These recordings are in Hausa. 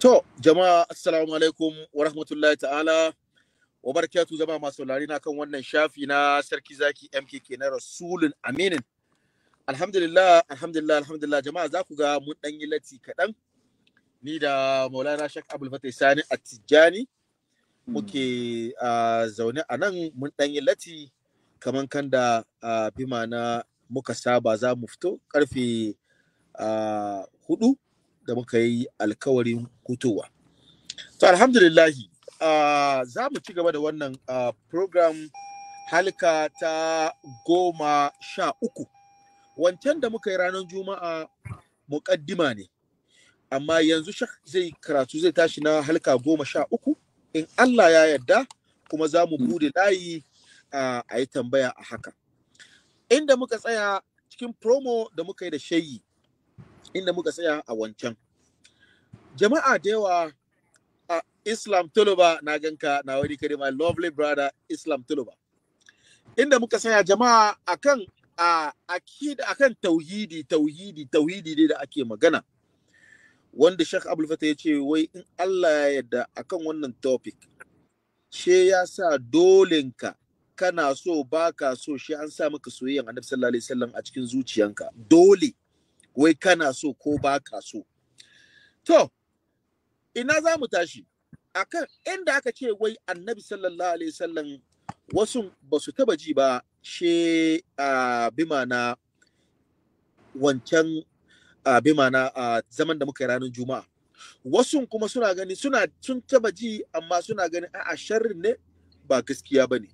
To, jama'a assalamu alaikum wa rahmatullahi ta'ala wa barakatu zama masu na kan wannan shafi na sarki zaki MKK na Rasulun Aminin. Alhamdulillah, alhamdulillah, alhamdulillah jama'a za ku ga mun ɗan yi lati kaɗan ni da Maulana Shak Abul Fatai Sani hmm. a Tijjani muke zaune a nan mun ɗan yi lati kaman kan da bima na muka saba za mu fito ƙarfe hudu. da muka yi alkawarin hutowa to alhamdulillahi ah, za mu ci gaba da wannan ah, program halka ta goma sha uku wancan da muka yi ranar juma'a muƙaddima ne amma yanzu shak zai karatu zai tashi na halka goma sha uku in allah ya yarda kuma za mu bude layi ah, a yi tambaya a haka inda muka tsaya cikin promo da muka yi da shayi inda muka tsaya a wancan jama'a da yawa a islam tuluba na ganka na wani kare my lovely brother islam tuluba inda muka saya jama'a akan a akida akan tauhidi tauhidi tauhidi ne da ake magana wanda shek Abdul Fatah ya ce wai in Allah ya yarda akan wannan topic she ya sa dolenka kana so ba ka so shi an sa maka soyayyan Annabi sallallahu alaihi wasallam a cikin zuciyanka dole wai kana so ko ba ka so to ina za mu tashi akan inda aka ce wai annabi sallallahu alaihi sallam wasu ba su taba ji ba she a bima na wancan a bima na zaman da muka yi ranar juma'a wasu kuma suna gani suna sun taba ji amma suna gani a'a sharrin ne ba gaskiya ba ne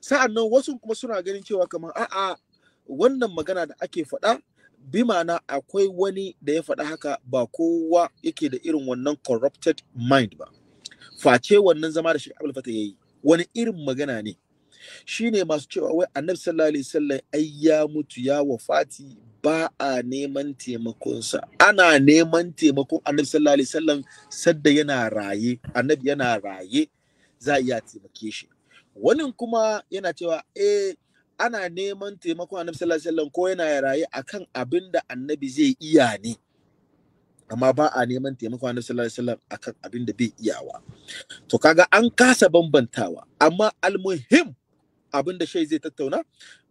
sa'an nan wasu kuma suna ganin cewa kamar a'a wannan magana da ake faɗa bi ma'ana akwai wani da ya faɗa haka ba kowa yake da irin wannan corrupted mind ba face wannan zama da Sheikh Abdul ya yi wani irin magana ne Shi ne masu cewa wai Annabi sallallahu alaihi wasallam ai ya mutu ya wafati ba a neman taimakonsa ana neman taimakon Annabi sallallahu alaihi wasallam sadda yana raye Annabi yana raye za a iya taimake shi wani kuma yana cewa eh ana neman taimakon annabi sallallahu alaihi wasallam ko yana raye akan abin da annabi zai iya ne amma ba a neman taimakon annabi sallallahu alaihi wasallam akan abin da bai iyawa to kaga an kasa bambantawa amma almuhim abin da shai zai tattauna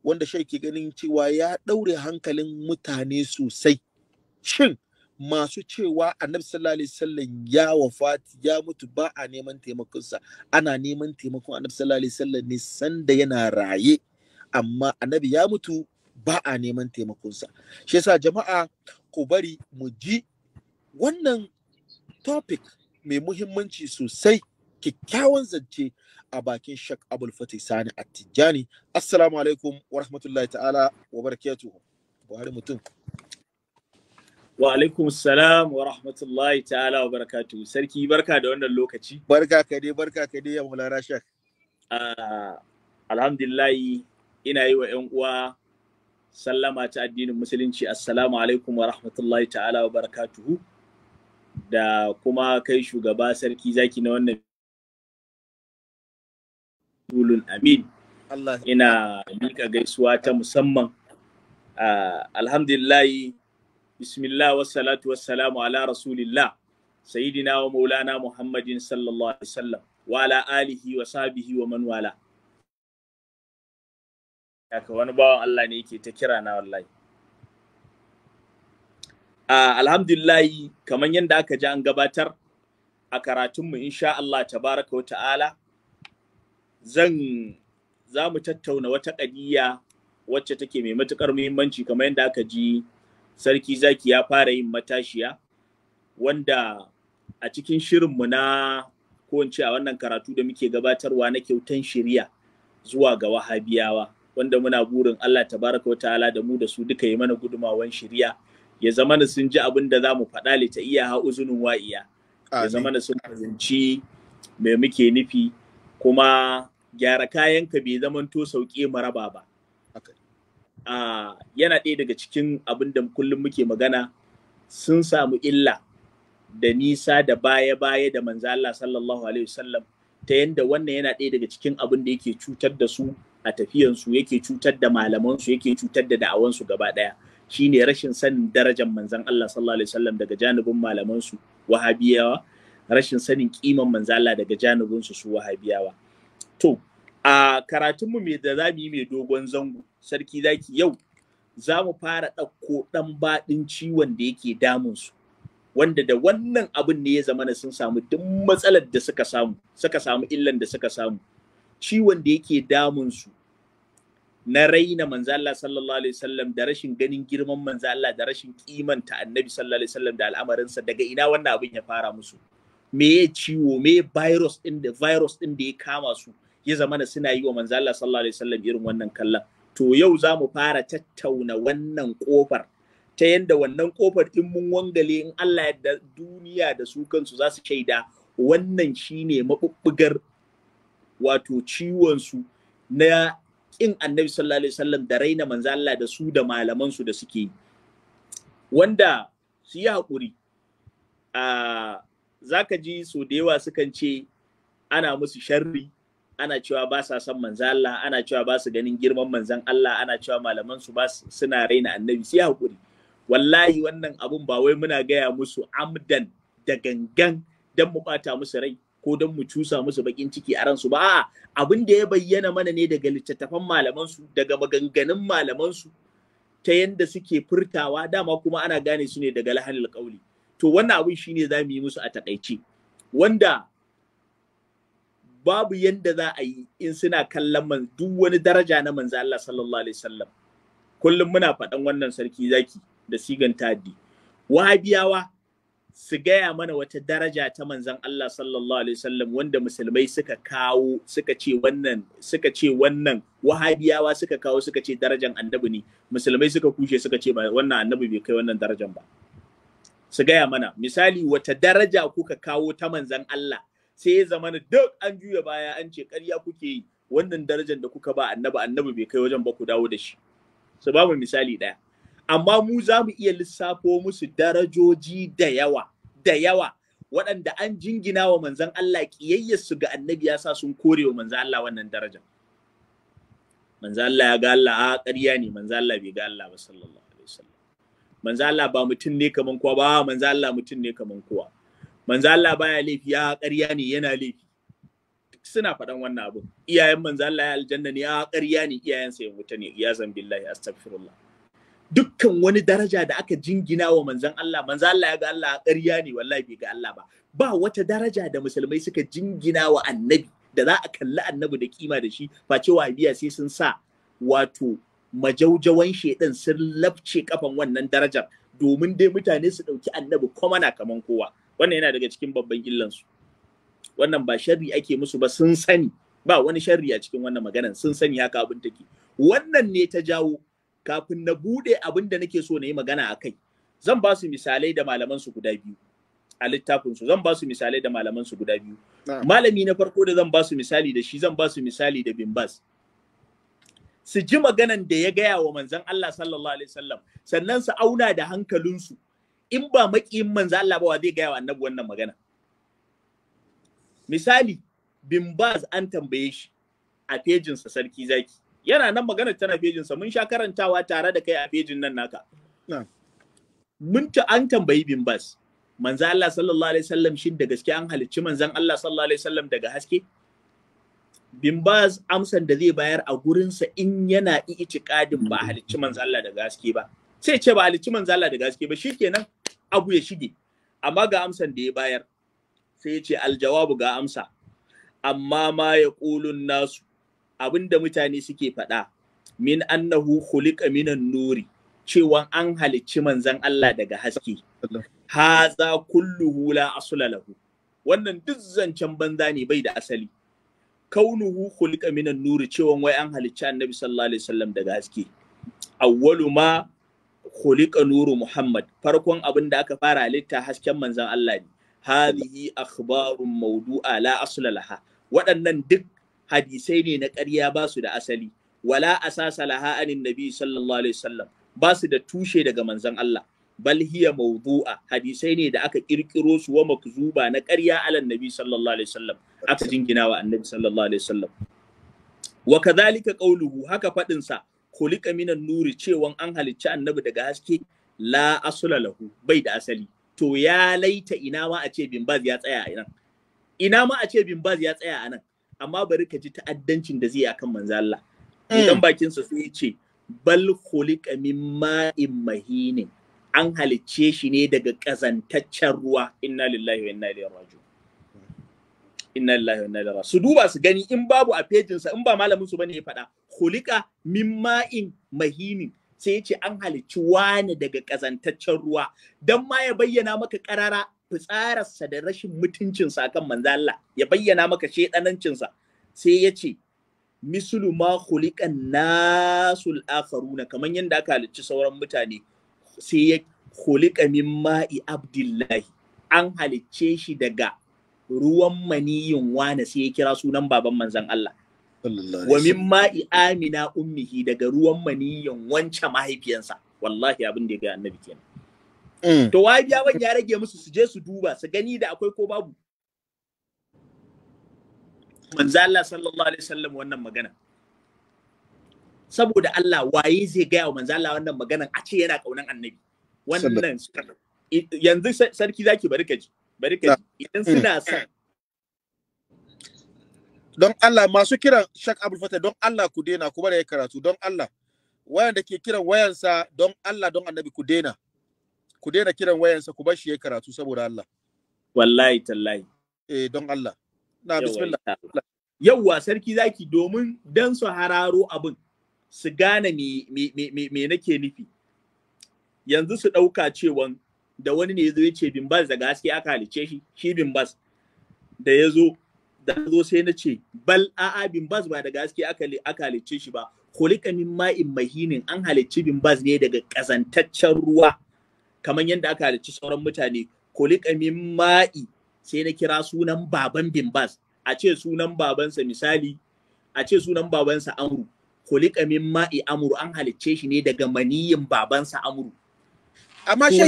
wanda shai ke ganin cewa ya daure hankalin mutane sosai shin masu cewa annabi sallallahu alaihi wasallam ya wafati ya mutu ba a neman taimakonsa ana neman taimakon annabi sallallahu alaihi wasallam ne sanda yana raye amma annabi ya mutu ba a neman taimakonsa shi yasa jama'a ku bari mu ji wannan topic mai muhimmanci sosai kyakkyawan zance a bakin shak abul fatih sani attijani assalamu alaikum wa rahmatullahi ta'ala wa barakatu buhari mutum wa alaikum salam wa rahmatullahi ta'ala wa barakatu sarki barka da wannan lokaci barka ka dai barka ka dai ya mulara shak ah, alhamdulillahi ina yi wa 'yan uwa sallama ta addinin musulunci assalamu alaikum wa rahmatullahi ta'ala wa barakatuhu da kuma kai shugaba sarki zaki na wannan tulun amin ina mika gaisuwa ta musamman alhamdulillah bismillah wassalatu wassalamu ala rasulillah sayyidina wa maulana muhammadin sallallahu alaihi wasallam wa ala alihi wa sahbihi wa man wala haka wani bawan Allah ne yake ta kira na wallahi uh, alhamdulillahi kamar yadda aka ji an gabatar a karatunmu insha Allah tabaraka wa ta'ala zan za mu tattauna wata ƙadiyya wacce take mai matuƙar muhimmanci kamar yadda aka ji sarki zaki ya fara yin matashiya wanda a cikin shirinmu na ko in ce a wannan karatu da muke gabatarwa na kyautan shirya zuwa ga wahabiyawa wanda muna burin Allah tabaraka wa ta'ala da mu da su duka yi mana gudumawan shiriya ya zama na sun ji abin da za mu faɗa li ta iya ha uzunin wa ya zama na sun fahimci me muke nufi kuma gyara kayan ka bai zamanto sauƙi maraba ba a yana ɗaya daga cikin abin da kullum muke magana sun samu illa da nisa da baya-baya da manzo Allah sallallahu alaihi wasallam ta yanda wannan yana ɗaya daga cikin abin da yake cutar da su a tafiyansu yake cutar da malamansu yake cutar da da'awansu gaba ɗaya shine rashin sanin darajar Manzan Allah sallallahu alaihi wasallam daga janibin malamansu wahabiyawa rashin sanin kiman manzan Allah daga janibinsu su wahabiyawa to a karatunmu mai da za mu yi mai dogon zango sarki zaki yau za mu fara ɗauko ɗan baɗin ciwon da yake damunsu wanda da wannan abin ne ya zama sun samu duk matsalar da suka samu suka samu illan da suka samu ciwon da yake damun su na raina manzo Allah sallallahu alaihi wasallam da rashin ganin girman manzo Allah da rashin kimanta annabi sallallahu alaihi wasallam da al'amarinsa daga ina wannan abin ya fara musu me ya ciwo me virus din da virus din da ya kama su ya zamana suna yi wa manzo Allah sallallahu alaihi wasallam irin wannan kallon to yau za mu fara tattauna wannan kofar ta yanda wannan kofar in mun wangale in Allah ya duniya da su kansu za su shaida wannan shine mabubbugar wato ciwon su na kin annabi sallallahu alaihi wasallam da raina manzo Allah da su da malamansu da suke wanda su yi hakuri a zaka ji so da yawa sukan ce ana musu sharri ana cewa ba sa son manzo Allah ana cewa ba su ganin girman manzon Allah ana cewa malaman su ba suna raina annabi su yi hakuri wallahi wannan abun ba wai muna gaya musu amdan da gangan dan mu bata musu rai ko don mu cusa musu bakin ciki a ransu ba abin da ya bayyana mana ne daga littattafan malamansu daga maganganun malamansu ta yanda suke furtawa dama kuma ana gane su ne daga lahalil kauli to wannan abin shine za mu yi musu a takaice wanda babu yanda za a yi in suna kallon man duk wani daraja na manzo Allah sallallahu alaihi wasallam kullum muna faɗan wannan sarki zaki da sigan tadi wahabiyawa su gaya mana wata daraja ta manzan Allah sallallahu alaihi wasallam wanda musulmai suka kawo suka ce wannan suka ce wannan wahabiyawa suka kawo suka ce darajan annabi ne musulmai suka kushe suka ce wannan annabi bai kai wannan darajan ba su gaya mana misali wata daraja kuka kawo ta manzan Allah sai ya zamana duk an juya baya an ce ƙarya kuke yi wannan darajan da kuka ba annabi annabi bai kai wajen ba ku dawo da shi su ba misali ɗaya amma mu za mu iya lissafo musu darajoji da yawa da yawa waɗanda an jingina wa manzan Allah su ga annabi ya sa sun kore wa manzan Allah wannan daraja manzan Allah ya ga Allah a ah, ƙarya ne manzan Allah bai ga Allah ba sallallahu alaihi wasallam manzan Allah ba mutum ne kaman kowa ba ah, manzan Allah mutum ne kaman kowa manzan Allah baya laifi ya ah, ƙarya ne yana laifi suna faɗan wannan abu iyayen manzan Allah ya aljanna ne a ƙarya ne iyayen sa ya wuta ne iyazan billahi astaghfirullah dukkan wani daraja da aka jingina wa manzan Allah manzan Allah ya ga Allah ƙarya ne wallahi bai ga Allah ba ba wata daraja da musulmai suka jingina wa annabi da za a kalli annabi da kima da shi face biya sai sun sa wato majaujawan shedan sun labce kafan wannan darajar domin dai mutane su ɗauki annabi kuma na kaman kowa wannan yana daga cikin babban illansu wannan ba sharri ake musu ba sun sani ba wani sharri a cikin wannan maganan sun sani haka abin take wannan ne ta jawo kafin na bude abin da nake so na yi magana a kai zan ba su misalai da malaman su guda biyu a littafin su zan ba su misalai da malaman su guda biyu malami na farko da zan ba su misali da shi zan ba su misali da bas su ji maganan da ya gaya wa manzon Allah sallallahu alaihi wasallam sannan su auna da hankalinsu in ba makiyin manzon Allah ba wa zai gaya wa annabi wannan magana misali bimbaz an tambaye shi a fejinsa sarki zaki yana nan magana tana fejin sa mun sha karantawa tare da kai a fejin nan naka mun ta an tambayi bin bas manzo Allah sallallahu alaihi wasallam shin da gaske an halicci manzan Allah sallallahu alaihi wasallam daga haske bin amsan da zai bayar a gurinsa in yana kadin ba halicci manzo Allah daga haske ba sai ce ba halicci manzo Allah daga haske ba shikenan abu ya shige amma ga amsan da ya bayar sai ya ce aljawabu ga amsa amma ma ya nasu abin da mutane suke faɗa min annahu khuliqa minan nuri cewan an halicci manzan Allah daga haske haza kulluhu la asula lahu wannan duk zancen banza ne bai da asali kaunuhu khuliqa minan nuri cewa wai an halicci annabi sallallahu alaihi wasallam daga haske awwalu ma khuliqa nuru muhammad farkon abin da aka fara halitta hasken manzan Allah ne hadhihi akhbarun mawdu'a la asula laha waɗannan duk hadisai ne na ƙarya ba su da asali wala asasa laha anin nabi sallallahu alaihi wasallam ba su da tushe daga manzon Allah bal hiya mawdu'a hadisai ne da aka kirkiro su wa makzuba na ƙarya alan nabi sallallahu alaihi wasallam aka jingina wa annabi sallallahu alaihi wasallam wa kadhalika qawluhu haka fadin sa khuliqa minan nuri cewan an halicci annabi daga haske la asula lahu bai da asali to ya laita ina ma a ce bin ya tsaya a nan ina ma a ce bin ya tsaya a nan amma bari ka ji ta'addancin da zai akan manzo Allah hmm. idan bakin sa sai ce bal khuliqa min ma'in mahinin an halicce shi ne daga kazantaccen ruwa inna lillahi wa inna ilaihi raji'un inna lillahi wa inna ilaihi raji'un su duba su gani in babu a pejin sa in ba malamin su bane ya faɗa khuliqa min ma'in mahinin sai ya ce an halicci wani daga kazantaccen ruwa dan ma ya bayyana maka karara fitsararsa da rashin mutuncinsa akan manzo Allah ya bayyana maka shedanancinsa sai ya ce mislu ma khuliqan nasul akharuna kaman yanda aka halicci sauran mutane sai ya khuliqa min ma'i abdullahi an halicce shi daga ruwan maniyin wani sai ya kira sunan baban manzon Allah wa min ma'i amina ummihi daga ruwan maniyin wancan mahaifiyarsa. wallahi abin da ya ga annabi kenan Mm. To wahabiyawan ya rage musu su je su duba su gani da akwai ko babu. Manzo Allah sallallahu alaihi wasallam wannan magana. Saboda Allah waye zai gaya wa manzo Allah wannan magana a ce yana kaunan annabi. Wannan yanzu sarki zaki bari ka ji. Bari ka ji idan suna mm. son don Allah masu kiran Shak Abdul Fatah don Allah ku daina ku bari karatu don Allah wayanda ke kiran wayansa don Allah don Annabi ku daina ku daina kiran wayansa ku bar shi ya karatu saboda Allah wallahi tallahi eh don Allah na bismillah yawwa sarki zaki domin dan su hararo abun su gane me me me me nake nufi yanzu su dauka cewan da wani ne ya zo ya ce bimbas daga haske aka halice shi shi bimbas da ya da zo sai na ce bal a'a bimbas ba da haske aka aka halicce shi ba kulika min ma'in mahinin an halicci bimbas ne daga kazantaccen ruwa kamar yadda aka halicci sauran mutane kulika min ma'i sai na kira sunan baban bimbas a ce sunan babansa misali a ce sunan babansa amru kulika min ma'i amru an halicce shi ne daga maniyin babansa amru amma shi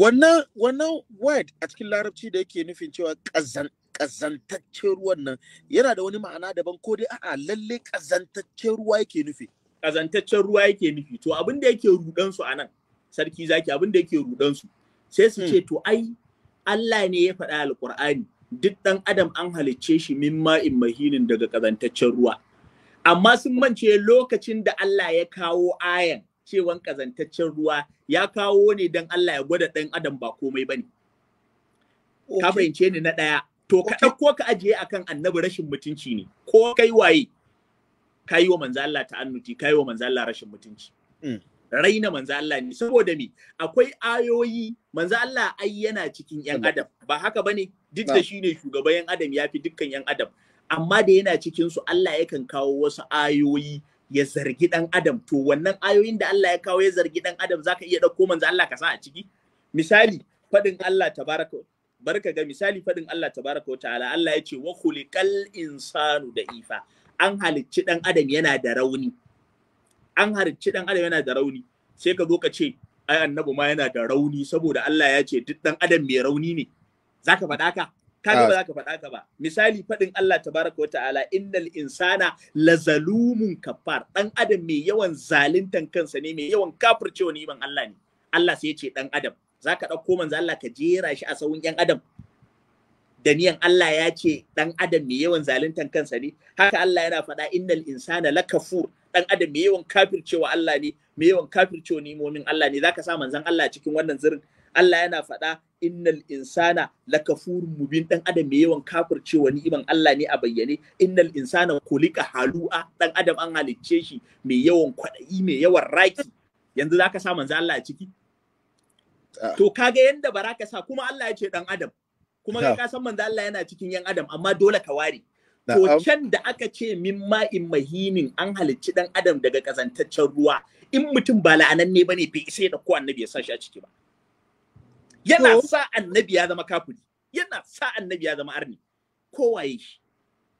wannan wannan word a cikin larabci da yake nufin cewa kazan kazantaccen ruwan nan yana da wani ma'ana daban ko dai a'a lalle kazantaccen ruwa yake nufi kazantaccen ruwa yake nufi to abin da yake rudan su anan sarki zaki abin da yake rudan su sai su hmm. ce to ai Allah ne ya faɗa alƙur'ani duk ɗan adam an halicce shi min ma'in mahinin daga ƙazantaccen ruwa amma sun mance lokacin da Allah ya kawo ayan cewan ƙazantaccen ruwa ya kawo ne don Allah ya gwada ɗan adam ba komai bane ka fahimce ni na ɗaya to ka ɗauko ka ajiye akan annabi rashin mutunci ne ko kai waye ka yi wa manzo Allah ta'annuti ka yi wa manzo Allah rashin mutunci hmm. raina manzo Allah ne saboda me akwai ayoyi manzo Allah ai yana cikin yan adam ba haka bane duk da shine shugaban yan adam yafi dukkan yan adam amma da yana cikin su Allah yakan kawo wasu ayoyi ya zargi dan adam to wannan ayoyin da Allah ya kawo ya zargi dan adam zaka iya dauko manzo Allah ka sa a ciki misali fadin Allah tabaraka barka ga misali fadin Allah tabaraka ta'ala Allah ya ce wa khuliqal insanu da ifa an halicci ɗan adam yana da rauni an harci dan adam yana da rauni sai ka zo ka ce ai annabi ma yana da rauni saboda Allah ya ce duk dan adam mai rauni ne zaka faɗa ka ka ba zaka faɗa ka ba misali faɗin Allah tabaraka wa ta'ala innal insana lazalumun kafar dan adam mai yawan zaluntan kansa ne mai yawan kafircewa ne ban Allah ne Allah sai ya ce dan adam zaka ɗauko manzo Allah ka jera shi a sawun yan adam da niyan Allah ya ce dan adam mai yawan zaluntan kansa ne haka Allah yana faɗa innal insana lakafur dan adam me yawan kafircewa Allah ne me yawan kafircewa nimomin Allah ne zaka sa manzon Allah cikin wannan zurin. Allah yana faɗa innal insana lakafur mubin dan adam me yawan kafircewa ni'iman Allah ne a bayyane innal insana kulika halu'a dan adam an halicce shi me yawan kwaɗayi me yawan raki yanzu zaka sa manzon Allah a ciki ah. to kaga yanda baraka sa kuma Allah ya ce dan adam kuma ka san manzon Allah yana cikin yan adam amma dole ka ware koken da aka ce min ma'in mahinin an halicci dan adam daga kazantaccen ruwa in mutum ba la'ananne bane bai isa da ko annabi ya sa shi a ciki ba yana sa annabi ya zama kafuri, yana sa annabi ya zama arni waye shi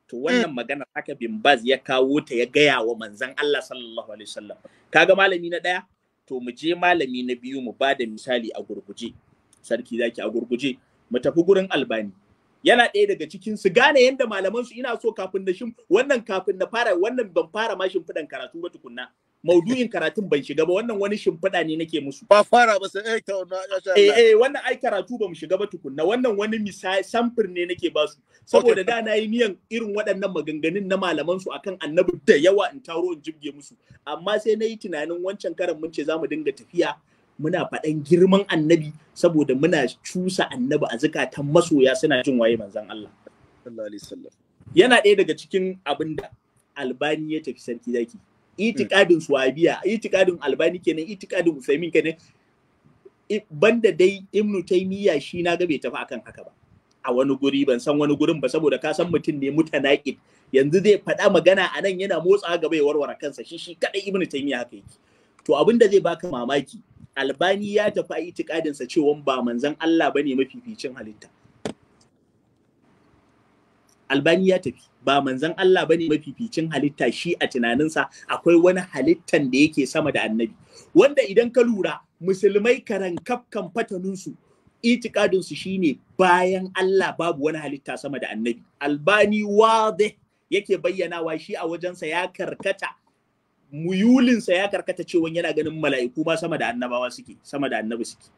to wannan mm. magana haka bin baz ya kawo ta ya gaya wa manzan Allah sallallahu alaihi wasallam kaga malami na ɗaya? to mu je malami na biyu mu ba da misali a gurguje sarki zaki a gurguje mu tafi gurin albani yana ɗaya daga cikin su gane yadda malaman su ina so kafin da shin wannan kafin na fara wannan ban fara ma shimfiɗan karatu ba tukunna maudu'in karatun ban shiga ba wannan wani shimfiɗa ne nake musu ba fara ba sai eh ta eh eh wannan ai karatu ba mu shiga ba tukunna wannan wani misali samfur ne nake ba su saboda da na yi miyan irin waɗannan maganganun na malaman su akan annabi da yawa in taro in jibge musu amma sai na yi tunanin wancan karan mun ce za mu dinga tafiya muna faɗan girman annabi saboda muna cusa annabi a zukatan masoya suna jin waye manzan Allah yana ɗaya daga cikin abin da albani ya tafi sarki zaki itikadin suwabiya itikadin albani kenan itikadin usaimin kenan banda dai imnu taimiyya shi na ga bai tafi akan haka ba a wani guri ban san wani gurin ba saboda ka san mutum ne mutanaƙin. yanzu zai faɗa magana a nan yana motsa gaba ya warware kansa shi shi kaɗai imnu taimiyya haka yake to abin da zai baka mamaki albani ya tafi a itikadinsa cewa ba manzan Allah bane mafificin halitta albani ya tafi ba manzan Allah bane mafificin halitta shi a tunaninsa akwai wani halittan da yake sama da annabi wanda idan ka lura musulmai karan kafkan fataninsu itikadinsu shine bayan Allah babu wani halitta sama da annabi albani wadih yake bayyanawa shi a wajensa ya karkata muyulinsa ya karkata cewa yana ganin mala'iku ba sama da annabawa suke sama da annabi suke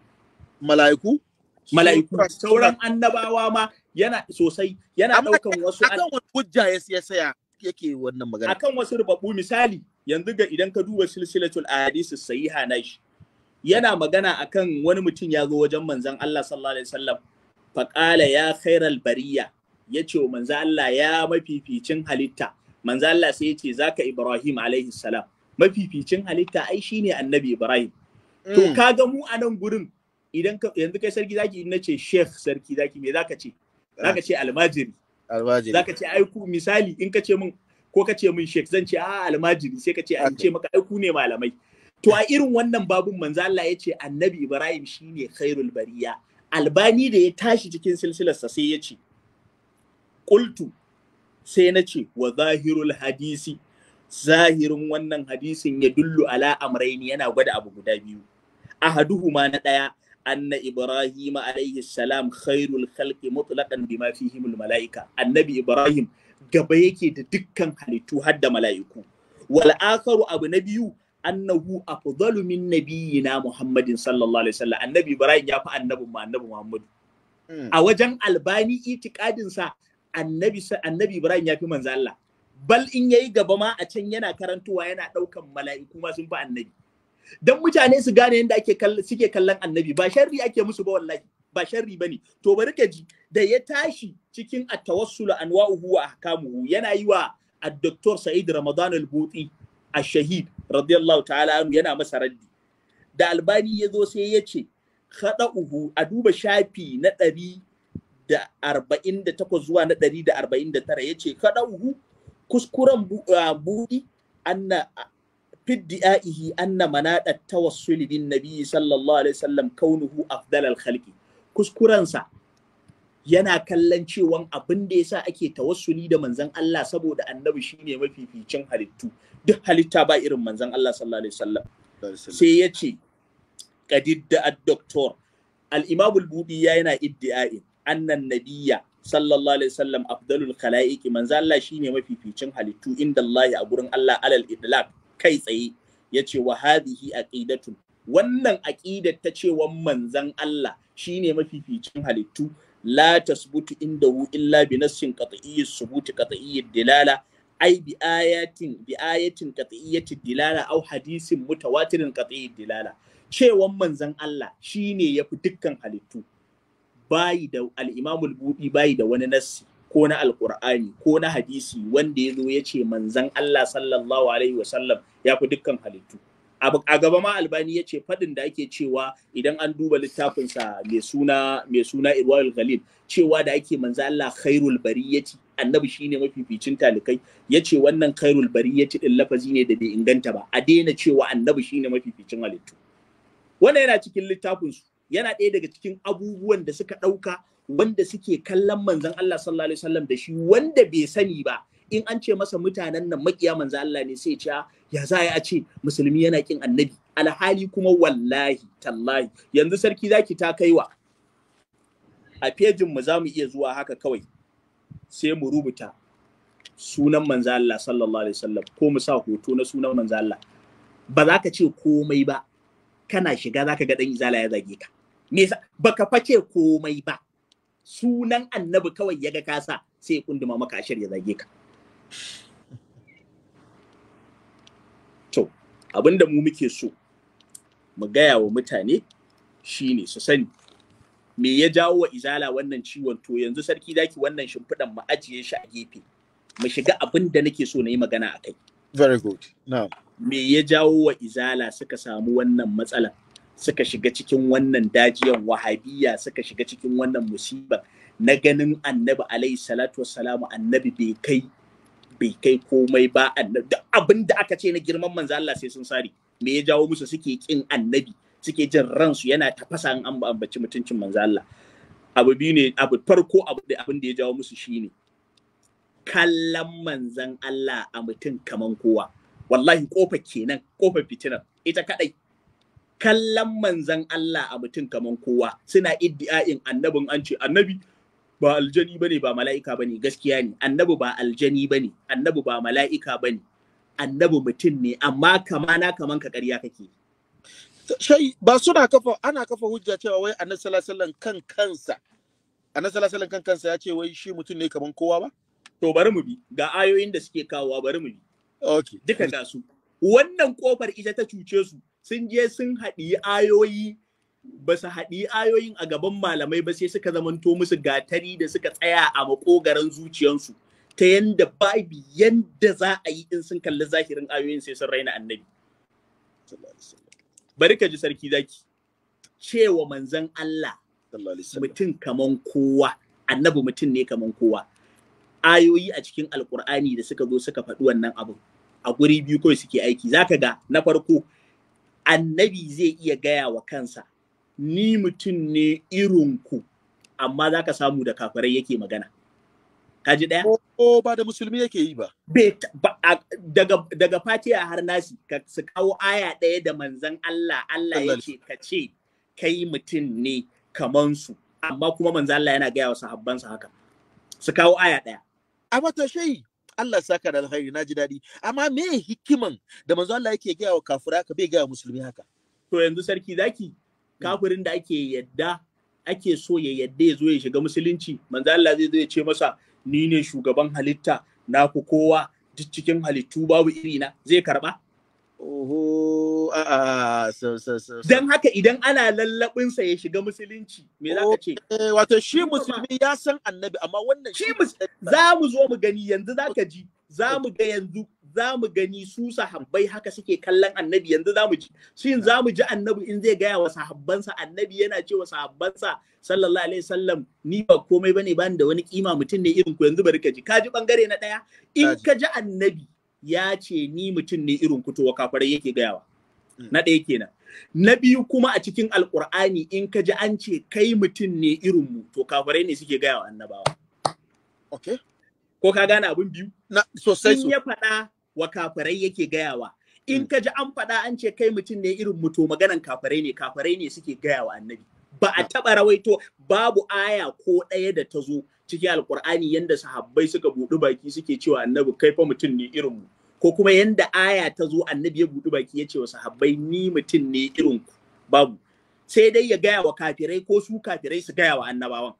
mala'iku mala'iku sauran annabawa ma yana sosai yana daukan wasu akan wani hujja ya saya yake wannan magana akan wasu rubabu misali yanzu ga idan ka duba silsilatul ahadith sahiha shi yana magana akan wani mutum ya zo wajen manzon Allah sallallahu alaihi wasallam qala ya khairal bariya yace wa manzon Allah ya mafificin halitta manzo Allah sai ya ce zaka Ibrahim alaihi salam mafificin halitta ai shine annabi Ibrahim to mm. kaga mu a nan gurin idan yanzu kai sarki zaki in nace sheikh sarki zaki me zaka ce ah. zaka ce almajiri almajiri zaka ce ai ku misali in ka ce min ko ka ce min sheikh zan ce a almajiri sai ka ce an ce maka ai ku ne malamai to a irin wannan babun manzo Allah ya ce annabi Ibrahim shine khairul bariya albani da ya tashi cikin silsilarsa sai ya ce qultu sai na ce wa zahirul hadisi zahirin wannan hadisin ya dullu ala amraini yana gwada abu guda biyu ma na ɗaya anna ibrahim alaihi salam khairul khalqi mutlaqan bima fihimul malaika annabi ibrahim gaba yake da dukkan halittu har da mala'iku wal akharu abu na biyu annahu afdalu min Nabiyyina muhammadin sallallahu alaihi wasallam annabi ibrahim ya fi annabin ma annabi Muhammadu. Hmm. a wajen albani itikadin sa annabi annabi Ibrahim ya fi manzo Allah bal in yayi gaba ma a can yana karantuwa yana daukan mala'iku ma sun fi annabi dan mutane su gane yanda ake suke kallon annabi ba sharri ake musu ba wallahi ba sharri bane to bari ka ji da ya tashi cikin at-tawassul anwa'uhu wa ahkamuhu yana yi wa ad-doktor Sa'id Ramadan al-Buti ash-shahid radiyallahu ta'ala anhu yana masa raddi da albani ya zo sai ya ce khada'uhu a duba shafi na ɗari da arba'in da takwas zuwa na ɗari da arba'in da tara ya ce kaɗauhu kuskuren buɗi anna fiddi'a'ihi anna manaɗa tawassuli din nabi sallallahu alaihi wasallam kaunuhu afdal al kuskurensa yana kallon cewan abin da yasa ake tawassuli da manzon Allah saboda annabi shine mafificin halittu duk halitta ba irin manzon Allah sallallahu alaihi wasallam sai ya ce kadidda ad-doktor al-imam al-budi yana iddi'a'in annan nabiyya sallallahu alaihi wasallam afdalul khalaiqi manzo Allah shine mafificin halittu inda Allah a gurin Allah alal idlaq kai tsaye yace wa hadhihi aqidatun wannan aqidar ta cewa manzon Allah shine mafificin halittu la tasbutu hu, illa bi nassin qat'iyyi subuti qat'iyyi dilala ai bi ayatin bi ayatin qat'iyyati dilala au hadisin mutawatirin qat'iyyi dilala cewan manzon Allah shine yafi dukkan halittu bayi da al'imamul buɗi bayi da wani nassi ko na alkur'ani ko na hadisi wanda ya zo ya ce manzan Allah sallallahu alaihi ya fi dukkan halittu a gaba ma albani ya ce faɗin da ake cewa idan an duba littafinsa mai suna mai suna cewa da ake manza Allah khairul bariyati annabi shine mafificin talikai ya ce wannan khairul bariyati din lafazi ne da bai inganta ba a daina cewa annabi shine mafificin halittu wannan yana cikin littafinsu yana ɗaya daga cikin abubuwan da suka ɗauka wanda suke kallon manzon Allah sallallahu alaihi wasallam da shi wanda bai sani ba in an ce masa mutanen nan makiya manzon Allah ne sai ya ah, ya za a ce musulmi yana kin annabi alhali kuma wallahi tallahi yanzu sarki zaki ta kaiwa a fejin mu za mu iya zuwa haka kawai sai mu rubuta sunan manzo Allah sallallahu alaihi wasallam ko mu sa hoto na sunan manzo Allah ba za ka ce komai ba kana shiga za ka ga dan izala ya zage ka Mesa baka face komai ba sunan annabi kawai ya ga kasa sai ya kunduma maka ashir ya zage ka to abinda mu muke so mu gaya wa mutane shine su sani me ya jawo wa izala wannan ciwon to yanzu sarki zaki wannan shimfiɗan mu ajiye shi a gefe mu shiga abin da nake so na yi magana a kai very good now me ya jawo wa izala suka samu wannan matsalar suka shiga cikin wannan dajiyan wahabiyya suka shiga cikin wannan musiba na ganin annabi alayhi salatu wassalamu annabi bai kai bai kai komai ba annabi abin da aka ce na girman manzo Allah sai sun sare. me ya jawo musu suke kin annabi suke jin ransu yana tafasa an ambaci mutuncin manzo Allah abu biyu ne abu farko abu da abin da ya jawo musu shine kallon Manzan Allah a mutum kaman kowa wallahi kofa kenan kofa fitinar ita kadai kallon manzan Allah a mutum kamar kowa suna iddi'a'in annabin an ce annabi ba aljani bane ba mala'ika bane gaskiya ne annabi ba aljani bane annabi ba mala'ika bane annabi mutum ne amma kama na kaman ka ƙarya kake shai ba suna kafa ana kafa hujja cewa wai annabi sallallahu alaihi kan kansa annabi sallallahu alaihi kan kansa ya ce wai shi mutum ne kaman kowa ba to bari mu bi ga ayoyin da suke kawowa bari mu bi okay duka ga su wannan kofar ita ta cuce su sun je sun haɗi ayoyi ba su haɗi ayoyin a gaban malamai ba sai suka zamanto musu gatari da suka tsaya a makogaran zuciyansu ta yanda babu yanda za a yi in sun kalli zahirin ayoyin sai sun raina annabi bari ka ji sarki zaki cewa manzon Allah mutum kaman kowa annabi mutum ne kaman kowa ayoyi a cikin alkur'ani da suka zo suka faɗi wannan abin a guri biyu kawai suke aiki zaka ga na farko annabi zai iya gaya wa kansa ni mutum ne irinku amma za ka samu da kafirai yake magana kaji ɗaya? ko ba da musulmi yake yi ba daga daga a har nasi su kawo aya ɗaya da manzan Allah Allah yake ka ce kai mutum ne kamansu amma kuma manzan Allah yana gaya wa sahabbansa haka su kawo aya ɗaya a wata shayi Allah saka da alkhairi na ji daɗi amma me hikiman da manzo Allah yake gaya wa kafira haka bai gaya wa musulmi haka to yanzu sarki zaki hmm. kafirin da ake yadda ake so ya yadda ya zo ya shiga musulunci manzo Allah zai zo ya ce masa ni ne shugaban halitta na ku kowa duk cikin halittu babu iri na, zai karba Oho, a'a, so, so, so. Don haka idan ana sa ya shiga musulunci, me za ka ce? Wato shi musulmi ya san annabi, amma wannan shi za mu zo mu gani yanzu za ka ji, za mu ga yanzu, za mu gani su sahabbai haka suke kallon annabi yanzu za mu ji. Shin za mu ji annabi in zai gaya wa sahabbansa, annabi yana ce wa sahabbansa sallallahu alaihi wasallam ni ba komai bane bani da wani kima mutum ne irin ku yanzu bari ka ji. Ka ji bangare na ɗaya, in ka ji annabi ya ce ni mutum ne irin kutowa kafarai yake gayawa hmm. na ɗaya kenan na biyu kuma a cikin alkur'ani in ka ji an ce kai mutum ne irin mu to kafarai ne suke gayawa annabawa okay ko ka gane abin biyu Na sosai in ya faɗa wa kafarai yake gayawa in hmm. ka ji an faɗa an ce kai mutum ne irin mu to maganan kafarai ne kafarai ne suke gayawa annabi ba a taɓa rawaito babu aya ko ɗaya da ta zo cikin alkur'ani yanda sahabbai suka buɗi baki suke cewa annabi kai fa mutum ne irin mu ko kuma yanda aya ta zo annabi ya buɗi baki ya ce wa sahabbai ni mutum ne irin ku babu sai dai ya gaya wa kafirai ko su kafirai su gaya wa annabawan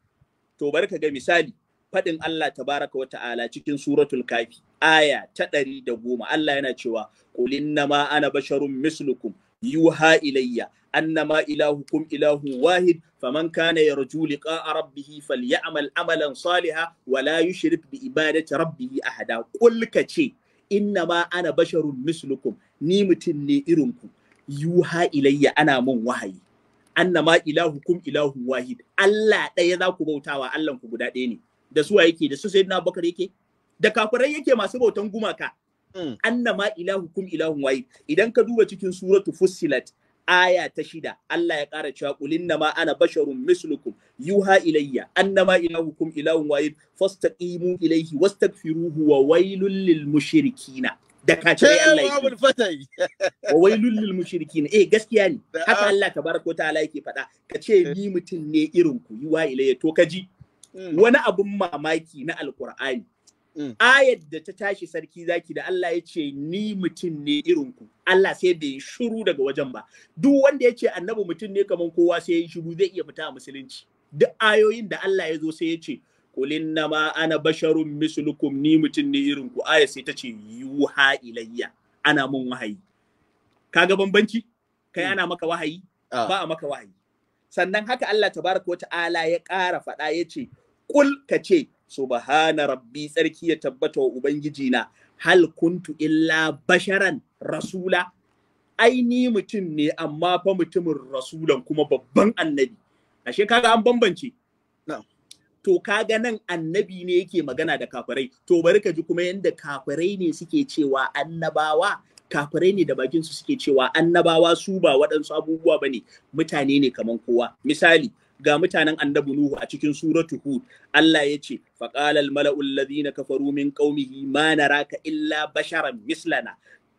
to bari ka ga misali faɗin Allah tabaraka wa ta'ala cikin suratul kafi aya ta ɗari da goma Allah yana cewa qul innama ana basharun mislukum yuha ilayya annama ilahukum ilahu wahid faman kana yarju liqa'a rabbih falyamal amalan saliha wa la yushrik bi ibadati rabbih ahada qul kace innama ana basharun mislukum ni mutum ne irin ku yuha ilayya ana mun wahayi annama ilahukum ilahu wahid Allah ɗaya za ku bautawa Allah ku guda ɗaya ne da suwa yake da su na Abubakar yake da kafirai yake masu bautan gumaka Hmm. ilahu kum ilahun wahid idan ka duba cikin suratu fussilat aya ta shida Allah ya ƙara cewa qul ma ana basharun mislukum yuha ilayya annama ilahukum ilahun wahid fastaqimu ilayhi wastaghfiruhu wa wailul lil mushrikina da kace Allah yake wa wailul lil mushrikina eh gaskiya ne haka Allah tabaraka ta'ala yake faɗa ce hmm. ni mutum ne irin ku yuha ilayya to ji. Hmm. wani abun mamaki na alqur'ani Mm. ayat da ta tashi sarki zaki da Allah ya ce ni mutum ne irin Allah sai bai shiru daga wajen ba duk wanda ya ce annabi mutum ne kaman kowa sai ya shiru zai iya fita a musulunci duk ayoyin da Allah ya zo sai ya ce qul innama ana basharun mislukum ni mutum ne irin ku aya sai ta ce yuha ilayya ana mun wahayi kaga bambanci kai mm. ana maka wahayi ah. ba a maka wahayi sannan haka Allah tabaraka wa ta'ala ya ƙara faɗa ya ce kul ka subhana rabbi tsarki ya tabbata wa ubangiji na hal kuntu illa basharan rasula ai mutum ne amma fa mutumin rasulan kuma babban annabi ashe kaga an bambance to kaga nan annabi ne yake magana da kafirai to bari ka ji kuma yanda kafirai ne suke cewa annabawa kafirai ne da bakin su suke cewa annabawa su ba waɗansu abubuwa bane mutane ne kaman kowa misali ga mutanen annabi Nuhu a cikin suratu Hud Allah ya ce faqala al-mala'u alladhina kafaru min qaumihi ma naraka illa basharan mislana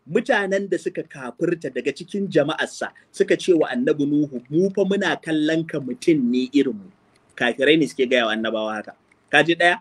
mutanen da suka kafirta daga cikin jama'arsa suka ce wa annabi Nuhu mu fa muna kallon ka mutum ne irin mu kafirai ne suke gaya wa annabawa haka kaji daya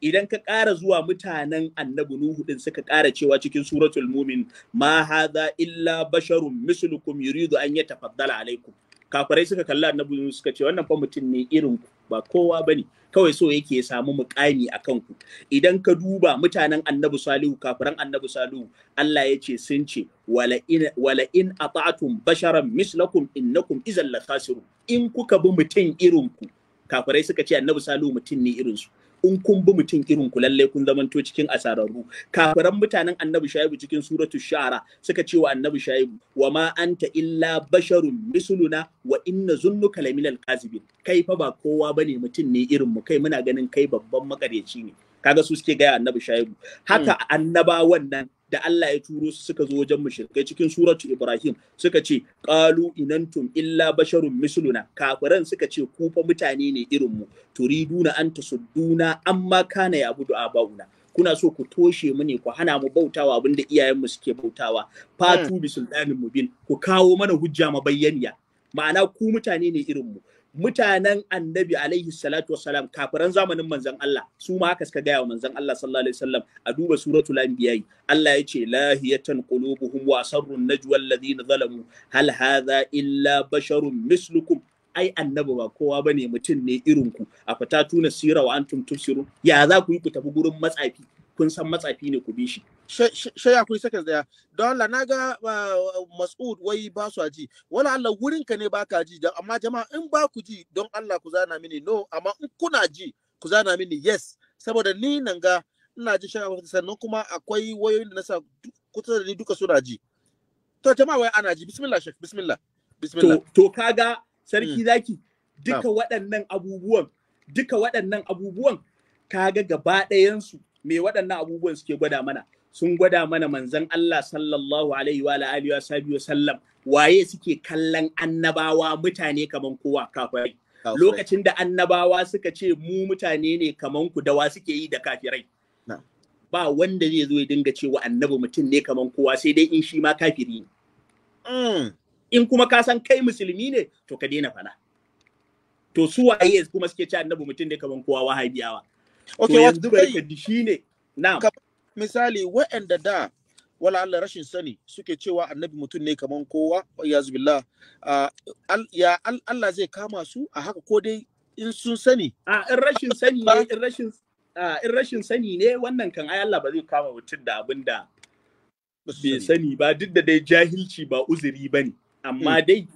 idan ka ƙara zuwa mutanen annabi Nuhu din suka ƙara cewa cikin suratul mumin ma hadha illa basharun mislukum yuridu an yatafaddala alaikum kafirai suka kalli annabi suka ce wannan fa mutum ne irin ku ba kowa bane kawai so yake samu mukami a ku. idan ka duba mutanen annabi salihu kafiran annabi salihu Allah ya ce sun ce wala in wala in ata'tum basharan mislakum innakum idzal lakhasirun in kuka bi mutum irin ku kafirai suka ce annabi salihu mutum ne irin su in kun bi mutum irin ku lallai kun zamanto cikin asararru kafiran mutanen annabi shaibu cikin suratu shara suka ce wa annabi shaibu wa ma anta illa basharun misluna wa inna zunnuka laminal kazibin kai fa ba kowa bane mutum ne irin mu kai muna ganin kai babban maƙaryaci ne kaga su suke gaya annabi shaibu haka hmm. annabawan nan da Allah ya turo su suka zo wajen mushrikai cikin suratu Ibrahim suka ce qalu inantum illa basharun misluna kafiran suka ce ku fa mutane ne irin mu turiduna an tasudduna amma kana ya budu abauna kuna so ku toshe mu ne ku hana mu bautawa abinda iyayen mu suke bautawa fatu hmm. bi sultanin mubin ku kawo mana hujja mabayyaniya ma'ana ku mutane ne irin mu mutanen annabi alaihi salatu wasalam kafiran zamanin manzon Allah su ma haka suka gaya wa manzon Allah sallallahu alaihi wasallam a duba suratul anbiya Allah ya ce lahiyatan qulubuhum wa sarrun najwa alladhina zalamu hal hadha illa basharun mislukum ai annabi ba kowa bane mutum ne irin ku a fata tuna sira wa antum tufsirun ya za ku yi ku tafi gurin matsafi kun san matsafi ne ku bi shi shaya kuri seconds daya don Allah na ga uh, Mas'ud wai ba su ji wala Allah wurin ka ne ba ka ji amma jama'a in ba ku ji don Allah ku zana mini no amma in kuna ji ku zana mini yes saboda ni nan ga ina ji shaya sannan kuma akwai wayoyin da na sa kusa da ni duka suna ji to jama'a wai ana ji bismillah shek bismillah bismillah to, to kaga sarki mm. zaki duka waɗannan abubuwan duka waɗannan abubuwan kaga gaba ɗayansu me waɗannan abubuwan suke gwada mana sun gwada mana manzan Allah sallallahu alaihi wa alihi wa sallam waye suke kallon annabawa mutane kaman kowa kafirai lokacin da annabawa suka ce mu mutane ne kaman ku dawa suke yi da kafirai ba wanda zai zo ya dinga cewa annabi mutum ne kaman kowa sai dai in shi ma kafiri ne mm. in kuma ka san kai musulmi ne to ka daina fana. to su waye kuma suke ce annabi mutum ne kaman kowa wahabiyawa okay, to yanzu shi ne na'am misali waɗanda da wala Allah rashin sani suke cewa annabi mutum ne kaman kowa ya zubillah ya Allah zai kama su a haka ko dai in sun sani a in rashin sani ne in rashin in rashin sani ne wannan kan ai Allah ba zai kama mutum da abin da bai sani ba duk da dai jahilci ba uzuri ba ne amma hmm. dai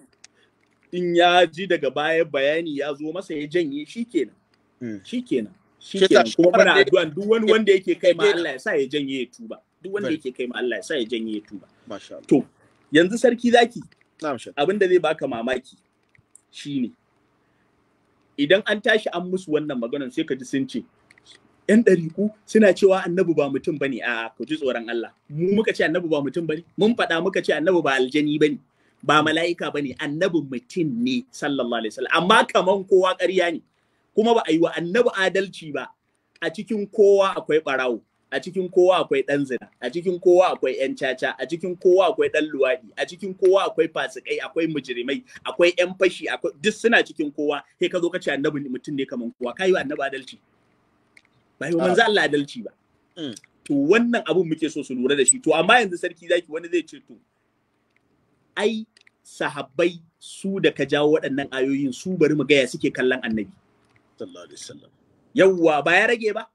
in ya ji daga baya bayani ya zo masa ya janye shikenan hmm. shikenan kuma muna addu'an duk wani wanda yake kai ma Allah ya sa ya janye ya tuba duk wanda yake kai ma Allah ya sa ya janye ya tuba to yanzu sarki zaki abin da zai baka mamaki shine idan an tashi an musu wannan maganar sai ka ji sun ce yan ɗariƙu suna cewa annabi ba mutum bane a ku ji tsoron Allah mu muka ce annabi ba mutum bane mun faɗa muka ce annabi ba aljani bane ba mala'ika bane annabi mutum ne sallallahu alaihi wasallam amma kaman kowa ƙarya ne kuma ba a yi wa annabi adalci ba a cikin kowa akwai barawo a cikin kowa akwai ɗan zina a cikin kowa akwai ‘yan caca a cikin kowa akwai ɗan luwadi a cikin kowa akwai fasikai akwai mujirimai akwai ‘yan fashi akwai duk suna cikin kowa sai ka zo ka ce annabi mutum ne kaman kowa kai wa annabi adalci ba yi manzo Allah adalci ba mm. to wannan abun muke so su lura da shi to amma yanzu sarki zaki wani zai ce to ai sahabbai su da ka jawo waɗannan ayoyin su bari mu gaya suke kallon annabi sallallahu alaihi wasallam yawwa ba ya rage ba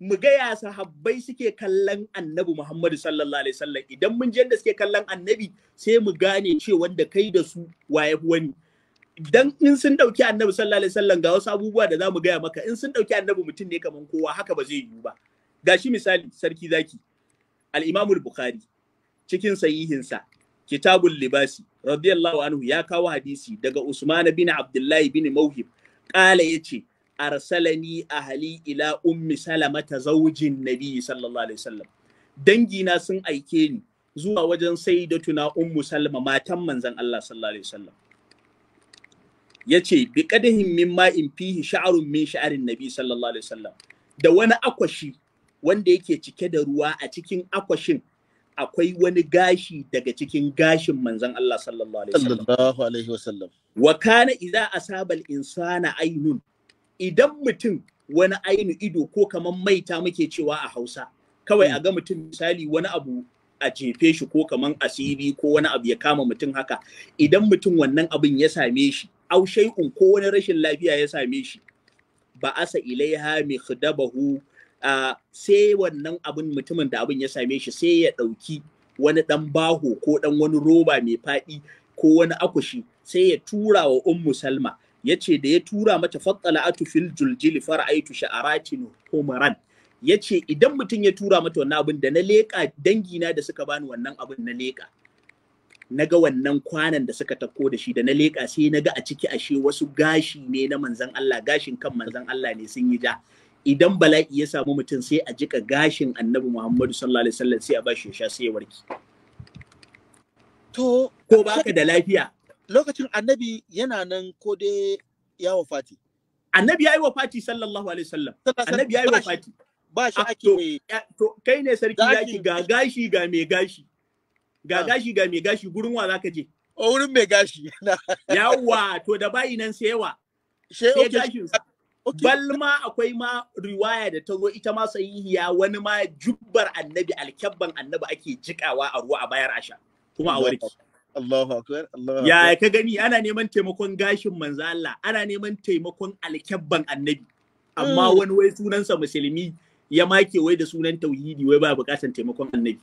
mu ga ya sahabbai suke kallon annabi Muhammadu sallallahu alaihi wasallam idan mun je da suke kallon annabi sai mu gane ce wanda kai da su waye wani dan in sun dauki annabi sallallahu alaihi wasallam ga wasu abubuwa da zamu gaya maka in sun dauki annabi mutum ne kaman kowa haka ba zai yiwu ba gashi misali sarki zaki al-Imam al-Bukhari cikin sahihinsa kitabul libasi radiyallahu anhu ya kawo hadisi daga Usman bin Abdullahi bin Mawhib qala yace arsalani ahali ila ummi salama ta zaujin nabi sallallahu alaihi wasallam dangina sun aike ni zuwa wajen sayyidatuna ummu salama matan manzon Allah sallallahu alaihi wasallam yace bi qadahin min ma'in fihi sha'run min sha'rin nabi sallallahu alaihi wasallam da wani akwashi wanda yake cike da ruwa a cikin akwashin akwai wani gashi daga cikin gashin manzon Allah sallallahu alaihi wasallam wa kana idza asaba al-insana aynun idan mutum wani ainu ido ko kaman maita muke cewa a Hausa kawai a mm. ga mutum misali wani abu a jefe shi ko kamar asiri ko wani abu ya kama mutum haka idan mutum wannan abin ya same shi au ko wani rashin lafiya ya same shi ba asa ilaiha mikhdabahu uh, sai wannan abin mutumin da abin ya same shi sai ya ɗauki wani ɗan baho ko ɗan wani roba mai faɗi ko wani akushi sai ya tura wa ummu salma yace da ya tura mata fattala'atu fil juljili fara'aitu sha'aratin ya yace idan mutum ya tura mata wannan abin da na leƙa dangina da suka bani wannan abin na leƙa na ga wannan kwanan da suka tako da shi da na leƙa sai na ga a ciki ashe wasu gashi ne na manzan Allah gashin kan manzan Allah ne sun yi ja idan bala'i ya samu mutum sai a jika gashin annabi Muhammadu sallallahu alaihi wasallam sai a bashi ya sha sai ya warke to ko baka da lafiya lokacin annabi yana nan ko dai ya wafati annabi ya yi wafati sallallahu alaihi wasallam annabi ya yi wafati ba shi ah, ake to kai ne sarki yaki ga gashi ga me gashi ga ah. gashi ga me gashi gurin wa zaka je o oh, wurin me gashi yawa to da bayi nan sai yawa sai Bal balma akwai ma riwaya da ta zo ita ma sahihiya wani ma jubbar annabi alkyabban annabi ake jikawa a ruwa a bayar asha kuma a warki Allahu akbar Allahu Ya ka gani ana neman taimakon gashin manzo Allah, ana neman taimakon alkyabban annabi. Amma mm. wani wai sunansa musulmi ya make wai da sunan tauhidi wai ba bukatan taimakon annabi.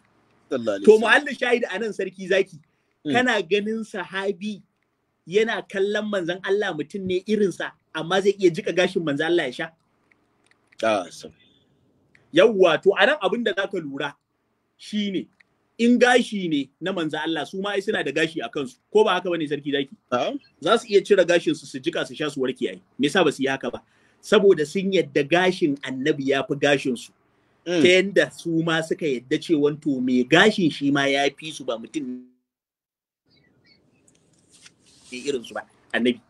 To mu'allu shahid a nan sarki zaki. Mm. Kana ganin sahabi yana kallon manzon Allah mutum ne irinsa amma zai iya jika gashin manzon Allah ya sha. Ah, Yawwa to anan abin da zaka lura shine in gashi ne na manzo Allah su ma ai suna da gashi a kansu ko ba haka bane sarki zaki ah. za su iya cire gashin su su jika su sha su warke ai me yasa ba su yi haka ba saboda sun yadda gashin annabi ya fi gashin su mm. ta yadda su ma suka yadda cewa to me gashin shi ma ya fi su ba mutum ne irin su ba annabi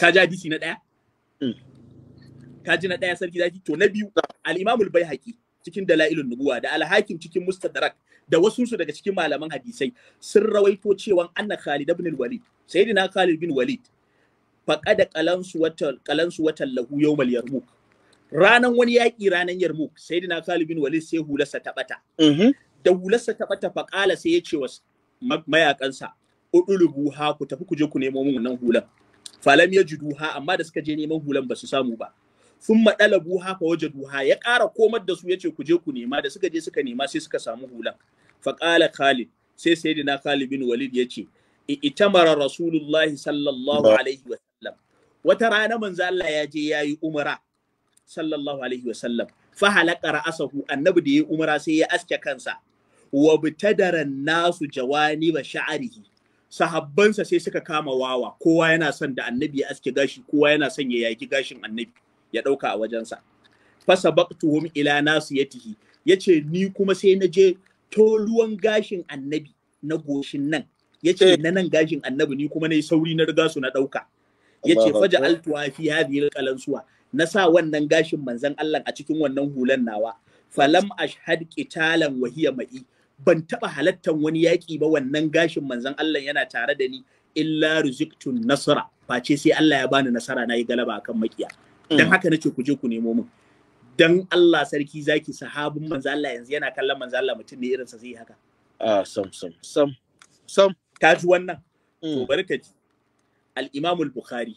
ka ji hadisi na daya mm. ka ji na daya sarki zaki to na biyu al-imamul baihaqi cikin dalailun nubuwa da al-hakim cikin mustadrak da wasu su daga cikin malaman hadisai sun rawaito cewa anna Khalid ibn Walid sayyidina Khalid bin Walid faqada qalansu wata qalansu wata lahu yawmal yarmuk ranan wani yaki ranan yarmuk sayyidina Khalid bin Walid sai hularsa ta bata mm-hmm. da hularsa ta bata faqala sai ya ce wa mayakansa udulubu ha ku tafi ku je ku nemo mun nan hulan falam ji ha amma da suka je neman hulan ba su samu ba sun maɗala buha fa waje duha ya ƙara komar da su ya ce ku je ku nema da suka je suka nema sai suka samu hulan faƙala khalid sai sayyidina khalid bin walid ya ce itamara rasulullahi sallallahu alaihi wa sallam wata rana manzo Allah ya je ya yi umra sallallahu alaihi wa sallam fa halaka asahu annabi da ya yi umara sai ya aske kansa wa bitadaran nasu jawani ba sha'arihi sahabbansa sai suka kama wawa kowa yana son da annabi ya aske gashi kowa yana son ya yaki gashin annabi ya ɗauka a wajensa baktuhum ila nasiyatihi yace ni kuma sai na je toluwan gashin annabi na goshin nan yace eh. na nan gashin annabi ni kuma nayi sauri na riga su na ɗauka yace faja altuwa fi hadhihi alqalansuwa na sa wannan gashin manzan Allah a cikin wannan hulan nawa falam ashhad qitalan wa hiya ma'i ban taba halattan wani yaƙi ba wannan gashin manzan Allah yana tare da ni illa ruziktun nasara face sai Allah ya bani nasara na yi galaba akan maƙiya. Mm. dan haka nace ku je ku nemo min dan Allah sarki zaki sahabin manzo Allah yanzu yana kallon manzo Allah mutum ne sa zai haka ah sam sam sam sam ka ji wannan to mm. bari ka ji al-Imam al-Bukhari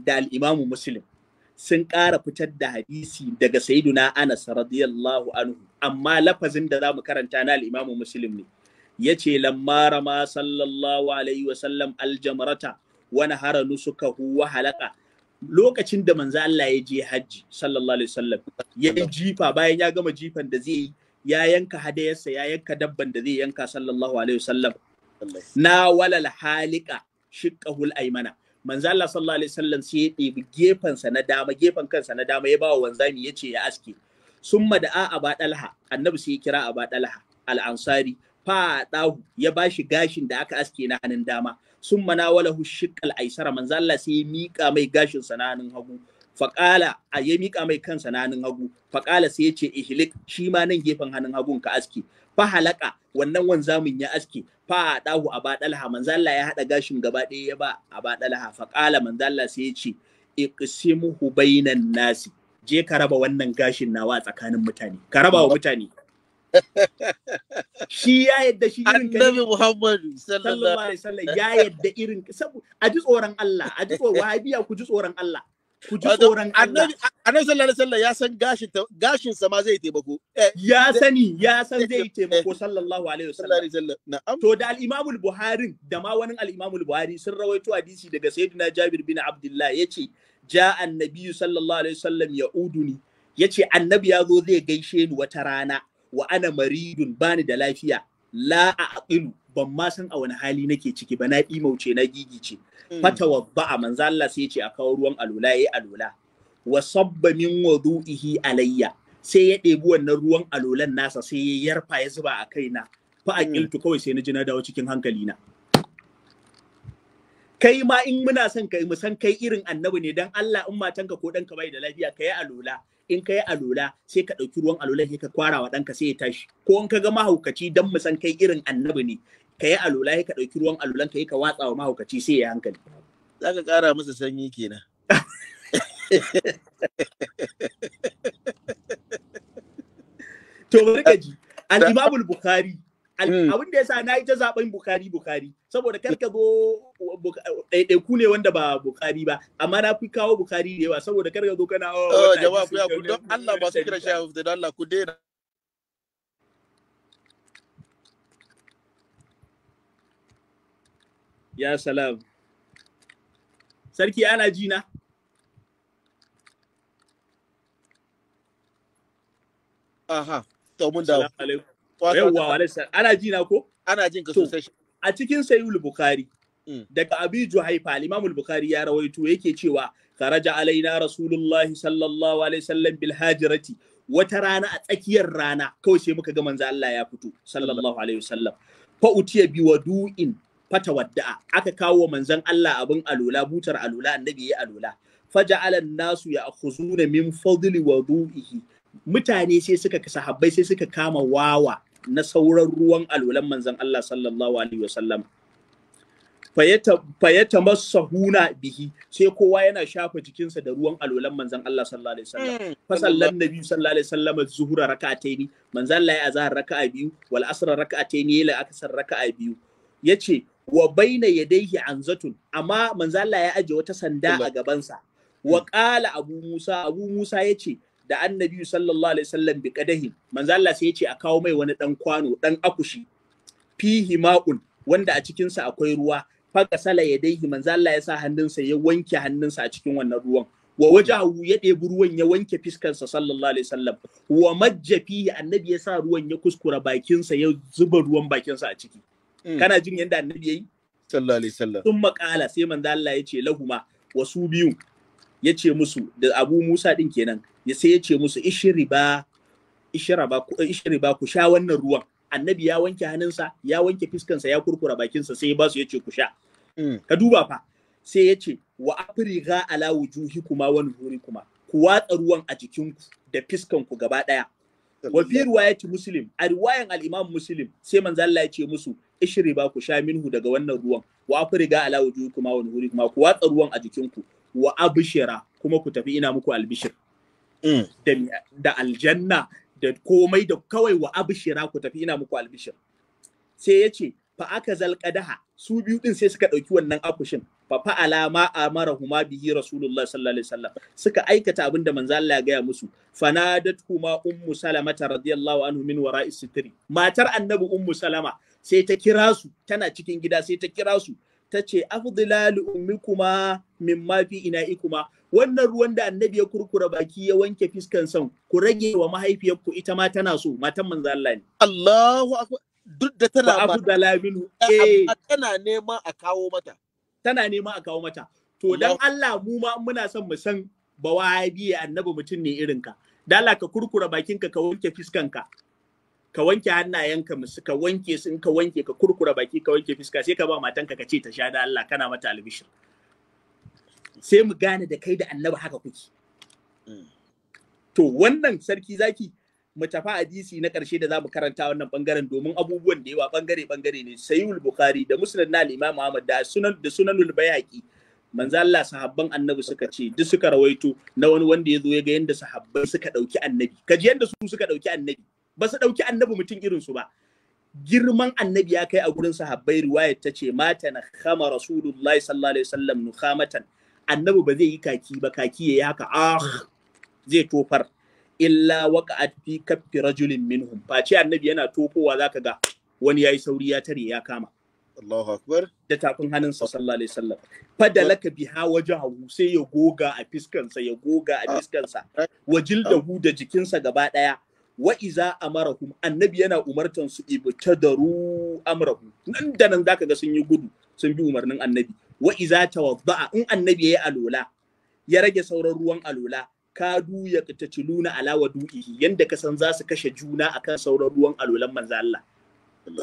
da al-Imam Muslim sun ƙara fitar da hadisi daga Sayyiduna Anas radiyallahu anhu amma lafazin da zamu karanta na al-Imam Muslim ne yace lamma rama sallallahu alaihi wa sallam al-jamrata wa nahara nusukahu wa halaka lokacin da manzo Allah ya je hajji sallallahu alaihi wasallam ya jifa bayan ya gama jifan da zai yi ya yanka hadayarsa ya yanka dabban da zai yanka sallallahu alaihi wasallam na walal halika shiqqahul aymana manzo Allah sallallahu alaihi wasallam sai ya ɗebi gefansa na dama gefen kansa na dama ya ba wa wanzami ya ce ya aske summa da a aba dalha annabi sai ya kira aba dalha al ansari fa dahu ya bashi gashin da aka aske na hannun dama sun mana wala shiqqal aisara manzo Allah sai ya mika mai gashin sananin hagu faqala ya mika mai kan sananin hagu faqala sai ya ce ihlik shi ma nan gefen hannun hagun ka aski fa halaka wannan wanzamin ya aski fa dahu abadalha manzo Allah ya hada gashin gaba ɗaya ya ba abadalha faqala manzo Allah sai ya ce iqsimuhu bainan nasi je ka raba wannan gashin nawa tsakanin mutane ka raba wa mutane shi ya yadda shi irin ka annabi Muhammad sallallahu alaihi wasallam ya yadda irin ka sabu a ji tsoron Allah a ji tsoron wahabiya ku ji tsoron Allah ku ji tsoron Allah annabi sallallahu alaihi wasallam ya san gashin gashin sa ma zai taimako eh, ya sani ya san eh, zai eh, taimako sallallahu alaihi wasallam to da al-Imam al-Buhari da ma wani al-Imam al-Buhari sun rawaito hadisi daga sayyidina Jabir bin Abdullah yace ja'a annabi sallallahu alaihi wasallam ya uduni yace annabi ya zo zai gaishe ni wata rana wa ana maridun bani da lafiya la a aqilu ban ma san a wani hali nake ciki ba na mauce na gigice hmm. fatawa ba manzo Allah sai ce a kawo ruwan alula yayi alula wa sabba min wudu'ihi alayya sai ya ɗebi wannan ruwan alolan nasa sai ya yarfa ya zuba a kaina fa kiltu hmm. kawai sai na ji na dawo cikin hankali na kai ma in muna son kai mu san kai irin annabi ne dan Allah in matanka ko danka bai da lafiya kai alola in ka yi alola sai ka ɗauki ruwan alola sai ka kwara wa ɗanka sai ya tashi ko in ka ga mahaukaci don mu san kai irin annabi ne ka yi alola sai ka ɗauki ruwan alolan ka yi ka watsa wa mahaukaci sai ya hankali za ka ƙara masa sanyi kenan to bari ka ji al bukhari Hmm. abin da yasa na yi ta zaben bukari bukari saboda kar hmm. ka zo ku ne wanda ba bukari ba amma na fi kawo bukari da yawa saboda kar ka zo kana oh, oh jama'a ku ya ku don Allah ba su kira shi of the Allah ku daina ya salam sarki ana jina aha to mun dawo assalamu alaikum yawwa walasan ana ji na ko ana jin ka sosai a cikin sayyul bukhari mm. daga abi juhaifa imam bukhari ya rawaito yake cewa raja alaina rasulullah sallallahu alaihi wasallam bil hajirati wata rana a tsakiyar rana kawai sai muka ga manzo Allah ya fito sallallahu alaihi wasallam fa utiya bi wadu'in fatawadda'a aka kawo manzon Allah abin alula butar alula annabi ya alula faja'ala nasu ya'khuzuna min fadli wadu'ihi mutane sai suka sahabbai sai suka kama wawa na sauran ruwan alwalan manzan Allah sallallahu alaihi wasallam fayyata masahuna bihi sai kowa yana shafa jikinsa da ruwan alwalan manzan Allah sallallahu alaihi wasallam hmm. fasallan nabi sallallahu alaihi wasallam zuhura raka'ataini manzan Allah ya azhar rak'a biyu wal asr raka'ataini la aksar rak'a biyu yace wa baina yadayhi anzatun amma manzan Allah ya aje wata sanda a gabansa wa hmm. qala abu musa abu musa yace da annabi sallallahu alaihi wasallam bi kadahi manzo Allah sai ya ce a kawo mai wani dan kwano dan akushi fihi ma'un wanda a cikin sa akwai ruwa fa sala ya manzo Allah ya sa hannunsa ya wanke hannunsa a cikin wannan ruwan wa wajahu ya ɗebi ruwan ya wanke fiskansa sallallahu alaihi wasallam wa majja fihi annabi ya sa ruwan ya kuskura bakinsa ya zuba ruwan bakinsa a ciki hmm. kana jin yadda annabi yayi sallallahu alaihi wasallam sun makala sai manzo Allah ya ce lahuma wasu biyu ya ce musu da Abu Musa din kenan ya sai ya ce musu ishriba ishriba ku sha wannan ruwan annabi ya wanke hannunsa ya wanke fiskansa ya kurkura bakinsa sai ya ba su ya ce ku sha hmm. ka duba fa sai ya ce wa afriga ala wani wa kuma ku watsa ruwan a jikinku da fiskanku gaba daya wa fi riwayati muslim a riwayan al-imam muslim sai manzo Allah ya ce musu ishriba ku sha minhu daga wannan ruwan wa afriga ala wani wa kuma ku watsa ruwan a jikinku wa abshira kuma ku tafi ina muku albishir Mm. da aljanna da komai da kawai wa abishira ku tafi ina muku albishir sai yace ce fa aka zalqadaha su biyu din sai suka ɗauki wannan akushin fa Fa alama amara huma bihi rasulullah sallallahu alaihi wasallam suka aikata abin da manzo Allah ya gaya musu fanadat kuma ummu salama radiyallahu anhu min wara'is sitri matar annabi ummu salama sai ta kira su tana cikin gida sai ta kira su ta ce kuma ummikuma mimma fi ina'ikuma wannan ruwan da annabi ya kurkura baki ya wanke fiskan san ku rage wa mahaifiyarku ita ma tana so matan manzo Allah ne Allahu akbar duk da tana ba abu dalaminu eh tana nema a kawo mata tana nema a kawo mata to dan Allah mu ma muna son mu san ba wahabi annabi mutum ne irin ka dan Allah ka kurkura bakinka ka wanke fiskanka ka wanke hannayenka mu ka wanke sun ka wanke ka kurkura baki ka wanke fiska sai ka ba matanka ka ce ta sha da Allah kana mata albishir sai mu gane da kai da annabi haka kuke mm. to wannan sarki zaki mu tafi hadisi na ƙarshe da zamu karanta wannan bangaren domin abubuwan da yawa bangare bangare ne sayyul bukhari da musnad na imam muhammad da sunan da sunanul manzo Allah sahabban annabi suka ce duk suka rawaito na wani wanda ya ya ga yanda sahabbai suka dauki annabi kaji yanda su suka dauki annabi ba su dauki annabi mutum irin su ba girman annabi ya kai a gurin sahabbai riwayar ta ce mata na khama rasulullahi sallallahu alaihi wasallam nukhamatan annabi ba zai yi kaki ba kaki yayi haka ah zai tofar illa waqa'at fi kafi rajulin minhum face annabi yana tofowa zaka ga wani yayi sauri ya tare ya kama Allahu akbar da tafin hannunsa sallallahu alaihi wasallam fadalaka biha wajahu sai ya goga a fiskansa ya goga a fiskansa wajildahu da jikinsa gaba daya wa iza amarahum annabi yana umartan su ibtadaru amrahu nan da nan zaka ga sun yi gudu sun bi umarnin annabi wa iza tawadda'a in annabi yayi alola ya rage sauran ruwan alola kadu ya alawa ala wadu'ihi yanda ka san za su kashe juna akan sauran ruwan alolan manzo Allah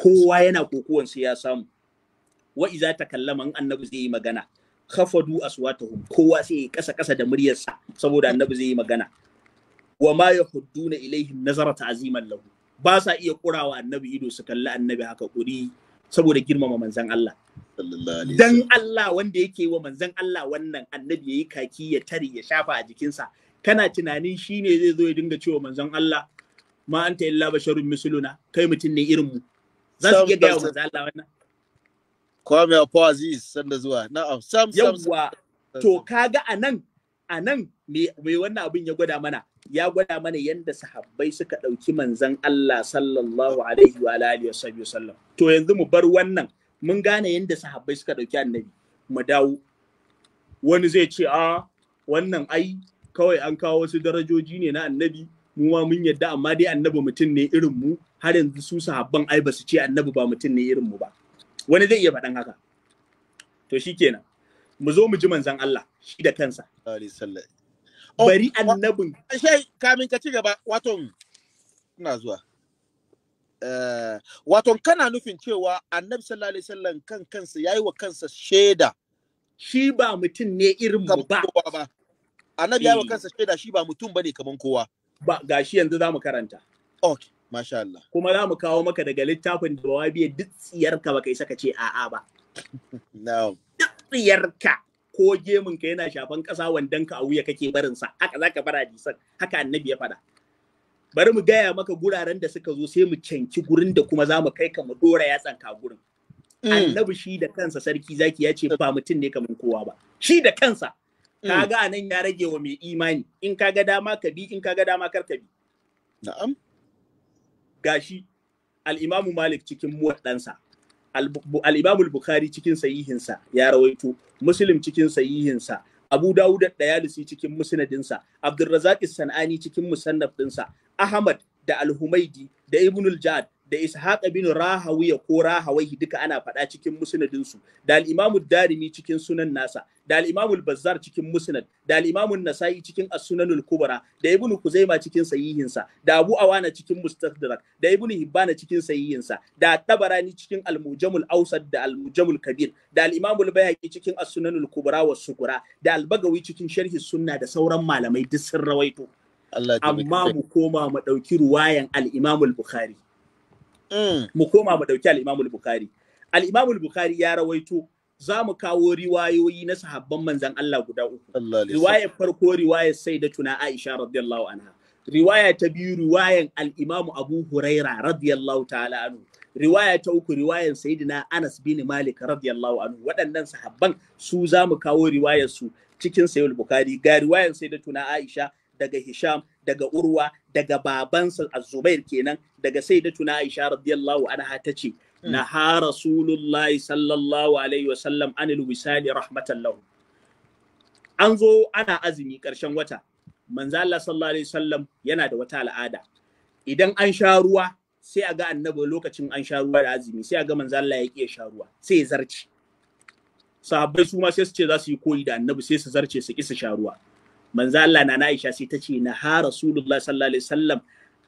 kowa yana kokuwan sai ya samu wa iza takallama in annabi zai yi magana khafadu aswatahum kowa sai ya kasa kasa da muryarsa saboda annabi zai yi magana wa ma yahudduna ilaihin nazarata aziman lahu ba sa iya kurawa annabi ido su kalli annabi haka kuri saboda girmama manzan Allah dan Allah wanda yake wa manzan Allah wannan annabi yayi kaki ya tare ya shafa a jikinsa kana tunanin shine zai zo ya dinga cewa manzan Allah ma anta illa basharun misluna kai mutum ne irin mu za su iya gaya wa manzan Allah wannan Kwame Aziz sanda zuwa na'am sam sam to kaga anan anan me me wannan abin ya gwada mana ya gwada mana yadda sahabbai suka ɗauki manzan Allah sallallahu alaihi wa alihi wa sallam to yanzu mu bar wannan mun gane yadda sahabbai suka ɗauki annabi mu dawo wani zai ce a wannan ai kawai an kawo wasu darajoji ne na annabi mu ma mun yadda amma dai annabi mutum ne irin mu har yanzu su sahabban ai ba su ce annabi ba mutum ne irin mu ba wani zai iya faɗan haka to shikenan mu zo mu ji manzan Allah shi da kansa Oh, bari annabin shai kamin ka ci gaba wato ina zuwa eh, wato kana nufin cewa annabi sallallahu alaihi wasallam kan kansa yayi wa kansa shaida shi ba mutum ne irin mu ba annabi yayi wa eh. kansa shaida shi ba mutum bane kaman kowa ba gashi yanzu zamu karanta okay masha Allah kuma zamu kawo maka daga littafin da wabiye duk tsiyarka ba kai saka ce a'a ba na'am duk tsiyarka ko gemun ka yana shafan ƙasa wandan ka a wuya kake barin sa haka zaka fara hadisan haka annabi ya fada bari mu gaya maka guraren da suka zo sai mu canki gurin da kuma zamu kai ka mu dora yatsan ka gurin mm. annabi shi da kansa sarki zaki ya ce ba mutum ne kamar kowa ba shi da kansa mm. kaga anan ya rage wa mai imani in kaga dama ka bi in kaga dama kar ka bi na'am gashi al-imamu malik cikin muwaddansa al al-Bukhari cikin sahihinsa ya rawaito Muslim cikin sahihinsa Abu Dawud al-Dayalisi cikin musnadinsa Abdurrazzaq sanani cikin musannaf ɗinsa Ahmad da al da IbnulJad. jad da ishaq bin rahawiya ko rahawaihi duka ana faɗa cikin musnadinsu. da al-imamu darimi cikin sunan nasa da al-imamu bazzar cikin musnad da al-imamu nasa'i cikin as-sunanul kubra da ibnu kuzaima cikin sahihinsa da abu awana cikin mustadrak da ibnu hibbana cikin sahihin da tabarani cikin al-mujamul awsat da al-mujamul kabir da al-imamu bayhaqi cikin as-sunanul kubra wa sukura da al-bagawi cikin sharhi sunna da sauran malamai duk sun rawaito amma mu koma mu ɗauki ruwayan al-imamu al-bukhari Mm. mu koma mu dauki al imamul bukhari al imamul bukhari ya rawaito za mu kawo riwayoyi na sahabban manzan Allah guda uku Riwaya farko riwaya sai da tuna Aisha radiyallahu anha riwaya ta biyu riwayan al-Imam Abu Huraira radiyallahu ta'ala anhu riwaya ta uku riwayan sayyidina Anas bin Malik radiyallahu anhu waɗannan sahabban su za mu kawo riwayar su cikin sayyidul Bukhari ga riwayan sai Aisha daga Hisham daga urwa daga babansa a zubair kenan daga na aisha radiyallahu anha tace hmm. naha rasulullahi sallallahu alaihi wa sallam anil wisali rahmatan an zo ana azumi karshen wata manzo Allah sallallahu alaihi wasallam yana da wata al'ada idan an sha ruwa sai a ga annabi lokacin an sha ruwa da azumi sai a ga manzo Allah ya ƙi sha ruwa sai ya zarce sahabbai su ma sai su ce za su yi koyi da annabi sai su zarce su ƙi su sha ruwa manzo Allah na Aisha sai ta ce na ha Rasulullah sallallahu alaihi wasallam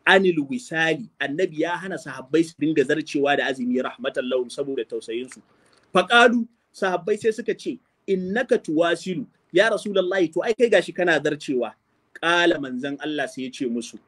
anil wisali annabi ya hana sahabbai su dinga zarcewa da azumi rahmatallahu saboda tausayin su faqalu sahabbai sai suka ce innaka tuwasilu ya Rasulullahi to ai kai gashi kana zarcewa qala manzon Allah sai ya ce musu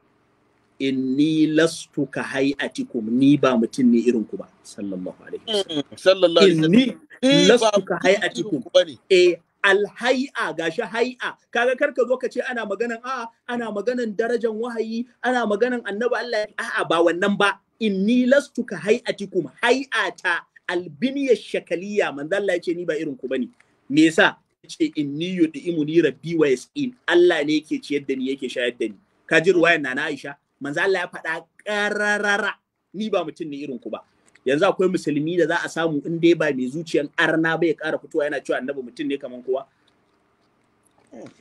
inni lastu ka hayatikum ni ba mutum ne irin ku ba sallallahu alaihi wasallam hmm, sallallahu alaihi wasallam inni lastu ka hayatikum eh alhai'a ga gashi hai'a kaga ka zo ka ce ana maganan a ana maganan darajan wahayi ana maganan annabi Allah a'a ba wannan ba inni lastu ka hai'atikum hai'ata albiniya shakaliya manzo Allah yace ni ba irin ku bane me yasa yace inni yudimuni rabbi wa yasin Allah ne yake ciyar da ni yake shayar da ni ka ji ruwayan nana Aisha manzo Allah ya faɗa qararara ni ba mutum ne irin ku ba yanzu akwai musulmi da za a samu in dai ba mai zuciyan arna ba ya kara fitowa yana cewa annabi mutum ne kaman kowa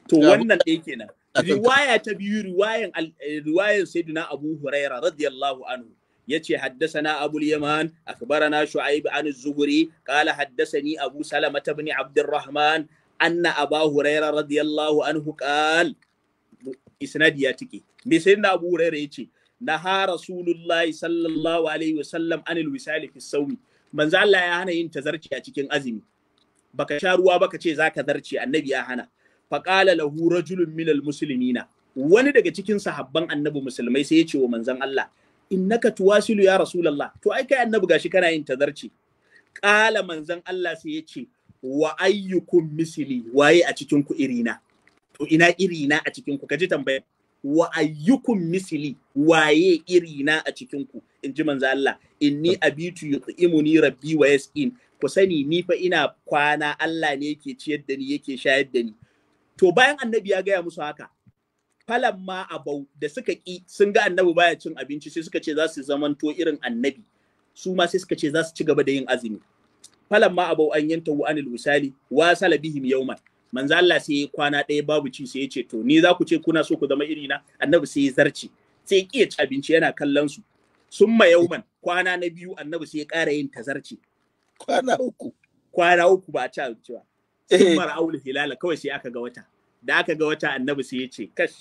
to wannan dai kenan riwaya ta biyu riwayan eh, riwayan sayyidina abu huraira radiyallahu anhu yace haddasana abu yaman akbarana shu'aib an az-zuhri qala haddasani abu salama ibn abdurrahman anna aba huraira radiyallahu anhu qala isnadi ya tike me sayyidina abu huraira yace Na ha rasulullahi sallallahu alaihi wasallam anil wisali fi sawi manzo Allah ya hana yin tazarci a cikin azumi baka sha ruwa baka ce zaka zarce annabi ya hana faqala lahu rajulun minal na. wani daga cikin sahabban annabi musulmai sai ya ce wa manzon Allah innaka tuwasilu ya rasulullah to ai kai annabi gashi kana yin tazarci Ƙala manzon Allah sai ya ce wa ayyukun misili. waye a cikin ku irina to ina irina a cikin ku kaji tambaya wa ayyukum misili waye iri na a cikin ku in ji manzo Allah inni abitu yut'imuni rabbi wa yasqin ku sani ni fa ina kwana Allah ne yake ciyar da ni yake shayar da ni to bayan annabi ya gaya musu haka falan ma abau da suka ki sun ga annabi baya cin abinci sai suka ce za su zamanto irin annabi su ma sai suka ce za su ci gaba da yin azumi falan ma abau an yanta wa anil wasali wa salabihim yawman manzo Allah sai ya kwana ɗaya babu ci sai ya ce to ni za ku ce kuna so ku zama iri na annabi sai ya zarce sai ya kiyace abinci yana kallon su summa yauman kwana na biyu annabi sai ya ƙara yin tazarce kwana uku kwana uku ba a ci abinci ba eh. summa ra'aul hilala kawai sai aka ga wata da aka ga wata annabi sai ya ce kash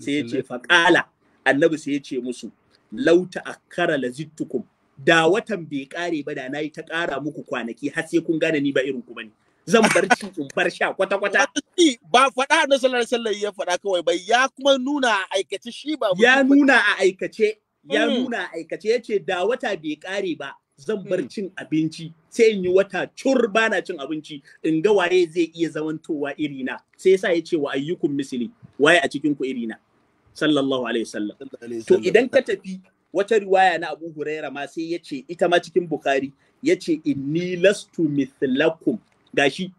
sai ya ce faqala annabi sai ya ce musu lauta akara lazittukum da watan bai kare ba da nayi ta kara muku kwanaki har sai kun gane ni ba irin ku bane zan bar in bar sha kwata kwata ba faɗa na sallar sallar ya faɗa kawai bai ya kuma nuna a aikace shi ba ya nuna a aikace ya hmm. nuna a aikace yace da wata bai kare ba zan bar hmm. cin abinci sai in yi wata cur bana cin abinci in ga waye zai iya zamantowa irina sai yasa yace wa ayyukum misli waye a cikin ku irina sallallahu alaihi wasallam to idan ka tafi wata riwaya na Abu Huraira ma sai yace ita ma cikin Bukhari yace inni lastu mithlakum gashi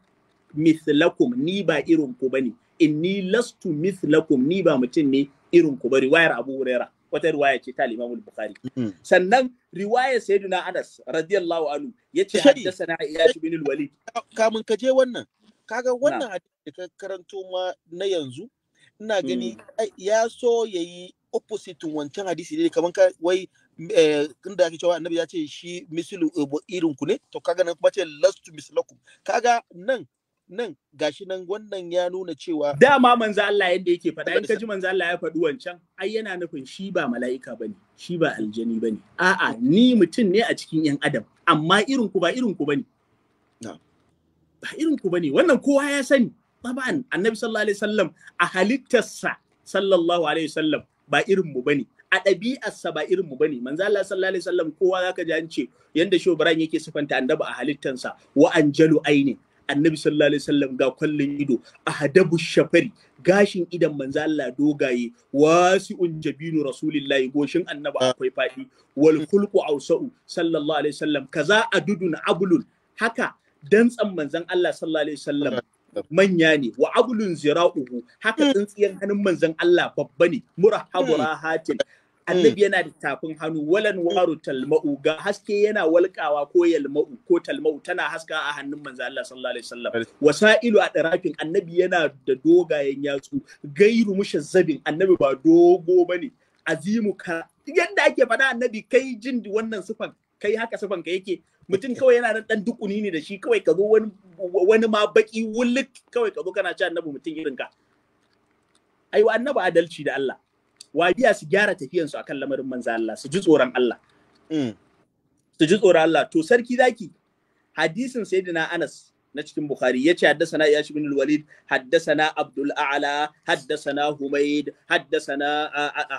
mislakum ni ba irin ku bane inni lastu mislakum ni ba mutum ne irin ku ba riwayar Abu Huraira wata riwaya ce ta Imam Bukhari hmm. sannan riwayar Sayyidina Anas radiyallahu anhu yace haddathana Iyash bin walid kamun ka je wannan kaga wannan hadisi ka karanto ma na yanzu ina gani hmm. ya so yayi opposite wancan hadisi ne kamar wai inda eh, ake cewa annabi ya ce shi mislu eh, irin ku ne to kaga nan kuma ce lastu mislakum kaga nan nan gashi nan wannan ya nuna cewa dama manzo Allah yadda yake faɗa in ka ji manzo Allah ya faɗi wancan ai yana nufin shi ba mala'ika bane shi ba aljani bane a'a mm. ni mutum ne a cikin yan adam amma irin ku ba irin ku bane ba irin ku bane wannan kowa ya sani taban annabi sallallahu alaihi wasallam a halittarsa sallallahu alaihi wasallam ba irin mu bane a ɗabi'a ba irin mu bane manzo Allah sallallahu alaihi wasallam kowa zaka ji an ce yanda shi Ibrahim yake sifanta annabi a halittansa wa anjalu aini annabi sallallahu alaihi wasallam ga kwallon ido a hadabu shafari gashin idan manzo Allah dogaye wasi'un jabinu rasulillahi goshin annabi akwai fadi wal khulqu awsa'u sallallahu alaihi wasallam kaza adudun ablun. haka dantsan manzon Allah sallallahu alaihi wasallam manya ne wa abulun zira'uhu haka tsintsiyar hannun manzon Allah babba ne murahabu rahatin annabi mm. yana da tafin hannu walan waru talma'u ga haske yana walƙawa ko yalma'u ko talma'u tana haska a hannun manzo Allah sallallahu alaihi wasallam wasailu a tarafin annabi yana da dogayen yatsu gairu mushazzabin annabi ba dogo bane azimu ka Yanda ake faɗa annabi kai jin wannan sufan kai haka sufan ka yake mutum kawai yana dan dukuni ne da shi kawai ka zo wani wani ma baki wuluk kawai ka zo kana ci annabi mutum irin ka annabi adalci da Allah wa biya su gyara tafiyansu akan lamarin manzo Allah su ji tsoron Allah mm. su ji tsoron Allah to sarki zaki hadisin sayyidina Anas na cikin Bukhari ya ce haddasana Iyash bin Walid haddasana Abdul A'la haddasana Humaid haddasana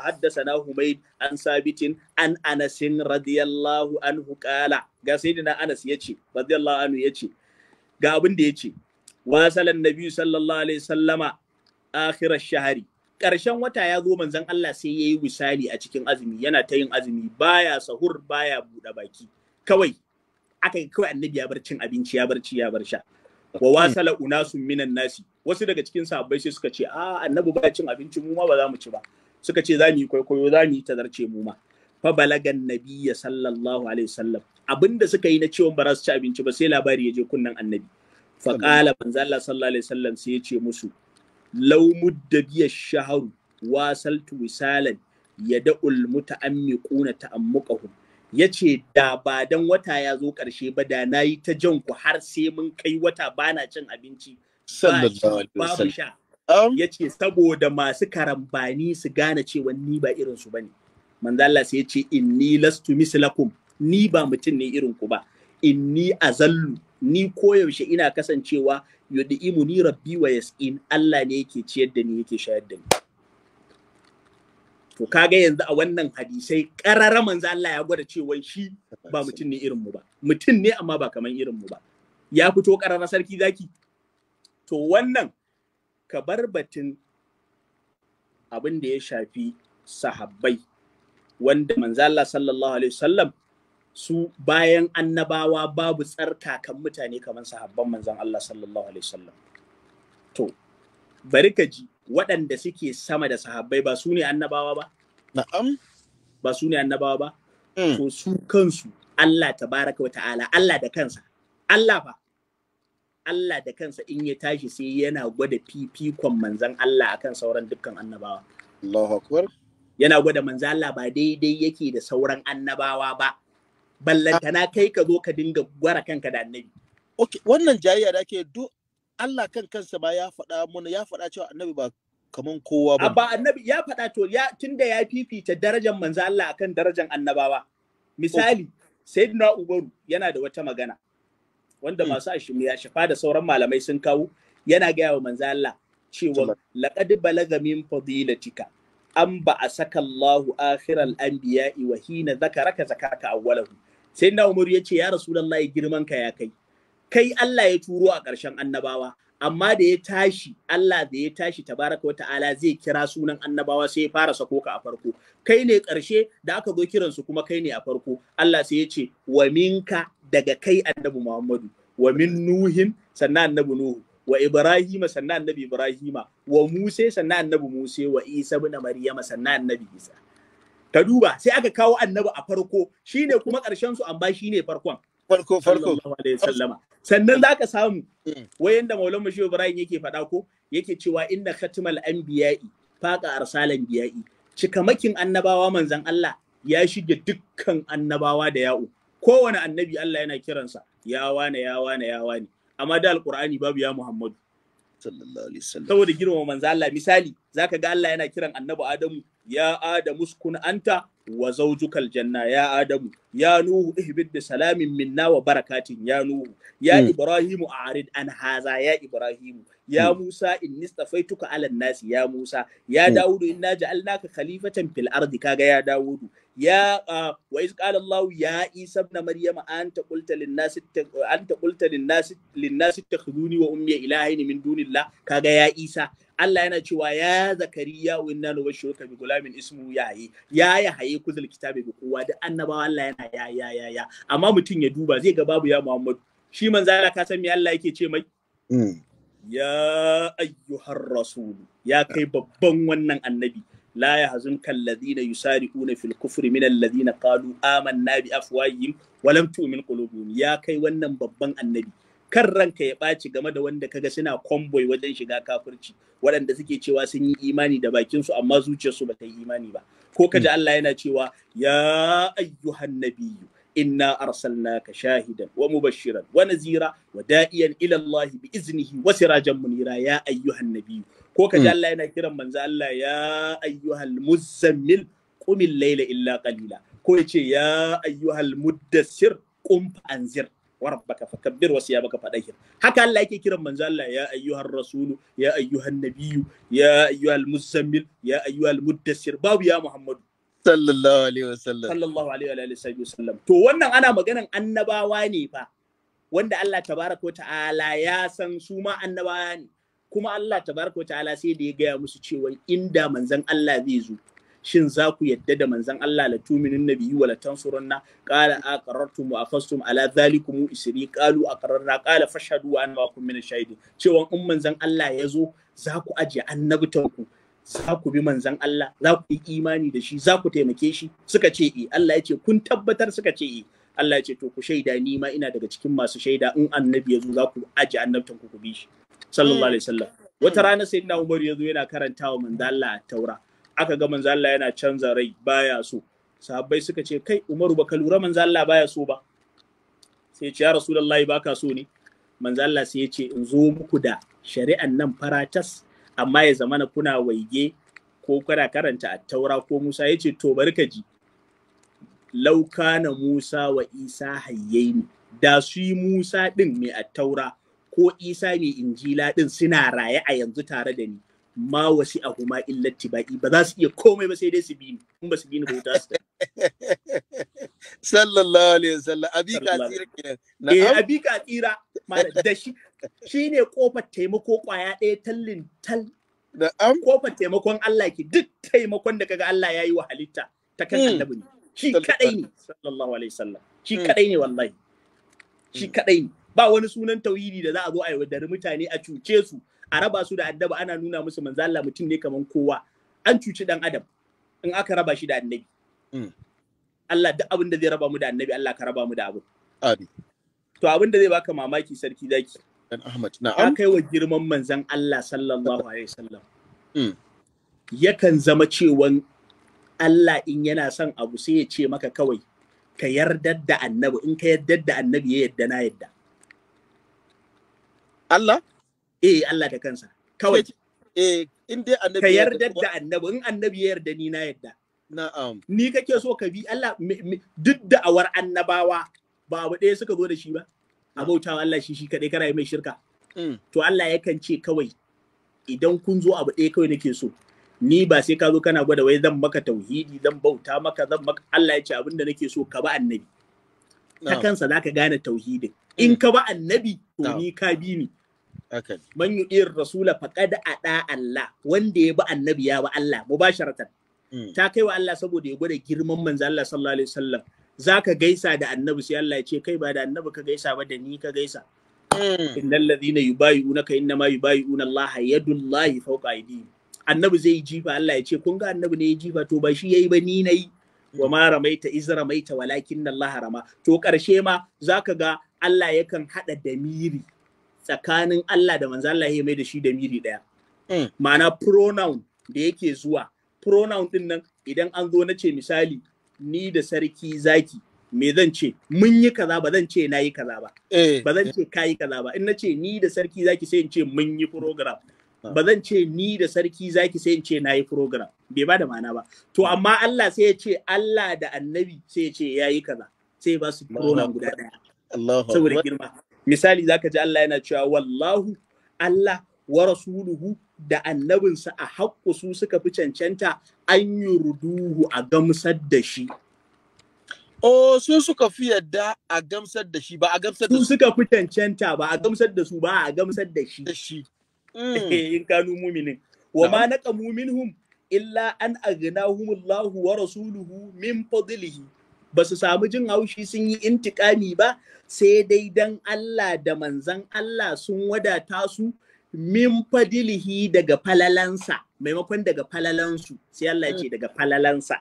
haddasana Humaid an sabitin an Anas radiyallahu anhu kala ga sayyidina Anas yace radiyallahu anhu yace ga abin da yace wasalan nabi sallallahu alaihi sallama akhirar shahari ƙarshen wata ya zo manzon Allah sai ya yi misali a cikin azumi yana ta yin azumi baya sahur baya buɗe baki kawai aka yi kawai annabi ya bar cin abinci ya bar ci ya bar sha wa wasala unasun minan nasi wasu daga cikin sahabbai sai suka ce a annabi baya cin abinci mu ma ba za mu ci ba suka ce za mu yi kwaikwayo za mu yi tazarce mu ma fa balagan nabiyya sallallahu alaihi wasallam abinda suka yi na ciwon ba za su ci abinci ba sai labari ya je kunnan annabi fa qala manzo Allah sallallahu alaihi wasallam sai ya ce musu law mudda biya shaharu wasaltu wisalan yada'ul muta'ammiquna yace da ba dan wata ya zo ƙarshe ba da na yi ta jan ku har sai mun kai wata bana cin abinci babu sha yace saboda masu karambani su gane cewa ni ba irin su bane manzo Allah sai yace inni lastu mislakum ni ba mutum ne irin ku ba inni azallu ni koyaushe ina kasancewa ni rabbi wa yas'in Allah ne yake ciyar da ni yake shayar da ni to kaga yanzu a wannan hadisai ƙarara manzo Allah ya gwada cewa shi ba mutum ne irin mu ba mutum ne amma ba kaman irin mu ba ya fito qarara sarki zaki to wannan ka bar batun abin da ya shafi sahabbai wanda manzo Allah sallallahu alaihi wasallam su bayan annabawa babu tsarka kan mutane kamar sahabban manzon Allah sallallahu alaihi wasallam to bari ka ji waɗanda suke sama da sahabbai ba su ne annabawa ba na'am ba su ne annabawa ba mm. to su kansu Allah tabaraka wa ta'ala Allah da kansa Allah fa Allah da kansa in ya tashi sai yana gwada fifikon manzan Allah akan sauran dukkan annabawa. Allahu akbar. Yana gwada manzan Allah ba daidai yake da sauran annabawa ba. ballantana kai ka zo ka dinga gwara kanka da annabi okay wannan jayayya da ke duk Allah kan kansa ba ya faɗa mana ya faɗa cewa annabi ba kaman kowa ba ba annabi ya faɗa to ya tunda ya fifita darajar manzo Allah akan darajar annabawa misali sayyidina Umaru yana da wata magana wanda hmm. masu ashimi ya shafa da sauran malamai sun kawo yana gaya wa manzo Allah cewa laqad balaga min fadilatika an ba a saka Allahu akhiral anbiya'i wa hina zakaraka zakaka awwalahu sai na Umar ya ce ya Rasulullah girman ka ya kai kai Allah ya turo a ƙarshen annabawa amma da ya tashi Allah da ya tashi tabaraka wata'ala zai kira sunan annabawa sai ya fara sako ka a farko kai ne ƙarshe da aka zo kiransu kuma kai ne a farko Allah sai ya ce wa minka daga kai annabi Muhammadu wa min nuhin sannan annabi Nuhu wa Ibrahima sannan annabi Ibrahima wa Musa sannan annabi Musa wa Isa ibn Maryama sannan annabi Isa ka duba sai aka kawo annabi a farko shine kuma ƙarshen su amma shine farkon farko farko sannan za ka samu hmm. Wai da maulan mashi ibrahim yake faɗa ko yake cewa inna khatmal anbiya'i faqa arsalan biya'i cikamakin annabawa manzan Allah ya shige dukkan annabawa da ya'u kowane annabi Allah yana kiransa ya wane ya wane ya wane amma da alkur'ani babu ya muhammadu saboda girmama manzo Allah misali zaka ga Allah yana kiran annabi Adamu ya Adamu sukun anta wa zawjukal janna ya Adamu ya Nuhu ihbid bi salamin minna wa barakatin ya Nuhu ya hmm. Ibrahimu a'rid an haza ya Ibrahimu ya hmm. Musa inni stafaituka ala nasi ya Musa ya hmm. daudu inna ja'alnaka khalifatan fil ardi kaga ya Dawudu ya wa iz qala Allah ya Isa ibn Maryam anta qulta lin-nasi anta qulta lin-nasi lin-nasi takhuduni wa ummi ilahin min dunillah kaga ya Isa Allah yana cewa ya Zakariya wa inna nubashshiruka bi gulamin ismu yayi ya ya haye kuzul kitabe bi kowa da annabawa Allah yana ya ya ya ya amma mutum ya duba zai ga babu ya Muhammad shi manzo Allah ka san me Allah yake ce mai mm. ya ayyuhar rasul ya kai babban wannan annabi la yahzunka alladhina yusari'una fil kufri min alladhina qalu amanna bi afwahihim wa lam tu'min qulubuhum ya kai wannan babban annabi kan ranka ya ɓaci game da wanda kaga suna komboy wajen shiga kafirci waɗanda suke cewa sun yi imani da bakinsu amma zuciyarsu ba ta yi imani ba ko kaji Allah yana cewa ya ayyuhan nabiyyu inna arsalnaka shahidan wa mubashiran wa nazira wa da'iyan ila Allah bi iznihi wa sirajan munira ya ayyuhan nabiyyu ko ka ji hmm. Allah yana kiran manzo Allah ya ayyuhal muzammil qumil layla illa qalila ko yace ya ayyuhal muddassir qum anzir wa rabbaka fakabbir wa siyabaka fadahir haka Allah yake kiran manzo Allah ya ayyuhar rasulu ya ayyuhan nabiyyu ya ayyuhal muzammil ya ayyuhal muddassir babu ya muhammadu sallallahu alaihi wasallam sallallahu alaihi wasallam to wannan ana maganan annabawa ne fa wanda Allah tabaraka ta'ala ya san su ma annabawa ne kuma Allah tabaraka ta'ala sai da ya gaya musu cewa inda manzon Allah zai zo shin za ku yadda da manzon Allah la tuminin nabiyyi wala tansurunna qala aqarrartum wa afastum ala isiri. isri qalu aqarrarna qala fashhadu wa ana ma'akum min shahidin cewa in manzon Allah ya zo za ku aje annabtanku za ku bi manzan Allah za ku yi imani da shi za ku taimake shi suka ce eh, Allah ya ce kun tabbatar suka ce eh. Allah ya ce to ku shaida ni ma ina daga cikin masu shaida in annabi ya zo za ku aje annabtan ku ku bi shi sallallahu alaihi wasallam wata rana sayyidina Umar ya zo yana karantawa manzo Allah taura aka ga manzo Allah yana canza rai baya so sahabbai suka ce kai Umaru ka lura manzo Allah baya so ba sai ya ce ya rasulullahi baka so ne manzo Allah sai ya ce in zo muku da shari'an nan faratas amma ya zamana kuna waige ko kana karanta a taura ko Musa ya ce to barka ji na Musa wa Isa hayyaini da su yi Musa din mai a taura ko Isa mai injila din suna raye a yanzu tare da ni ma wasi a kuma illati baƙi. ba za su iya komai ba sai dai su bi ni in ba su bi ni bauta su sallallahu alaihi wasallam abi ka tsira kenan eh abi ka tsira da shi shine kofar taimako kwaya ɗaya tallin tal da am kofar taimakon Allah ki duk taimakon da kaga Allah yayi wa halitta ta kan hmm. annabi ne shi kadai ne sallallahu alaihi wasallam shi hmm. kadai ne wallahi shi hmm. kadai ne ba wani sunan tauhidi da za a zo a yaudari mutane a cuce su a raba su da addaba ana nuna musu manzo Allah mutum ne kaman kowa an cuci dan adam in aka raba shi da annabi Allah duk abin da zai raba mu da annabi Allah ka raba mu da abin to abin da zai baka mamaki sarki zaki dan Ahmad na'am ya kai wa girman manzon Allah sallallahu alaihi wasallam hmm. yakan zama cewan Allah in yana son abu sai ya ce maka kawai ka yardar da annabi in ka yardar da annabi ya yarda na yarda. Allah eh Allah da kansa kawai eh in dai annabi ka yardar da annabi in annabi ya yarda ni na yarda. na'am ni kake so ka bi Allah duk da awar annabawa ba abu ɗaya suka zo da shi ba a bautawa Allah shi shi kaɗai kana yi mai shirka mm. to Allah yakan ce kawai idan kun zo abu ɗaya kawai nake so ni ba sai ka zo kana gwada wai zan maka tauhidi zan bauta maka zan maka Allah ya ce abin da nake so ka ba annabi ta kansa za ka gane tauhidin in mm. ka ba annabi to ni ka bi ni man yu'ir rasula a ɗa Allah wanda ya ba annabi ya ba Allah mu ba mubasharatan mm. ta kai wa Allah saboda ya gwada girman manzo Allah sallallahu alaihi wasallam zaka gaisa da annabi sai Allah ya ce kai ba da annabi ka gaisa ba da ni ka gaisa hmm. innal ladhina inna ma yubayuna Allah yadullahi fawqa aydihim annabi zai jifa Allah ya ce kun ga annabi ne ya jifa to ba shi yayi ba ni nayi wa ma ramaita iz ramaita walakin Allah rama to karshe ma zaka ga Allah yakan hada damiri tsakanin Allah da manzo Allah ya mai da shi damiri daya hmm. ma'ana pronoun da yake zuwa pronoun din nan idan an zo na ce misali ni da sarki zaki me zan ce mun yi kaza ba zan ce na yi kaza ba eh. ba zan ce ka yi kaza ba in na ce ni da sarki zaki sai in ce mun yi program ah. ba zan ce ni da sarki zaki sai in ce na yi program bai ba da ma'ana ba to amma Allah sai ya ce Allah da annabi sai ya ce ya yi kaza sai ba su program guda daya saboda girma misali zaka ji Allah yana cewa wallahu Allah wa rasuluhu da annabinsa a haƙƙu su suka fi cancanta an yi ruduhu a gamsar da shi. O su suka fi yadda a gamsar da shi ba a gamsar da su. suka fi cancanta ba a gamsar da su ba a gamsar da shi. Da shi. Mm. In kanu muminin. Wa ma naqa muminhum illa an aghnahumullahu wa rasuluhu min fadlihi. ba su samu jin haushi sun yi intikami ba sai dai dan Allah da manzan Allah sun wadata su min fadilihi daga falalansa maimakon daga falalansu sai Allah ce mm. daga falalansa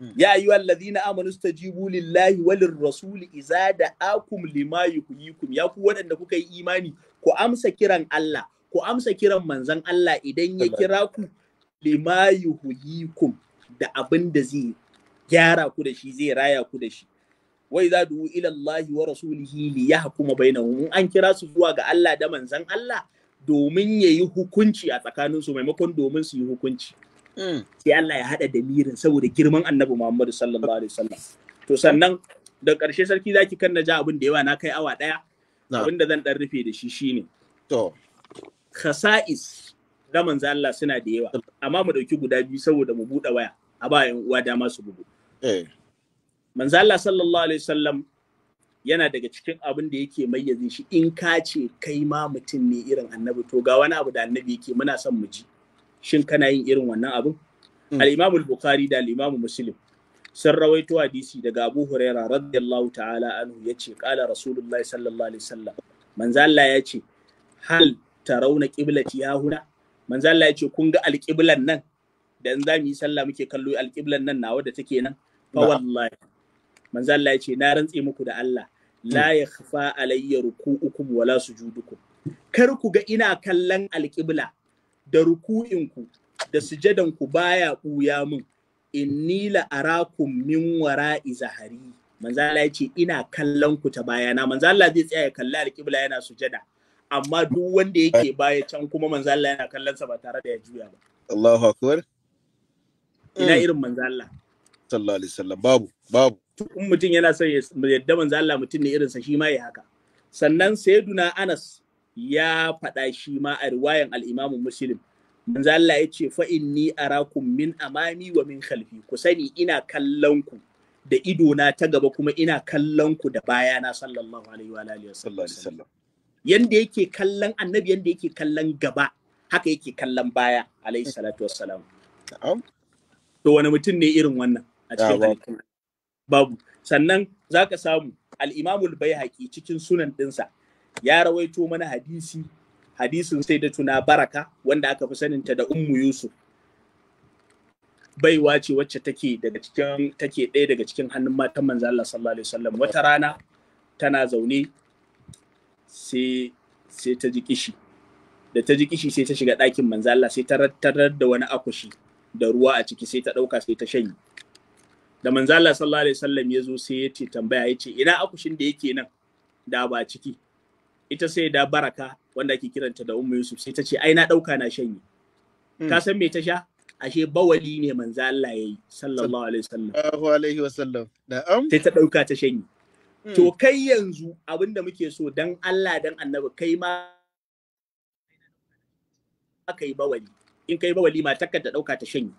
mm. ya yi wallazina amanu stajibu lillahi walir rasuli iza da akum lima yuhyikum ya ku waɗanda kuka yi imani ku amsa kiran Allah ku amsa kiran manzan Allah idan ya kira ku lima yuhyikum da abin da zai gyara ku da shi zai raya ku da shi wa iza du ila Allah wa rasulihi li yahkuma bainahum an kira su zuwa ga Allah da manzan Allah domin ya yi hukunci a tsakaninsu maimakon domin su yi hukunci. Hmm. Sai Allah ya haɗa da mirin saboda girman annabi Muhammadu sallallahu alaihi wasallam. To sannan da ƙarshe sarki zaki kan na ja abin da yawa na kai awa ɗaya. Abin da zan ɗan rufe da shi shine. To. Kasa'is na manzan Allah suna da yawa. Amma mu ɗauki guda biyu saboda mu buɗe waya. A ba uwa dama su bugu. Eh. Manzan Allah sallallahu alaihi wasallam yana daga cikin abin da yake mayyaze shi in ka ce kai ma mutum ne irin annabi to ga wani abu da annabi yake muna son mu ji shin kana yin irin wannan abin mm. al-imam al-bukhari da al-imam muslim sun rawaito hadisi daga abu huraira radiyallahu ta'ala anhu yace qala rasulullahi sallallahu alaihi wasallam manzo Allah yace hal tarawna qiblati ya huna manzo Allah yace kun ga al nan da in za mu yi sallah muke kallo al-qiblan nan nawa da take nan fa wallahi manzo Allah yace na rantse muku da Allah la hmm. ya khafa alayya ruku'ukum wala sujudukum kar ku ga ina kallon alƙibla da ruku'inku da sujadanku baya ɓuya min inni la arakum min wara'i zahari manzo Allah ya ce ina kallon ku ta bayana manzo Allah zai tsaya ya kalli alƙibla yana sujada amma duk wanda yake eh. baya can kuma manzo Allah yana kallon sa ba tare da ya juya ba Allahu akbar ina hmm. irin manzo Allah sallallahu alaihi wasallam babu babu in mutum yana son ya yadda manzo Allah mutum ne irinsa shi ma ya haka sannan sayyiduna Anas ya faɗa shi ma a riwayan al-Imam Muslim manzo Allah ya ce fa inni arakum min amami wa min khalfi ku sani ina kallon ku da ido na ta gaba kuma ina kallon ku da baya na sallallahu alaihi wa alihi wasallam yanda yake kallon annabi yanda yake kallon gaba haka yake kallon baya alaihi salatu wassalam to wani mutum ne irin wannan a cikin babu sannan za ka samu al'imamul bai haƙi cikin sunan ɗinsa ya rawaito mana hadisi hadisin sai da tuna baraka wanda aka fi saninta da ummu yusuf baiwa ce wacce take daga cikin take ɗaya daga cikin hannun matan manzo Allah sallallahu alaihi wasallam wata rana tana zaune sai sai ta ji kishi da ta ji kishi sai ta shiga ɗakin manzo Allah sai ta tarar da wani akushi da ruwa a ciki sai ta ɗauka sai ta shanye da manzo Allah sallallahu alaihi wasallam ya zo sai ya ce tambaya ya ce ina akushin da yake nan da ba ciki ita sai da baraka wanda ake kiranta da ummu yusuf sai ta ce ai na dauka na shanye hmm. ka san me ta sha ashe bawali ne manzo Allah yayi sallallahu alaihi wasallam sallallahu alaihi wasallam na'am sai ta dauka ta shanye hmm. to kai yanzu abinda muke so dan Allah dan annabi kai ma aka yi bawali in kai bawali ma takarda ta dauka ta shanye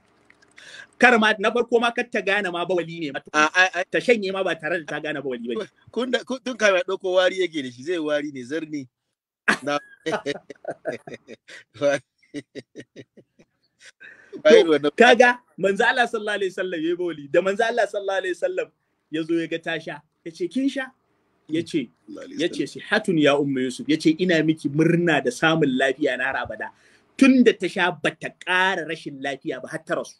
kar ma na farko ma kar ta gane ma bawali ne ma ta shanye ma ba tare da ta gane bawali ba kun da tun ka mai dauko wari yake da shi zai wari ne zarni na kaga manzo Allah sallallahu alaihi wasallam yayi bawali da manzo Allah sallallahu alaihi wasallam ya zo ya ga tasha yace kin sha yace yace Hatun ya ummu yusuf yace ina miki murna da samun lafiya na rabada tunda ta sha bata ƙara rashin lafiya ba har ta rasu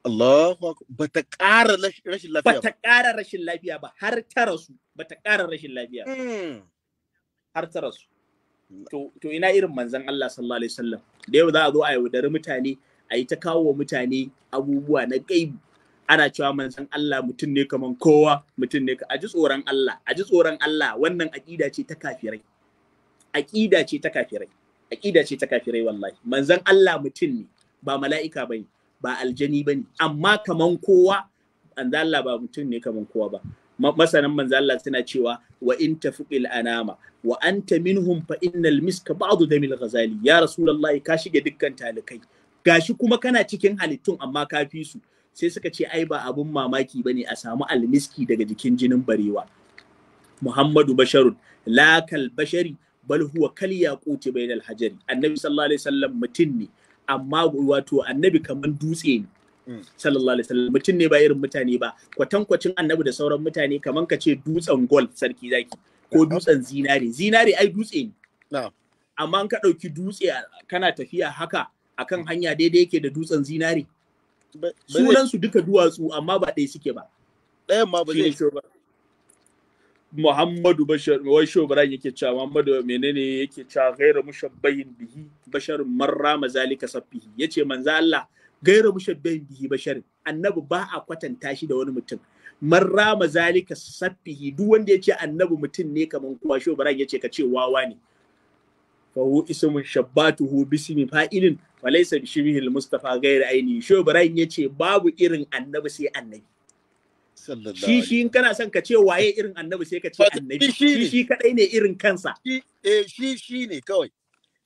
Allah ba ta ƙara rashin lafiya ba. Ba ta ƙara rashin lafiya ba har ta rasu ta ƙara rashin lafiya hmm. har ta rasu to ina irin manzan Allah sallallahu alaihi wasallam da yau za a zo a yaudari mutane a yi ta kawo wa mutane abubuwa na gaibu ana cewa manzon Allah mutum ne kaman kowa mutum ne a ji tsoron Allah a ji tsoron Allah wannan aƙida ce ta kafirai aƙida ce ta kafirai aƙida ce ta kafirai wallahi Manzan Allah mutum ne ba mala'ika ne. ba aljani ba ne amma kaman kowa manzala ba mutum ne kaman kowa ba masanan manzala suna cewa wa in tafiqil anama wa anta minhum fa innal miska ba'du damil ghazali ya rasulullahi ka shige dukkan talikai gashi kuma kana cikin halittun amma ka fi su sai suka ce ai ba abun mamaki bane a samu almiski daga jikin jinin barewa muhammadu basharun la kal bashari bal huwa kal yaquti bainal hajari annabi sallallahu alaihi wasallam mutum ne amma wato annabi kaman dutse ne mm. sallallahu alaihi wasallam mutum ne ba irin mutane ba kwatankwacin annabi da sauran mutane kaman kace dutsen gol sarki zaki ko dutsen zinare zinare ai dutse ne amma ka ɗauki dutse kana tafiya haka akan mm. hanya daidai yake da dutsen zinare sunan su duka duwatsu amma ba ɗaya suke ba ɗayan ma ba zai ba Muhammadu Bashar wai Shobran yake cewa Muhammadu menene yake cewa ghairu mushabbahin bihi bashar marra mazalika saffihi yace manzo Allah ghairu mushabbahin bihi bashar annabi ba a kwatanta shi da wani mutum marra mazalika saffihi duk wanda yace annabi mutum ne kaman kuwa Shobran yace ka ce wawa ne fa hu ismun shabbatuhu bismi fa'ilin walaysa laysa bi mustafa ghairu aini Shobran yace babu irin annabi sai annabi shi shi in kana son ka ce waye irin annabi sai ka ce annabi shi shi kadai ne irin kansa eh shi shi ne kawai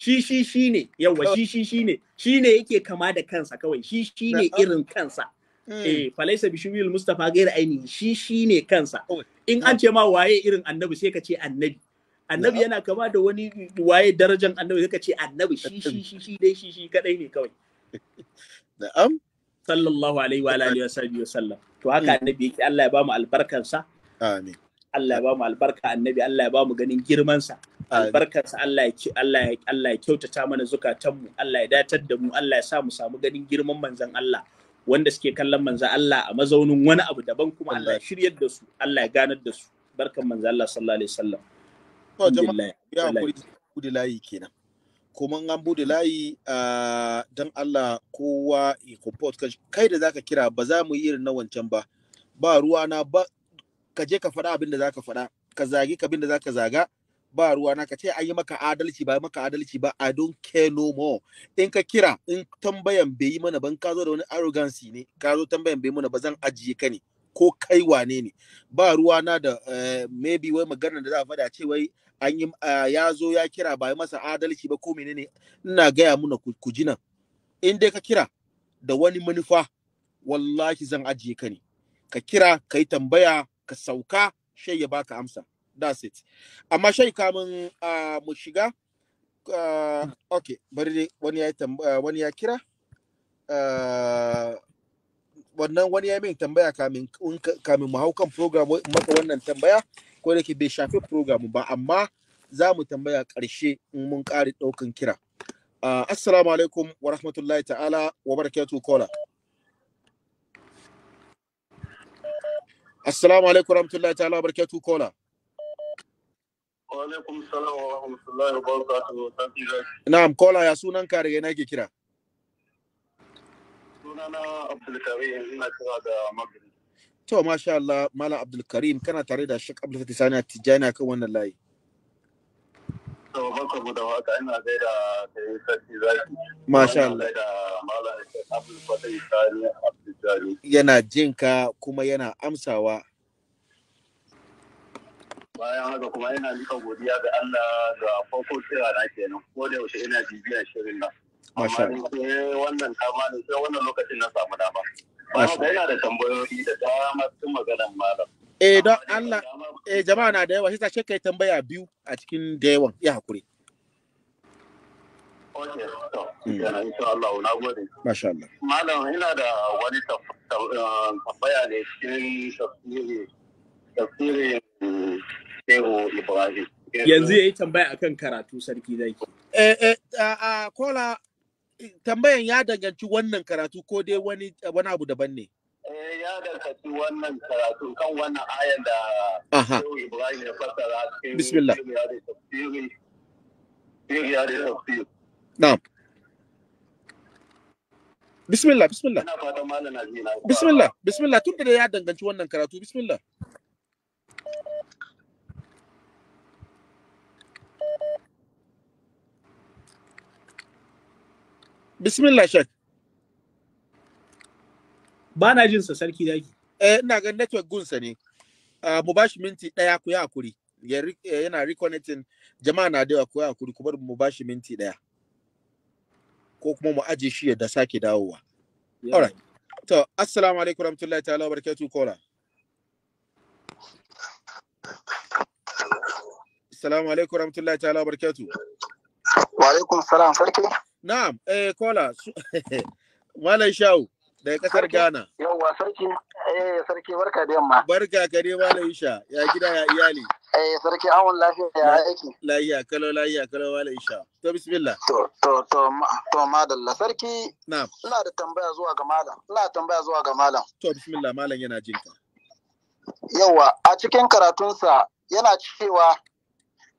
shi shi shi ne yawa shi shi shi ne shi ne yake kama da kansa kawai shi shi ne irin kansa hmm. eh falaisa bishubil mustafa gaira aini shi shi ne kansa in an ce ma waye irin annabi sai ka ce annabi annabi yana kama da wani waye darajan annabi sai ka ce annabi shi shi shi shi dai shi shi kadai ne kawai na'am sallallahu alaihi wa alihi wa wa sallam to haka hmm. annabi yake Allah ya ba mu sa amin Allah ya ba mu albarka annabi Allah ya ba mu ganin girmansa sa Allah ya Allah ya Allah ya kyautata mana zukatanmu Allah ya datar da mu Allah ya sa mu samu ganin girman manzon Allah wanda suke kallon manzan Allah a mazaunin wani abu daban kuma Allah ya shiryar da su Allah ya ganar da su barkan manzan Allah sallallahu alaihi sallam to jama'a ya kuri layi kenan kuma an bude layi don Allah kowa ya comport kai da zaka kira ba za mu yi irin na wancan ba ba ruwa na ba ka je ka faɗa abin da zaka faɗa ka zagi ka abin da zaka zaga ba ruwa na ka ce an yi maka adalci ba maka adalci ba I don't care no more in ka kira in tambayan bai yi mana ban ka zo da wani arrogance ne ka zo tambayan bai mana ba zan ajiye ka ne ko kai wane ne ba ruwa na da eh, maybe wai maganar da za a faɗa ce wai an yi ya zo ya kira ba masa adalci ba ko menene ina gaya muna ku ji nan in dai ka kira da wani manufa wallahi zan ajiye ka ne ka kira ka yi tambaya ka sauka shai ya baka amsa that's it amma shai kamun mu shiga uh, okay bari dai wani ya wani ya kira wannan wani ya min tambaya kamin kamin mu hau kan program maka wannan tambaya ko da ke bai shafi program ba amma za mu tambaya ƙarshe in mun ƙari ɗaukan kira assalamu alaikum wa rahmatullahi ta'ala wa barakatuhu kola assalamu alaikum wa rahmatullahi ta'ala wa barakatuhu kola alaikum salam wa rahmatullahi wa barakatuhu zaki na'am kola ya sunan ka daga nake kira sunana abdulkarim ina kira da magana To masha Allah Malam Abdul Karim kana tare da Sheikh Abdul Fatih Sani Tijani kan wannan layi. To baka mu da waka ina da kai sarki zaki. Masha Allah. Da Malam Sheikh Abdul Fatih Sani Tijani. Yana jin ka kuma yana amsawa. Bayan haka kuma ina nika godiya ga Allah ga farko kira na kenan. Ko da yaushe ina bibiyar shirin nan. Masha Allah. wannan kama ne sai wannan lokacin na samu dama. Masha Yana da tambayoyi da dama cikin maganar malam. Eh don Allah eh jama'a na da yawa shi sashe kai tambaya biyu a cikin da yawan ya hakuri. Hmm. Masha Allah. Malam ina da wani eh, tambaya ne cikin tafsiri tafsirin Shehu Ibrahim. Yanzu yayi yi tambaya akan karatu sarki zaki. Eh eh a kola tambayan ya danganci wannan karatu ko dai wani wani abu daban ne eh, ya danganci wannan karatu kan wannan ayan da Ibrahim ya fassara cikin bismillah na'am bismillah bismillah bismillah bismillah tun da ya danganci wannan karatu bismillah bismillah shek ba na jin sa sarki daki eh ina ga network gunsa ne ah, mu bashi minti daya ku yi hakuri eh, yana reconnecting jama'a na da ku ya hakuri ku bar mu bashi minti daya ko kuma mu aje shi da sake dawowa alright to assalamu alaikum warahmatullahi ta'ala barakatuh kola assalamu alaikum warahmatullahi ta'ala barakatuh wa alaikum salam sarki Na'am, eh kola. Malam Shau daga kasar Ghana. Yawwa sarki, eh sarki barka da yamma. Barka ka Malam Isha, ya gida ya iyali. Eh sarki awon lafiya ya aiki. Lafiya kalo lafiya kalo Malam Isha. To bismillah. To to to to madalla sarki. Na'am. Ina da tambaya zuwa ga malam. Ina da tambaya zuwa ga malam. To bismillah malam yana jinka. Yawwa a cikin karatunsa yana cewa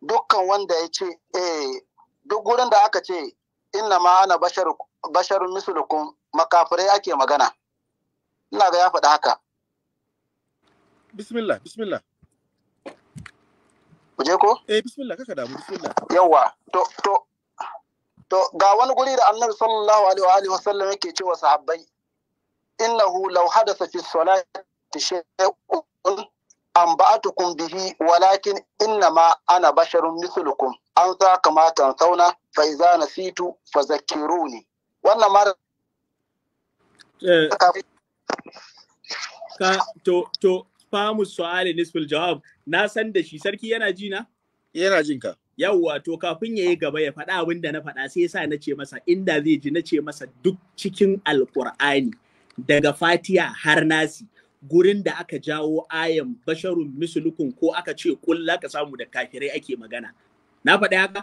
dukkan wanda ya ce eh duk gurin da aka ce inna ma ana bashar basharun mislukum makafirai ake magana ina ga ya faɗi haka bismillah bismillah kuje ko eh bismillah kaka damu bismillah yawa to to to ga wani guri da annabi sallallahu alaihi wa alihi sallam yake cewa sahabbai innahu law hadatha fi salati shay'un an ba'atukum bihi walakin inna ma ana basharun mislukum an sa kamata in sauna fai za na fa zakiru ne wannan ma eh. ka to to famu su'ali nisful jawab na san da shi sarki yana ji na yana jin ka yawwa to kafin ya yi gaba ya faɗa abin da na faɗa sai sa na ce masa inda zai ji na ce masa duk cikin alkur'ani daga fatiya har nasi gurin da aka jawo ayan basharun misulukun ko aka ce kulla ka samu da kafirai ake magana na faɗi haka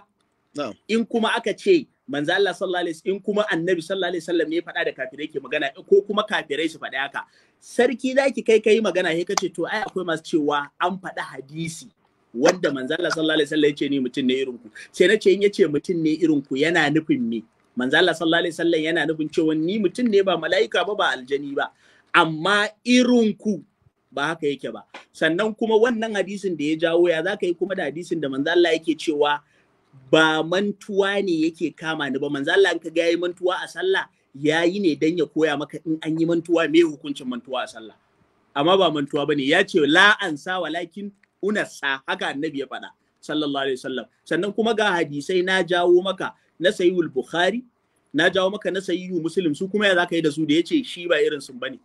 in kuma aka ce manzo Allah sallallahu alaihi in kuma annabi sallallahu alaihi wasallam ne faɗa da kafirai ke magana ko kuma kafirai su faɗi haka sarki zaki kai kai magana sai kace to ai akwai masu cewa an faɗi hadisi wanda manzo Allah sallallahu alaihi wasallam ce ni mutum ne irin ku sai nace in yace mutum ne irin ku yana nufin me manzo Allah sallallahu alaihi wasallam yana nufin cewa ni mutum ne ba mala'ika ba ba aljani ba amma irin ku ba haka yake ba sannan kuma wannan hadisin da ya jawo ya zaka yi kuma da hadisin da manzo Allah yake cewa ba mantuwa ne yake kama ni ba manzo Allah ka ga yayi mantuwa a sallah yayi ne dan ya koya maka in an yi mantuwa me hukuncin mantuwa a sallah amma ba mantuwa bane ya ce la sa walakin unasa haka annabi ya faɗa sallallahu alaihi wasallam sannan kuma ga hadisai na jawo maka na sayyul bukhari na jawo maka na sayyidu muslim su kuma ya zaka yi da su da yace shi ba irin sun bane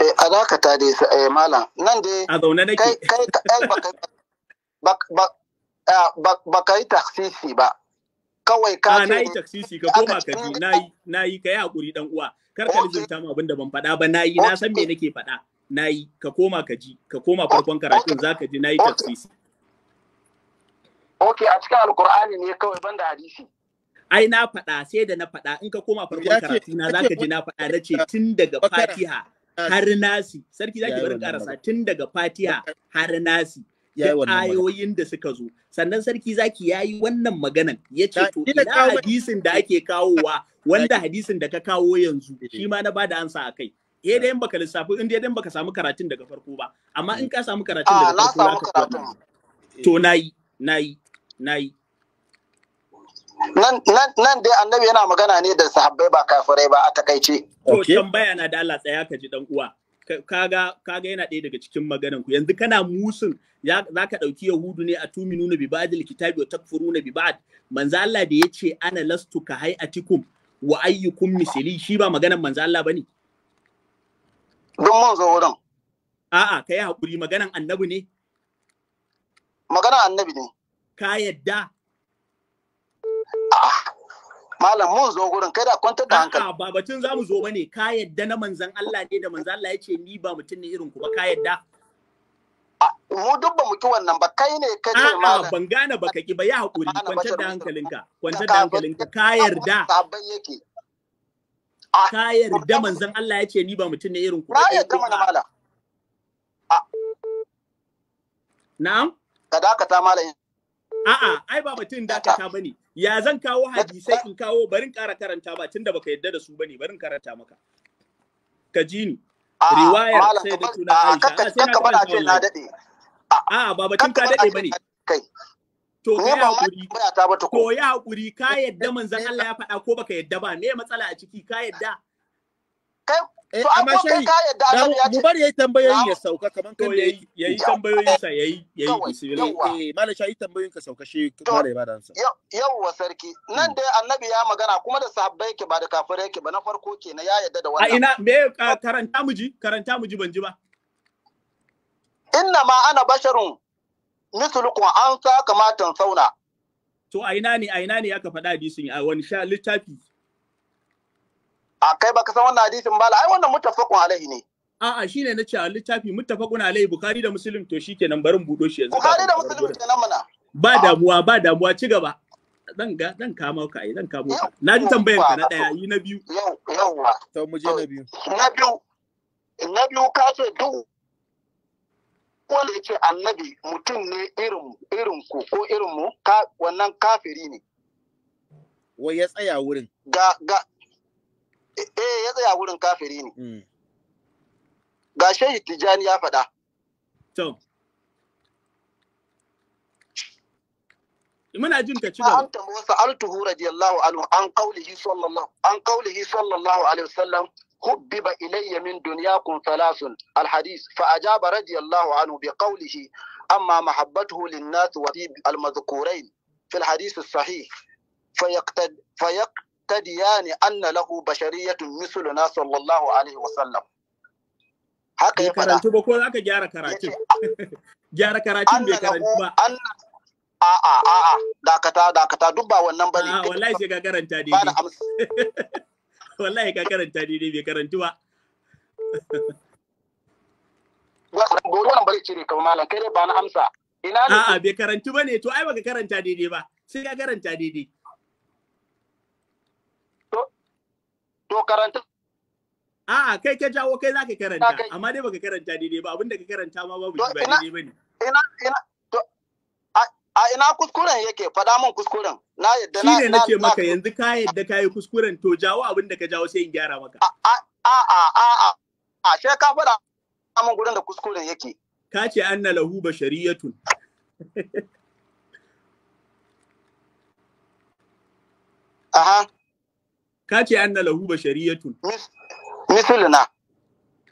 Eh, a dakata dai eh, malam nan dai a zaune nake kai kai eh, ah, ba ka yi taksisi ba kawai ka ah, ce na yi taksisi ka koma ka ji, na yi na ka yi hakuri dan uwa kar ka lizinta mu abinda ban faɗa ba na yi na san me nake faɗa na yi ka koma ka ji ka koma farkon karatun zaka ji na yi taksisi Okay, a cikin alkur'ani ne kawai banda hadisi. ai na faɗa sai da na faɗa in ka koma farkon karatu na zaka ji na faɗa na ce tun daga Fatiha har nasi sarki zaki bari karasa tun daga Fatiha har nasi ayoyin da suka zo sannan sarki zaki yayi wannan maganan Yace to ina hadisin da ake kawowa wanda hadisin da ka kawo yanzu eh. shi ma na bada ansa akai eh dai in baka lissafi in dai baka samu karatun daga farko ba amma eh. in ka samu karatun ah, daga farko to eh. nayi nayi nayi nan dai annabi yana magana ne da sahabbai ba kafirai ba a takaice to tambaya na da Allah tsaya ka ji dan uwa kaga kaga yana ɗaya daga cikin maganan ku yanzu kana musun za ka ɗauki yahudu ne a tuminu na bi Likita kitabi wa takfuru na bi ba'd manzo Allah da ce ana lastu ka hayatikum wa ayyukum misali shi ba maganan manzo Allah bane don mun zo wurin a'a kai hakuri maganan annabi ne maganan annabi ne ka yadda malam mun zo gurin kai da kwantar da hankali ba batun zamu zo bane ka yadda na manzan Allah ne da manzan Allah yace ni ba mutum ne irin ku ba ka yadda mu duk ba mu ki wannan ba kai ne ka ce malam ban gane ba ki ba ya hakuri kwantar da hankalinka kwantar da hankalinka ka yarda ka yarda manzan Allah yace ni ba mutum ne irin ku ba ka yarda mana malam na'am ka dakata malam a'a ai ba mutum dakata bane ya zan kawo hadisai in kawo barin ƙara karanta ba tunda baka yadda da su bane barin karanta maka ka ji ni riwayar sai da tuna Aisha ah, sai na ce na dade a ba tun ka dade bane to ka hakuri ko ya hakuri ka yadda manzon Allah ya faɗa ko baka yadda ba me matsala a ciki ka yadda kai eh, to an ko kai ka yadda ya ce mu bari yayi tambayoyi ya sauka kaman kan da yayi yayi tambayoyin sa yayi yayi bismillah eh malam shayi tambayoyin ka sauka shi malam ba dan sa yawwa sarki nan hmm. dai annabi ya magana kuma da sahabbai yake ba da kafirai yake ba na farko ke na ya yadda da wannan a ina me karanta mu ji karanta mu ji ban ji ba inna ma ana basharun mislukum an sa kamatan sauna to a ina ne a ina ne aka faɗa hadisin a wani sha littafi a kai baka san wannan hadisin ba ai wannan muttafaqun alaihi ne a'a shine na ce a littafi muttafaqun alaihi bukhari da muslim to shikenan barin budo shi yanzu bukhari da muslim kenan mana ba ah. damuwa ba damuwa ci gaba dan ga dan kama ka ai dan kamo ka na ji tambayar ka na daya yi na biyu yawa to mu je na biyu na biyu na biyu ka ce duk wanda ce annabi mutum ne irin irin ku ko irin mu wannan kafiri ne wai ya tsaya wurin ga ga eh ya tsaya wurin kafiri ne. Hmm. Ga shehi Tijani ya faɗa. Muna jin ta cigaba. An tambo wasu altuhu radiyallahu anhu an kaulihi sallallahu an kaulihi sallallahu alaihi Hubbi hubbiba ilayya min duniya kun thalathun alhadis fa ajaba radiyallahu anhu bi qawlihi amma mahabbatuhu lin nas wa fi al madhkurain fi al sahih fa yaqtadiyani anna lahu bashariyatun misluna sallallahu alaihi wa sallam haka ya fada ba ko zaka gyara karatun gyara karatun bai karantu ba a'a a'a dakata dakata duk ba wannan bane a'a wallahi sai ka karanta dai wallahi ka karanta dai bai karantu ba gobe wannan bari cire kamar malam kai ba na amsa ina a'a bai karantu bane to ai baka karanta daidai ba sai ka karanta daidai to karanta a'a kai ka jawo kai zaka karanta amma dai baka karanta daidai ba abinda ka karanta ma babu ba daidai bane ina ina to a ina kuskuren yake faɗa min kuskuren na yadda na shine nake maka yanzu ka yadda ka yi kuskuren to jawo abinda ka jawo sai in gyara maka a a a a a sai ka faɗa min gurin da kuskuren yake ka ce anna lahu bashariyatun aha ka ce anna lahu bashariyatun misluna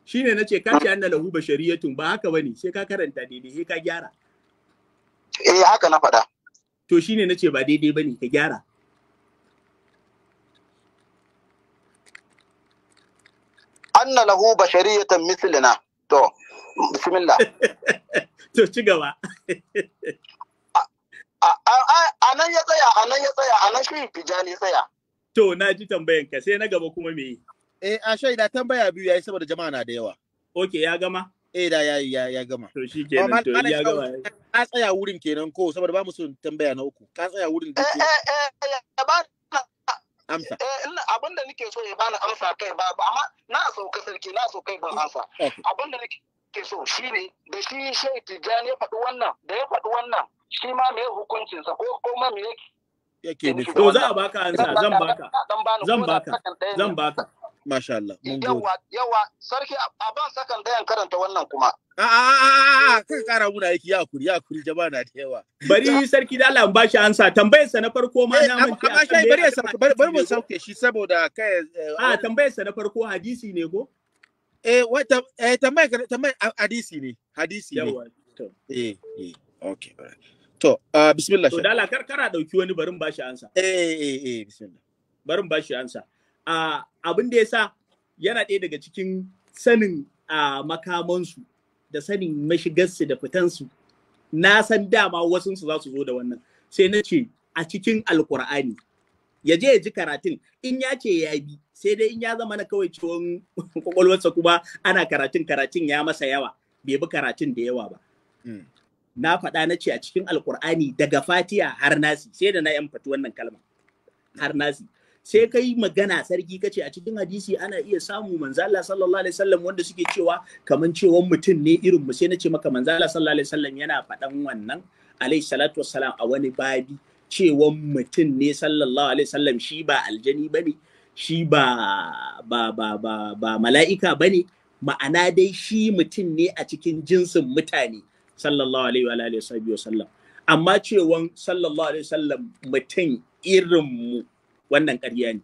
shine nace ka ce anna lahu bashariyatun ba haka bane sai ka karanta daidai sai ka gyara eh haka na faɗa to shine nace ba daidai bane ka gyara anna lahu bashariyatan misluna to bismillah to ci gaba a nan ya tsaya a nan ya tsaya a nan shi tijani ya tsaya To, na ji tambayan ka sai na gaba kuma me yi. Eh, a shaida tambaya biyu yi saboda jama'a na da yawa. Ok, ya gama? Eh, da ya ya ya gama. To shi kenan to ya gama. Ka tsaya wurin kenan ko saboda ba musu son tambaya na uku. Ka tsaya wurin da eh, ke. Eh, eh, eh, ba amsa. Abin da nake so ya bani amsa kai ba, amma na so ka sarki na so kai ban amsa. Abin da nake so shine da shi shi Tijjani ya faɗi wannan, da ya faɗi wannan, shi ma me hukuncinsa ko kuma me yake yake ne to za a baka ansa zan baka zan baka zan baka masha Allah mun gode yawa yawa sarki a ban sakan dayan karanta wannan kuma a a a kai kara muna yake ya kuri ya kuri jama'a na da yawa bari sarki da Allah bashi ansa tambayar sa na farko ma eh, na mun ta bashi bari ya bari mu sauke shi saboda kai eh, a tambayar sa na farko hadisi ne ko eh wata eh tambayar tambayar hadisi ne hadisi ne yawa to eh eh okay To, uh, bismillah. To, dala karkara ɗauki wani barin bashi ansa. Eh, eh, eh, eh bismillah. Barin bashi ansa. Uh, Abin da ya sa yana ɗaya daga cikin sanin uh, makamansu da sanin mashigarsu da fitansu. Na san dama wasunsu za su zo da wannan. Sai na ce a cikin alkur'ani. yaje je ya ji karatun in ya ce ya bi sai dai in ya zama na kawai ciwon kwakwalwarsa kuma ana karatun karatun ya masa yawa bai bi karatun da yawa ba. Hmm. na faɗa na ce a cikin alkur'ani daga fatiya har nasi sai da na yan fati wannan kalma har nasi sai kai magana sarki kace a cikin hadisi ana iya samu manzala sallallahu alaihi wasallam wanda suke cewa kaman cewa mutum ne irin mu sai na ce maka Allah sallallahu alaihi wasallam yana faɗan wannan alaihi salatu wassalam a wani babi Cewa mutum ne sallallahu alaihi wasallam shi ba aljani bane shi ba ba ba ba ba mala'ika bane ma'ana dai shi mutum ne a cikin jinsin mutane sallallahu alaihi wa alihi wa sallam amma cewan sallallahu alaihi wasallam mutum irin mu wannan ƙarya ne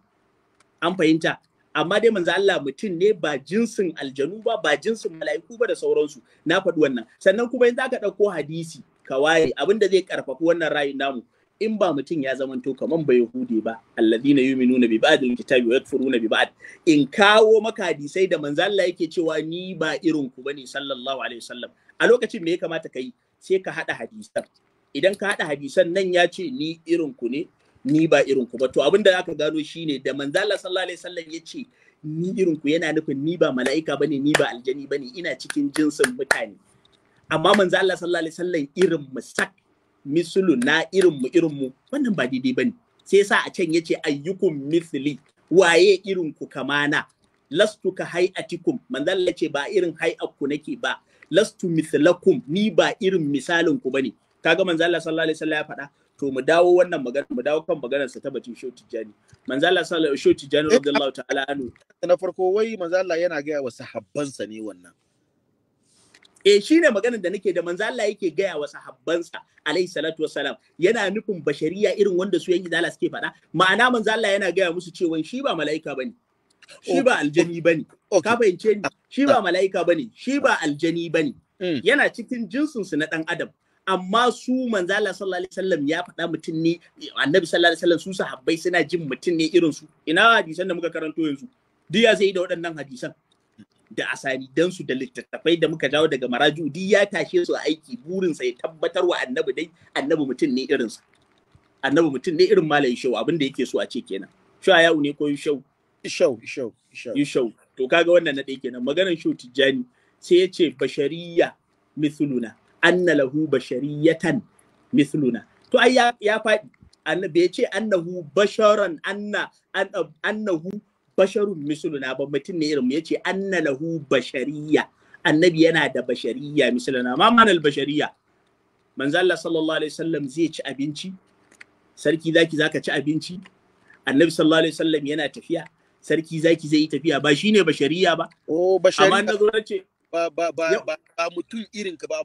an fahimta amma dai manzo Allah mutum ne ba jinsin aljanu ba ba jinsin mala'iku ba da sauransu na faɗi wannan sannan kuma in zaka ɗauko hadisi ka waye abin da zai karfafi wannan rayu namu in ba mutum ya zamanto kaman ba yahudi ba alladhina yu'minuna bi ba'dil kitabi wa yakfuruna bi ba'd in kawo maka hadisai da manzo Allah yake cewa ni ba irin ku bane sallallahu alaihi wasallam a lokacin me ya kamata ka yi sai ka haɗa hadisan idan ka haɗa hadisan nan ya ce ni irin ku ne ni ba irin ku ba to abin da zaka gano shine da manzo Allah sallallahu alaihi wasallam ya ce ni irin ku yana nufin ni ba mala'ika bane ni ba aljani bane ina cikin jinsin mutane amma manzo Allah sallallahu alaihi wasallam irin mu sak misulu na irin mu irin mu wannan ba daidai bane sai sa a can yace ayyukum mithli waye irin ku kamana lastu ka hayatikum manzo Allah ce ba irin hayakku nake ba lastu mithlakum ni ba irin misalin ku bane kaga manzo Allah sallallahu alaihi wasallam ya faɗa to mu dawo wannan magana mu dawo kan maganar sa ta batun Shehu Tijjani manzo Allah sallallahu alaihi Shehu Tijjani eh, radiyallahu ta'ala anhu na farko wai manzo Allah yana ga wa sa ne wannan eh shine maganar da nake da manzo Allah yake gaya wa sa alaihi salatu wassalam yana nufin bashariya irin wanda su yan idala suke faɗa ma'ana manzo Allah yana gaya musu cewa shi ba mala'ika bane shi ba aljani ne, ka fahimce ni shi ba ah. mala'ika ne. shi ba aljani ne. Hmm. yana cikin jinsinsu na dan adam amma su Manzala Allah sallallahu alaihi wasallam ya faɗa mutum ne annabi sallallahu alaihi wasallam su sahabbai suna jin mutum ne irin su ina hadisan da muka karanto yanzu duk ya sai da waɗannan hadisan da asani dan su da littattafai da muka jawo daga maraju duk ya tashe su a aiki burin ya tabbatar wa annabi dai annabi mutum ne irinsa. annabi mutum ne irin malayi shau. abin da yake so a ce kenan shayau ne ko shau Ishau, Ishau, Ishau. Ishau. To kaga wannan na ɗaya kenan maganar Shau Tijjani sai ya ce bashariya misluna anna lahu bashariyatan misluna. To ai ya, ya faɗi annabi ya ce annahu basharan anna annahu basharun misluna ba mutum ne irin ya ce anna lahu bashariya annabi yana da bashariya misluna ma manal bashariya manzo Allah sallallahu alaihi wasallam zai ci abinci sarki zaki zaka ci abinci annabi sallallahu alaihi wasallam yana tafiya sarki zaki zai yi tafiya ba shine bashariya ba oh bashariya amma na zo na ce ba ba ba ba mutum irin ka ba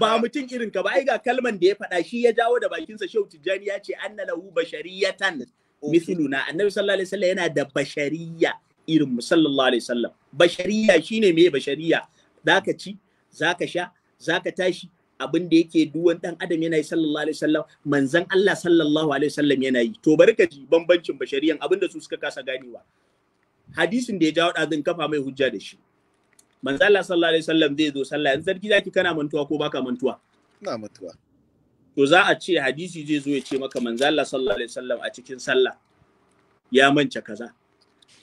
ba mutum irin ka ba ai ga kalman da ya faɗa shi ya jawo da bakinsa Shehu Tijjani ya ce anna lahu bashariyatan misluna annabi sallallahu alaihi wasallam yana da bashariya irin mu sallallahu alaihi wasallam bashariya shine me bashariya zaka ci zaka sha zaka tashi abin da yake duwan dan adam yana yi sallallahu alaihi wasallam manzon Allah sallallahu alaihi wasallam yana yi to bari ka ji bambancin bashariyan abin da su suka kasa ganewa hadisin da ya jawo ɗazin kafa mai hujja da shi manzo Allah sallallahu alaihi wasallam zai zo sallah in sarki zaki kana mantuwa ko baka mantuwa ina mantuwa to za a ce hadisi zai zo ya ce maka manzo Allah sallallahu alaihi wasallam a cikin sallah ya manta kaza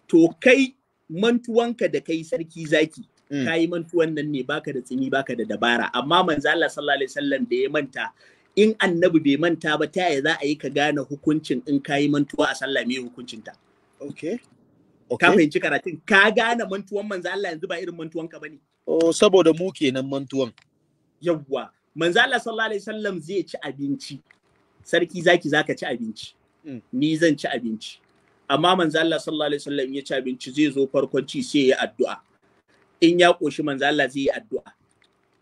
to kai mantuwanka da kai sarki zaki mm. kai mantuwan nan ne baka da tsini baka da dabara amma manzo Allah sallallahu alaihi wasallam da ya manta in annabi bai manta ba ta yaya za a yi ka gane hukuncin in yi mantuwa a sallah mai hukuncinta. okay ka fahimci karatun ka gane mantuwan manzo Allah yanzu ba irin mantuwan ka bane oh saboda mu kenan mantuwan yawwa manzo Allah sallallahu alaihi wasallam zai ci abinci sarki zaki zaka ci abinci mm. ni zan ci abinci amma manzo Allah sallallahu alaihi wasallam ya ci abinci zai zo farkon ci sai ya addu'a in ya koshi manzo Allah zai yi addu'a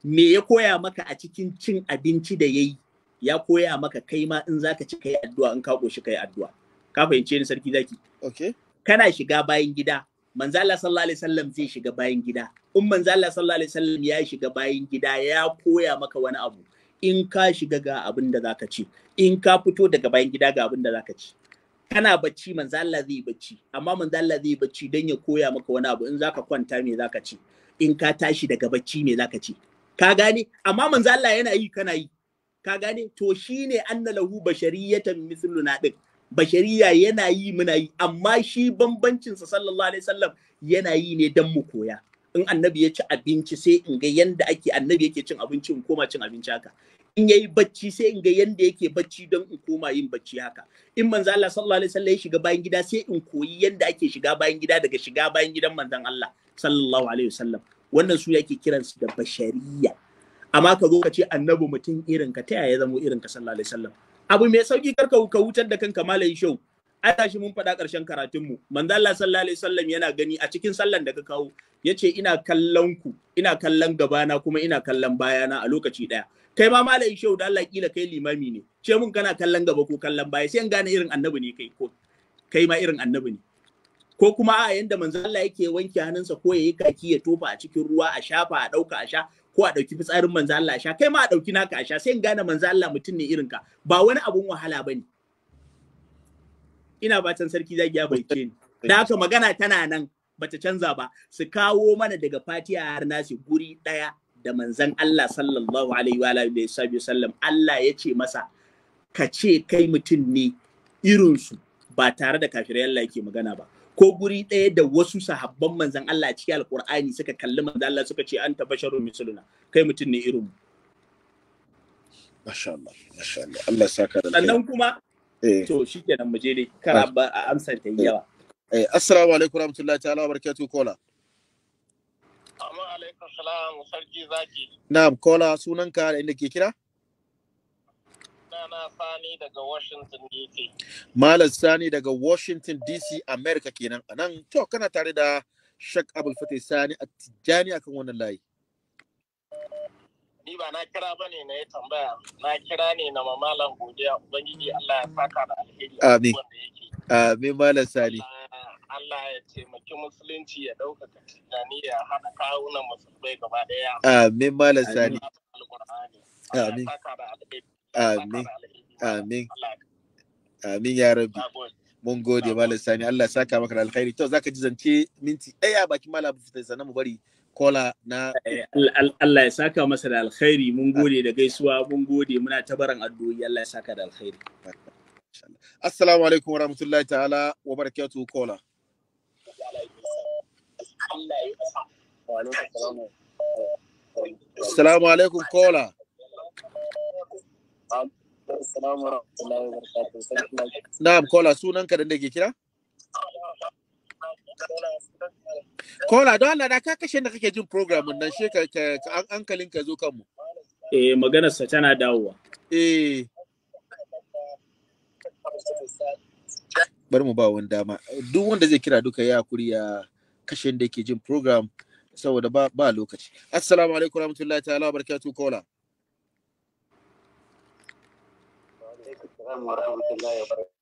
me ya koya maka a cikin cin abinci da yayi ya koya maka kai ma in zaka ci kai addu'a in ka koshi kai addu'a ka fahimce ni sarki zaki okay kana shiga bayan gida manzo Allah sallallahu alaihi wasallam zai shiga bayan gida in manzo Allah sallallahu alaihi wasallam ya shiga bayan gida ya koya maka wani abu in ka shiga ga abin da zaka ci in ka fito daga bayan gida ga abin da zaka ci kana bacci manzo Allah zai bacci amma manzo Allah zai bacci dan ya koya maka wani abu in zaka kwanta me zaka ci in ka tashi daga bacci me zaka ci ka gane amma manzo Allah yana yi kana yi ka gane to shine annalahu bashariyatan misluna din bashariya yana yi muna yi amma shi bambancinsa sallallahu alaihi wasallam yana yi ne dan mu koya in annabi ya ci abinci sai in ga yanda ake annabi yake cin abinci in koma cin abinci haka in yayi bacci sai in ga yanda yake bacci don in koma yin bacci haka in manzo Allah sallallahu alaihi wasallam ya shiga bayan gida sai in koyi yanda ake shiga bayan gida daga shiga bayan gidan manzon Allah sallallahu alaihi wasallam wannan su yake kiransu da bashariya amma ka zo ka ce annabi mutum irin ka ta yaya zamo irin ka sallallahu alaihi wasallam abu mai sauki karka ka wutar da kanka malam shau ai tashi mun faɗa ƙarshen karatunmu manzo Allah sallallahu alaihi wasallam yana gani a cikin sallan da ka kawo yace ina kallon ku ina kallon gabana kuma ina kallon bayana a lokaci daya kai ma malam shau da Allah kila kai limami ne ce mun kana kallon gaba ko kallon baya sai an gane irin annabi ne kai ko kai ma irin annabi ne ko kuma a yanda manzo Allah yake wanke hannunsa ko yayi kaki ya tofa a cikin ruwa a shafa a dauka a sha ko a ɗauki fitsarin manzo Allah sha kai ma a ɗauki naka a sha sai in gane manzo Allah mutum ne irinka. ba wani abun wahala bane ina fatan sarki zagiya bai ce ni da haka magana tana nan bata canza ba su kawo mana daga Fatiya har nasi guri daya da manzon Allah sallallahu alaihi wa alihi wasallam Allah ya ce masa ka ce kai mutum ne irinsu ba tare da kafirai Allah yake magana ba ko guri ɗaya da wasu sahabban manzan Allah cikin Alƙur'ani suka kalli manzan Allah suka ce an ta basharun misaluna kai mutum ne irin Masha Allah, masha Allah, Allah saka da Sannan kuma, eh. to shi kenan mu je dai, kara ah. ba a amsar ta eh. yawa. Eh, assalamu alaikum warahmatullahi ta'ala wa barakatuh kola. Amma alaikum salam sarki zaki. Na'am kola sunanka da inda ke kira? Sani daga Washington DC. Malam Sani daga Washington DC, America kenan. A nan, to kana tare da Shak Abul Fatih Sani a Tijjani akan wannan layi. Ni ba na kira ba ne na yi tambaya, na kira ne na mamalan godiya Ubangiji Allah ya saka da alheri. Amin. Amin Malam Sani. Allah ya taimaki musulunci ya ɗaukaka Tijjani ya haɗa kawunan musulmai gaba ɗaya. Amin Malam Sani. Amin. Amin. Amin. Amin ya rabbi. Mun gode Malam Sani. Allah saka maka alkhairi. To zaka ji zance minti ɗaya bakin Malam Fitai sannan mu bari kola na eh, Allah ya saka masa da alkhairi mun gode da gaisuwa mun gode muna tabaran addu'o'i Allah ya saka da alkhairi Assalamu alaikum wa rahmatullahi ta'ala wa barakatuh kola Assalamu alaikum kola Na'am kola sunan ka da ke kira? Kola don Allah da ka kashe da kake jin program nan she ka hankalin ka zo kanmu. Eh magana sa tana dawowa. Eh Bar mu ba wani dama. Duk wanda zai kira duka ya kuri ya kashe da ke jin program saboda ba lokaci. Assalamu alaikum warahmatullahi ta'ala wa barakatuh kola. السلام ورحمة الله وبركاته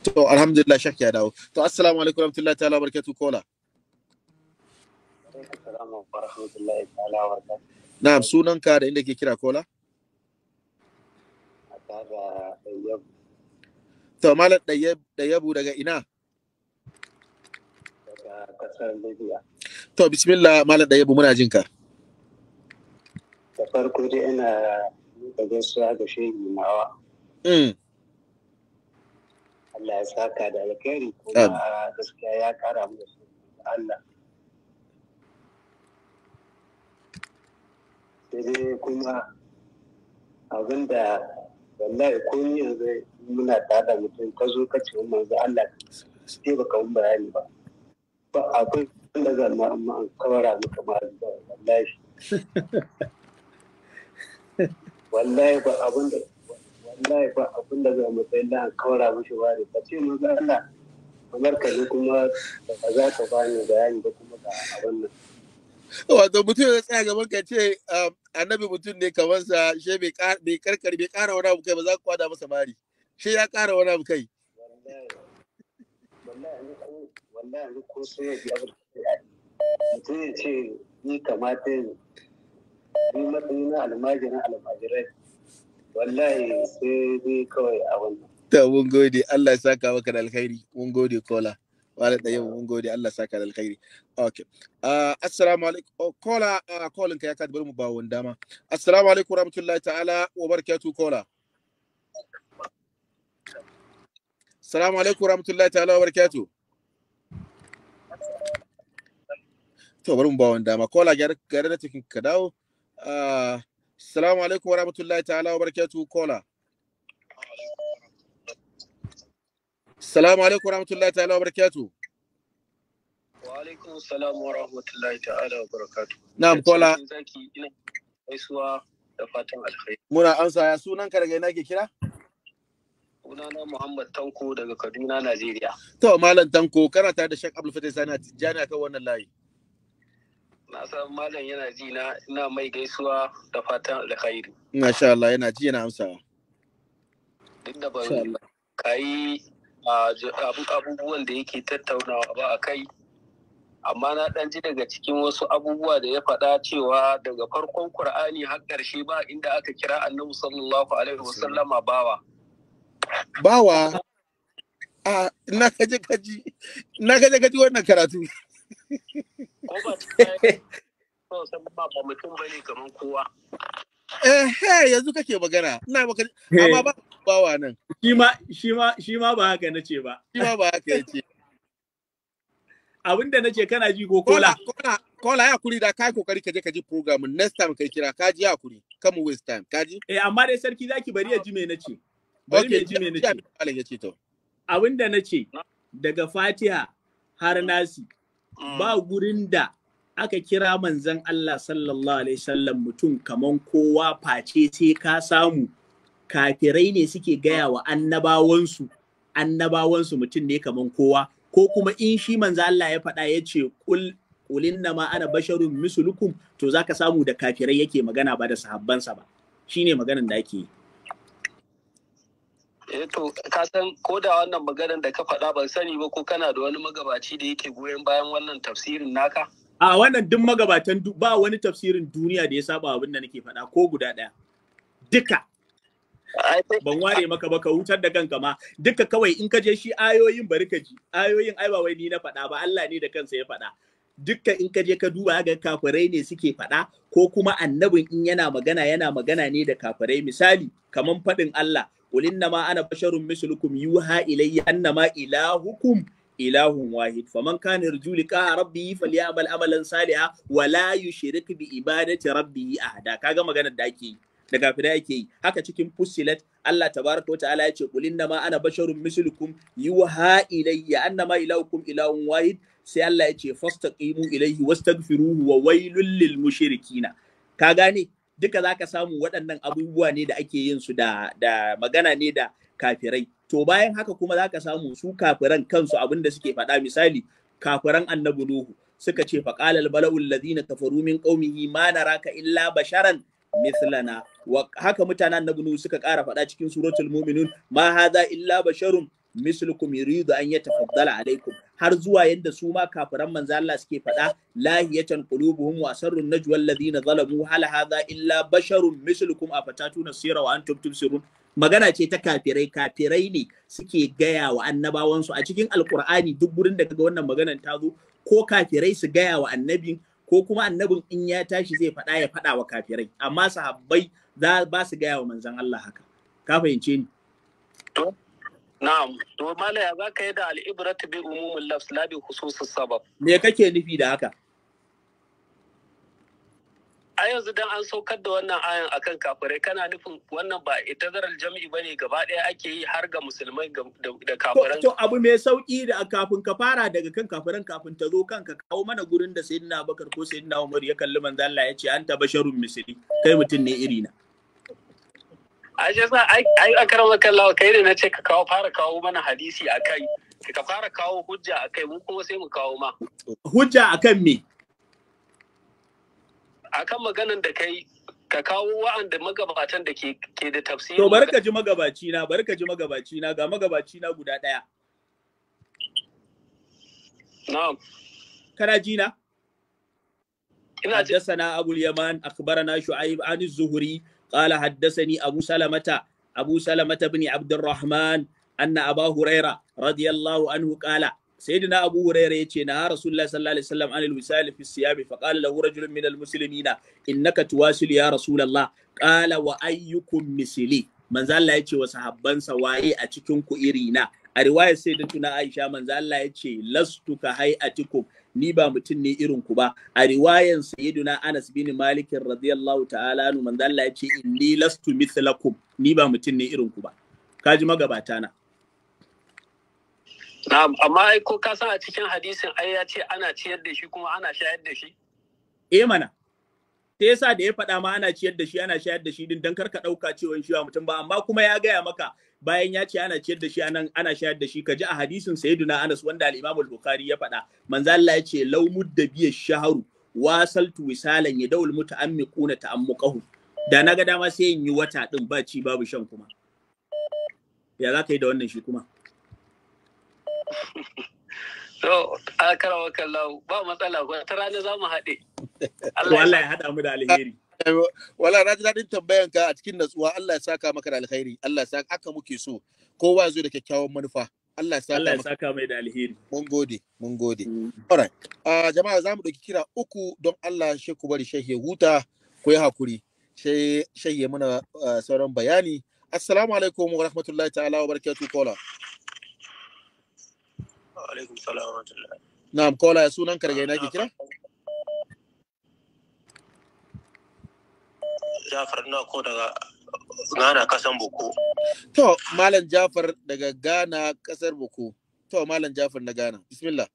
to alhamdulillah shak ya dawo to assalamu alaikum warahmatullahi ta'ala barakatuh kola na'am sunanka da inda ke kira kola To malam ɗayyabu daga ina? To bismillah malam ɗayyabu muna jinka. Da farko dai ina da gaisuwa ga shehi nawa. Mm. Allah ya saka da alkhairi kuma gaskiya ya kara mu Allah. Sai dai kuma abinda wallahi ko ni yanzu muna tada mutum ka zo ka ce wannan manzo Allah sai baka mun bayani ba ba abin da zan ma amma an kawara maka da wallahi wallahi ba abin da wallahi ba abin da zan matsayin da an kawara mishi ba ne ka ce manzo Allah kamar ka ne kuma ba za ka bani bayani ba kuma ga abin nan wato mutum ya tsaya gaban ka ce annabi mutum ne kamar sa she bai karkar bai kara wani abu kai ba za ku kwada masa mari she ya kara wani abu kai wallahi ko suna biyar mutum ya ce ni kamata ni matsayi na almajirin almajirai wallahi sai dai kawai a wannan ta mun gode Allah ya saka maka da alkhairi mun gode kola wala da yau mun gode Allah saka da alkhairi okay uh, assalamu alaikum oh, kola uh, kolin ka ya ka mu ba wanda ma assalamu alaikum rahmatullahi ta'ala wa kola assalamu alaikum rahmatullahi ta'ala wa barakatuh to bari mu ba wanda ma kola gare da cikin ka dawo ah, assalamu alaikum wa rahmatullahi ta'ala wa kola Salamu alaikum warahmatullahi ta'ala wa barakatuh. Wa alaikum salam wa rahmatullahi ta'ala wa barakatuh. Na'am kola. ina gaisuwa da fatan alkhairi. Muna amsa ya sunan ka daga ina ke kira? na Muhammad Tanko daga Kaduna, Najeriya. To Malam Tanko kana tare da Sheikh Abdul Fatih Sani Tijjani akan wannan layi. Na san Malam yana ji na ina mai gaisuwa da fatan alkhairi. Masha Allah yana ji yana amsawa. Duk da ban kayi abubuwan da yake tattaunawa ba a kai amma na ɗan ji daga cikin wasu abubuwa da ya faɗa cewa daga farkon Kur'ani har ƙarshe ba inda aka kira annabi sallallahu alaihi wasallama bawa. Bawa? A na kaje kaji, na kaje kaji wannan karatu. Ko ba ta ba mutum bane kamar kowa. eh yanzu kake magana ina maka amma ba bawa nan shi ma shi ma shi ma ba haka nace ba shi ma ba haka yace abinda nace kana ji ko kola kola kola ya kuri da kai kokari ka je ka ji program next time kai kira ka ji ya kuri kamu waste time ka ji eh amma dai sarki zaki bari ya ji me nace bari me ji me nace Allah yace to abinda nace daga Fatiha har nasi mm. ba gurin da aka kira manzan Allah sallallahu alaihi wasallam mutum kaman kowa face sai ka samu kafirai ne suke gaya wa annabawansu annabawansu mutum ne kaman kowa ko kuma in shi manzan Allah ya faɗa ya ce ƙulin na ma ana basharun mislukum to za ka samu da kafirai yake magana ba da sahabbansa ba Shi ne maganan da ake yi eh, to ka san ko da wannan maganar da ka faɗa ban sani ba ko kana da wani magabaci da yake goyon bayan wannan tafsirin naka a wannan duk magabatan ba wani tafsirin duniya da ya saba abin da nake faɗa ko guda ɗaya duka ban ware maka ba ka hutar da kanka ma duka kawai in ka je shi ayoyin bari ka ji ayoyin ai ba wai ni na faɗa ba Allah ne da kansa ya faɗa Duka in ka je ka duba ga kafirai ne suke faɗa ko kuma annabin in yana magana yana magana ne da kafirai misali kaman faɗin Allah qul innama ana basharun mislukum yuha ilayya annama ilahukum ilahun wahid faman kana yarju liqa rabbihi falyamal amalan saliha wa la yushrik bi ibadati rabbihi ahada kaga maganar da ake yi da kafirai ake yi haka cikin fusilat Allah tabaraka ta'ala ya ce qul innama ana basharun mislukum yuha ilayya annama ilahukum ilahun wahid sai Allah ya ce fastaqimu ilayhi wastaghfiruhu wa wailul lil mushrikina ka gane duka zaka samu waɗannan abubuwa ne da ake yin su da da magana ne da kafirai to bayan haka kuma za ka samu su kafiran kansu abin da suke faɗa misali kafiran annabi nuhu suka ce faqalal bala'ul ladina kafaru min qaumihi ma naraka illa basharan mithlana wa haka mutanen annabi nuhu suka ƙara faɗa cikin suratul mu'minun ma hadha illa basharun mislukum yuridu an yatafaddala alaikum har zuwa yadda su ma kafiran manzo Allah suke faɗa lahiyatan qulubuhum wa sarrun najwa alladhina zalamu hal hadha illa basharun mislukum afatatuna sirra wa antum tumsirun magana ce ta kafirai kafirai ne suke gaya wa annabawan su a cikin alqur'ani duk gurin da kaga wannan maganar ta zo ko kafirai su gaya wa annabin ko kuma annabin in ya tashi zai faɗa ya faɗa wa kafirai amma sahabbai za ba su gaya wa manzon Allah haka ka fahimce ni Na'am, to malaya ya zaka yi da al'ibratu bi umumin lafs la bi khususus sabab. Me kake nufi da haka? A yanzu dan an saukar da wannan ayan akan kafirai kana nufin wannan ba zarar jam'i bane gaba ɗaya ake yi har ga musulmai da kafiran. To abu mai sauki da kafin ka fara daga kan kafiran kafin ta zo kanka kawo mana gurin da sayyidina Abubakar ko sayyidina Umar ya kalli manzo Allah ya ce anta basharun misli kai mutum ne irina. na. a shi yasa ai a karan makallawa kai ne na ce ka kawo fara kawo mana hadisi a kai ka fara kawo hujja a kai mu kuma sai mu kawo ma hujja a kan me a kan maganan da kai ka kawo wa'anda magabatan da ke da tafsiri to bari ka ji magabaci na bari ka ji magabaci na ga magabaci na guda daya na'am kana ji na ina ji sana abul yaman akhbarana shu'aib an zuhuri قال حدثني أبو سلمة أبو سلمة بن عبد الرحمن أن أبا هريرة رضي الله عنه قال سيدنا أبو هريرة يتينا رسول الله صلى الله عليه وسلم عن الوسال في الصيام فقال له رجل من المسلمين إنك تواصل يا رسول الله قال وأيكم مثلي من ذا الله يتي وصحبان سوائي أتكنك إرينا a riwayar sai da tuna Aisha manzo Allah ya ce lastu ka hayatikum ni ba mutum ne irin ku ba a riwayan sayyiduna Anas bin Malik radiyallahu ta'ala anhu manzo Allah ya ce inni lastu mithlakum ni ba mutum ne irin ku ba kaji magabata na Na'am amma ai ko ka sa a cikin hadisin ai ya ce ana ciyar da shi kuma ana shayar da shi Eh mana sai yasa da ya faɗa ma ana ciyar da shi ana shayar da shi din dan karka ɗauka cewa shi ba mutum ba amma kuma ya gaya maka bayan ya ce ana ciyar da shi anan ana shayar da shi ka ji a hadisin sayyiduna Anas wanda al-Imam al-Bukhari ya faɗa manzo Allah ya ce law mudda bi shaharu wasaltu wisalan yadawul muta'ammiquna ta'ammuqahu da na ga dama sai in yi wata din ba ci babu shan kuma ya za ka yi da wannan shi kuma to a karawa kallahu ba matsala ta rana za mu haɗe Allah ya haɗa mu da alheri wala na ji daɗin tambayan ka a cikin natsuwa Allah ya saka maka da alkhairi Allah ya saka aka muke so kowa ya zo da kyakkyawan manufa Allah ya saka Allah mai da alheri mun gode mun gode mm. alright uh, jama'a za mu ɗauki kira uku don Allah shi ku bari shehe huta ku yi hakuri sai shehe muna uh, sauran bayani assalamu alaikum wa rahmatullahi ta'ala wa barakatuh kola alaikum salam wa rahmatullahi na'am kola ya sunan karga ina ke kira Jafar na ko daga Ghana kasar Boko. To, Malam Jafar daga Ghana kasar Boko. To, Malam Jafar na Ghana. Bismillah.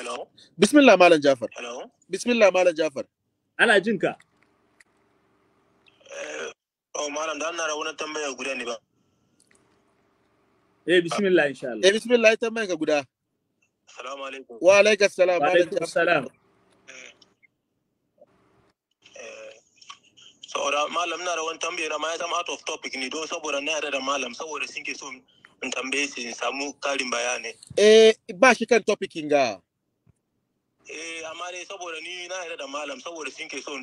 Hello. Bismillah Malam Jafar. Hello. Bismillah Malam Jafar. Ana jin ka. Eh, oh Malam da na rauna tambaya guda ne ba. Eh, bismillah insha Allah. Eh, bismillah tambaya ka guda. Assalamu Wa alaikum assalam. Wa eh, Saboda malam na da wani na ma ya zama out of topic ne don saboda na yarda da malam saboda sun ke so in tambaye su in samu karin bayani. Eh ba shi kan topic ga. Eh amma dai saboda ni na yarda da malam saboda sun ke so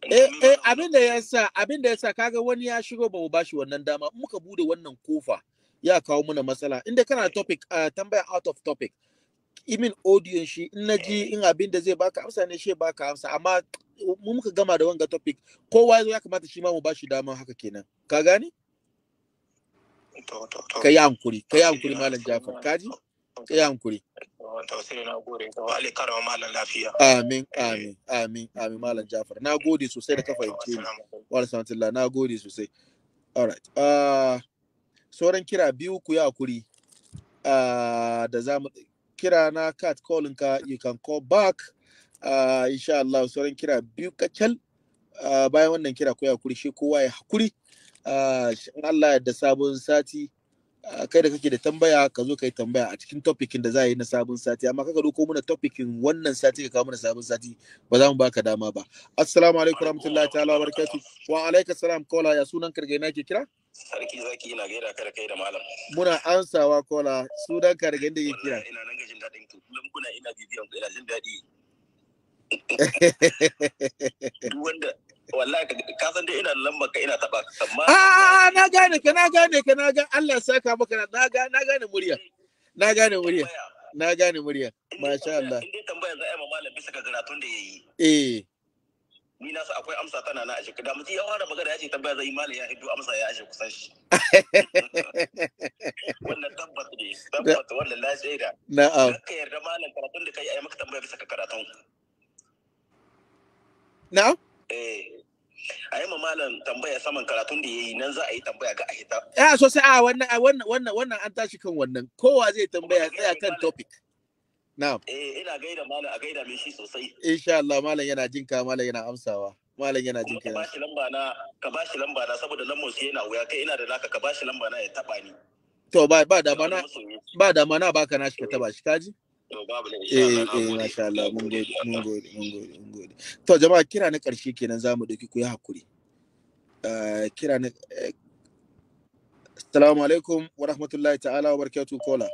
Eh, eh, abin da sa, abin da sa, kaga wani ya shigo ba mu bashi wannan dama muka bude wannan kofa ya kawo muna matsala inda kana eh. topic eh, tambaya out of topic imin audio shi in na ji eh. in abin da zai baka amsa ne shi baka amsa amma mu muka gama da wanga topic kowa ya kamata shi ma mu bashi dama haka kenan ka gane ka yi hankuri ka yi hankuri malam jafar kaji ka yi hankuri na gode ga karama malam lafiya amin eh. amin amin amin malam jafar na gode sosai da ka eh, fahimce ni wa rahmatullah na gode sosai alright uh, sauran kira biyu ku yi hakuri uh, ah, da za mu kira na cat calling ka you can call back uh, insha Allah sauran kira biyu kacal uh, bayan wannan kira ku ya hakuri shi kowa ya hakuri uh, in Allah da sabon sati uh, kai da kake da tambaya ka zo kai tambaya a cikin topikin da za yi na sabon sati amma kaka doko muna topikin wannan sati ka kawo mana sabon sati ba za mu baka dama ba assalamu alaikum warahmatullahi ta'ala wa barakatuh wa alaikum salam kola ya sunan karge na ke kira sarki zaki ina gaida ka da kai da malam muna ansawa kola su sunan ka daga inda yake kira ina nan gajin dadin ku kullum kuna ina bibiyan ku ina jin dadi duk wanda wallahi ka san dai ina lamba ka ina taba amma a ah, ah, ah, na gane ka na gane ka na ga Allah saka maka na ga na gane murya na gane murya na gane murya masha Allah in dai tambaya za a yi ma malam bisa ga karatun da yayi eh ni na akwai amsa tana na ashe da mutum ya fara magana ya ce tabbata zai malam ya hiddo amsa ya ashe kusan shi wannan tabbata ne tabbata wannan na shaida na'am ka yarda malam karatun da kai a yi maka tambaya bisa ka karatun na'am eh a yi ma malam tambaya saman karatun da yayi nan za a yi tambaya ga ahita so ah, sosai a ah, ah, wannan wannan wannan an tashi kan wannan kowa zai tambaya tsaya kan topic Na'am. Eh ina gaida malam a gaida mai shi sosai. Insha Allah malam yana jin ka malam yana amsawa. Malam yana jin ka. Ka bashi lamba na ka bashi lamba na saboda lambar su yana wuya kai ina da naka ka bashi lamba na ya taba ni. To ba ba da mana ba da mana baka na shi ka taba shi kaji. To babu ne insha Allah. Eh eh masha Allah mun gode mun gode mun gode mun gode. To jama'a kira na karshe kenan zamu dauki ku yi hakuri. Eh, kira na eh, Assalamu alaikum wa rahmatullahi ta'ala wa barakatuh kola.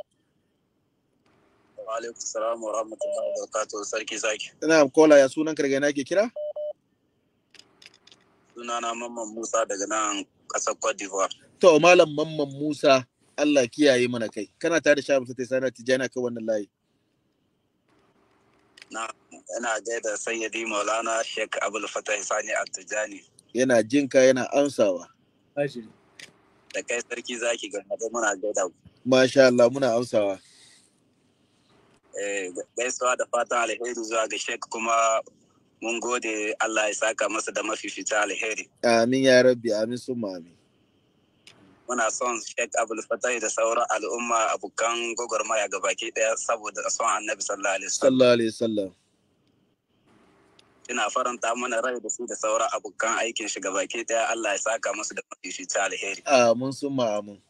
alaikum salam wa rahmatullahi wa barakatuh sarki zaki ina kola ya sunan karga na ke kira na mamman musa daga nan kasar cote d'ivoire to malam mamman musa Allah kiyaye mana kai kana tare da shabu sai sana tijana kai wannan layi na ina gaida sayyidi maulana sheikh abul fatah sani at-tijani yana jinka yana amsawa da kai sarki zaki ga muna gaida masha Allah muna amsawa Eh, gaisuwa da fatan alheri zuwa ga shek kuma mun gode Allah ya saka masa da mafificin alheri. Amin ya rabbi amin su amin. Muna son shek Abdul Fatai da sauran al'umma abokan gwagwarmaya ga baki daya saboda son Annabi sallallahu alaihi wasallam. Ina faranta mana rai da su da sauran abokan aikin shi ga baki daya Allah ya saka masu da mafificin alheri. Amin su mami.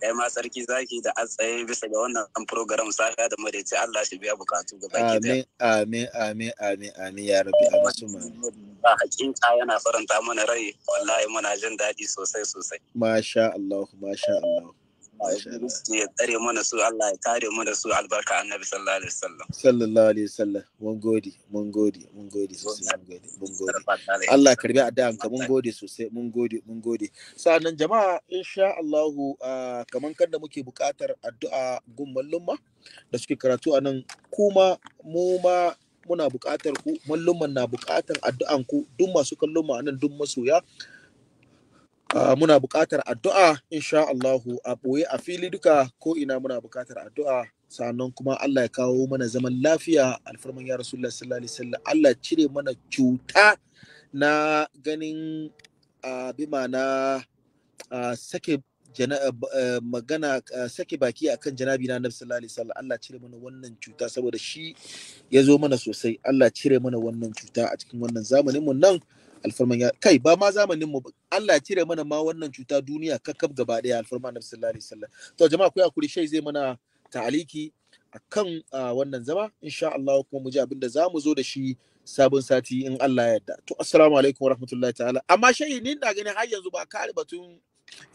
kai ma sarki zaki da atsaye bisa ga wannan program safiya da madaici Allah shi biya bukatu ga baki Amin amin amin amin amin ya rabbi a su ma. Ba hakika yana faranta mana rai wallahi muna jin daɗi sosai sosai. Masha Allah masha Allah. ya tsare mana su Allah ya tare mana su albarka annabi sallallahu alaihi wasallam sallallahu alaihi wasallam mun gode mun gode mun gode sosai mun gode mun gode Allah karbi addu'an ka mun gode sosai mun gode mun gode sanan jama'a insha Allah kaman kanda muke bukatar addu'a gun mallumma da suke karatu anan kuma mu ma muna bukatar ku mallumman na bukatar addu'an ku duk masu kallon mu anan duk masoya Uh, muna buƙatar addu'a insha Allahu a ɓoye a fili duka ko ina muna buƙatar addu'a sannan kuma Allah ya kawo mana zaman lafiya alfarman ya Rasulullah sallallahu alaihi wasallam Allah cire mana cuta na ganin uh, ah, bima na ah, sake eh, eh, magana eh, sake baki akan janabi na Annabi sallallahu alaihi wasallam Allah cire mana wannan cuta saboda shi ya zo mana sosai Allah cire mana wannan cuta a cikin wannan zamanin mu nan alfarman ya kai ba ma zamanin mu Allah ya cire mana ma wannan cuta duniya kakkab gaba daya alfarman annabi sallallahu alaihi wasallam to jama'a ku hakuri shai zai mana ta'aliki akan wannan zama insha Allah kuma mu ji abin da zamu zo da shi sabon sati in Allah ya yarda to assalamu alaikum rahmatullahi ta'ala amma shai ni ina ganin har yanzu ba kare batun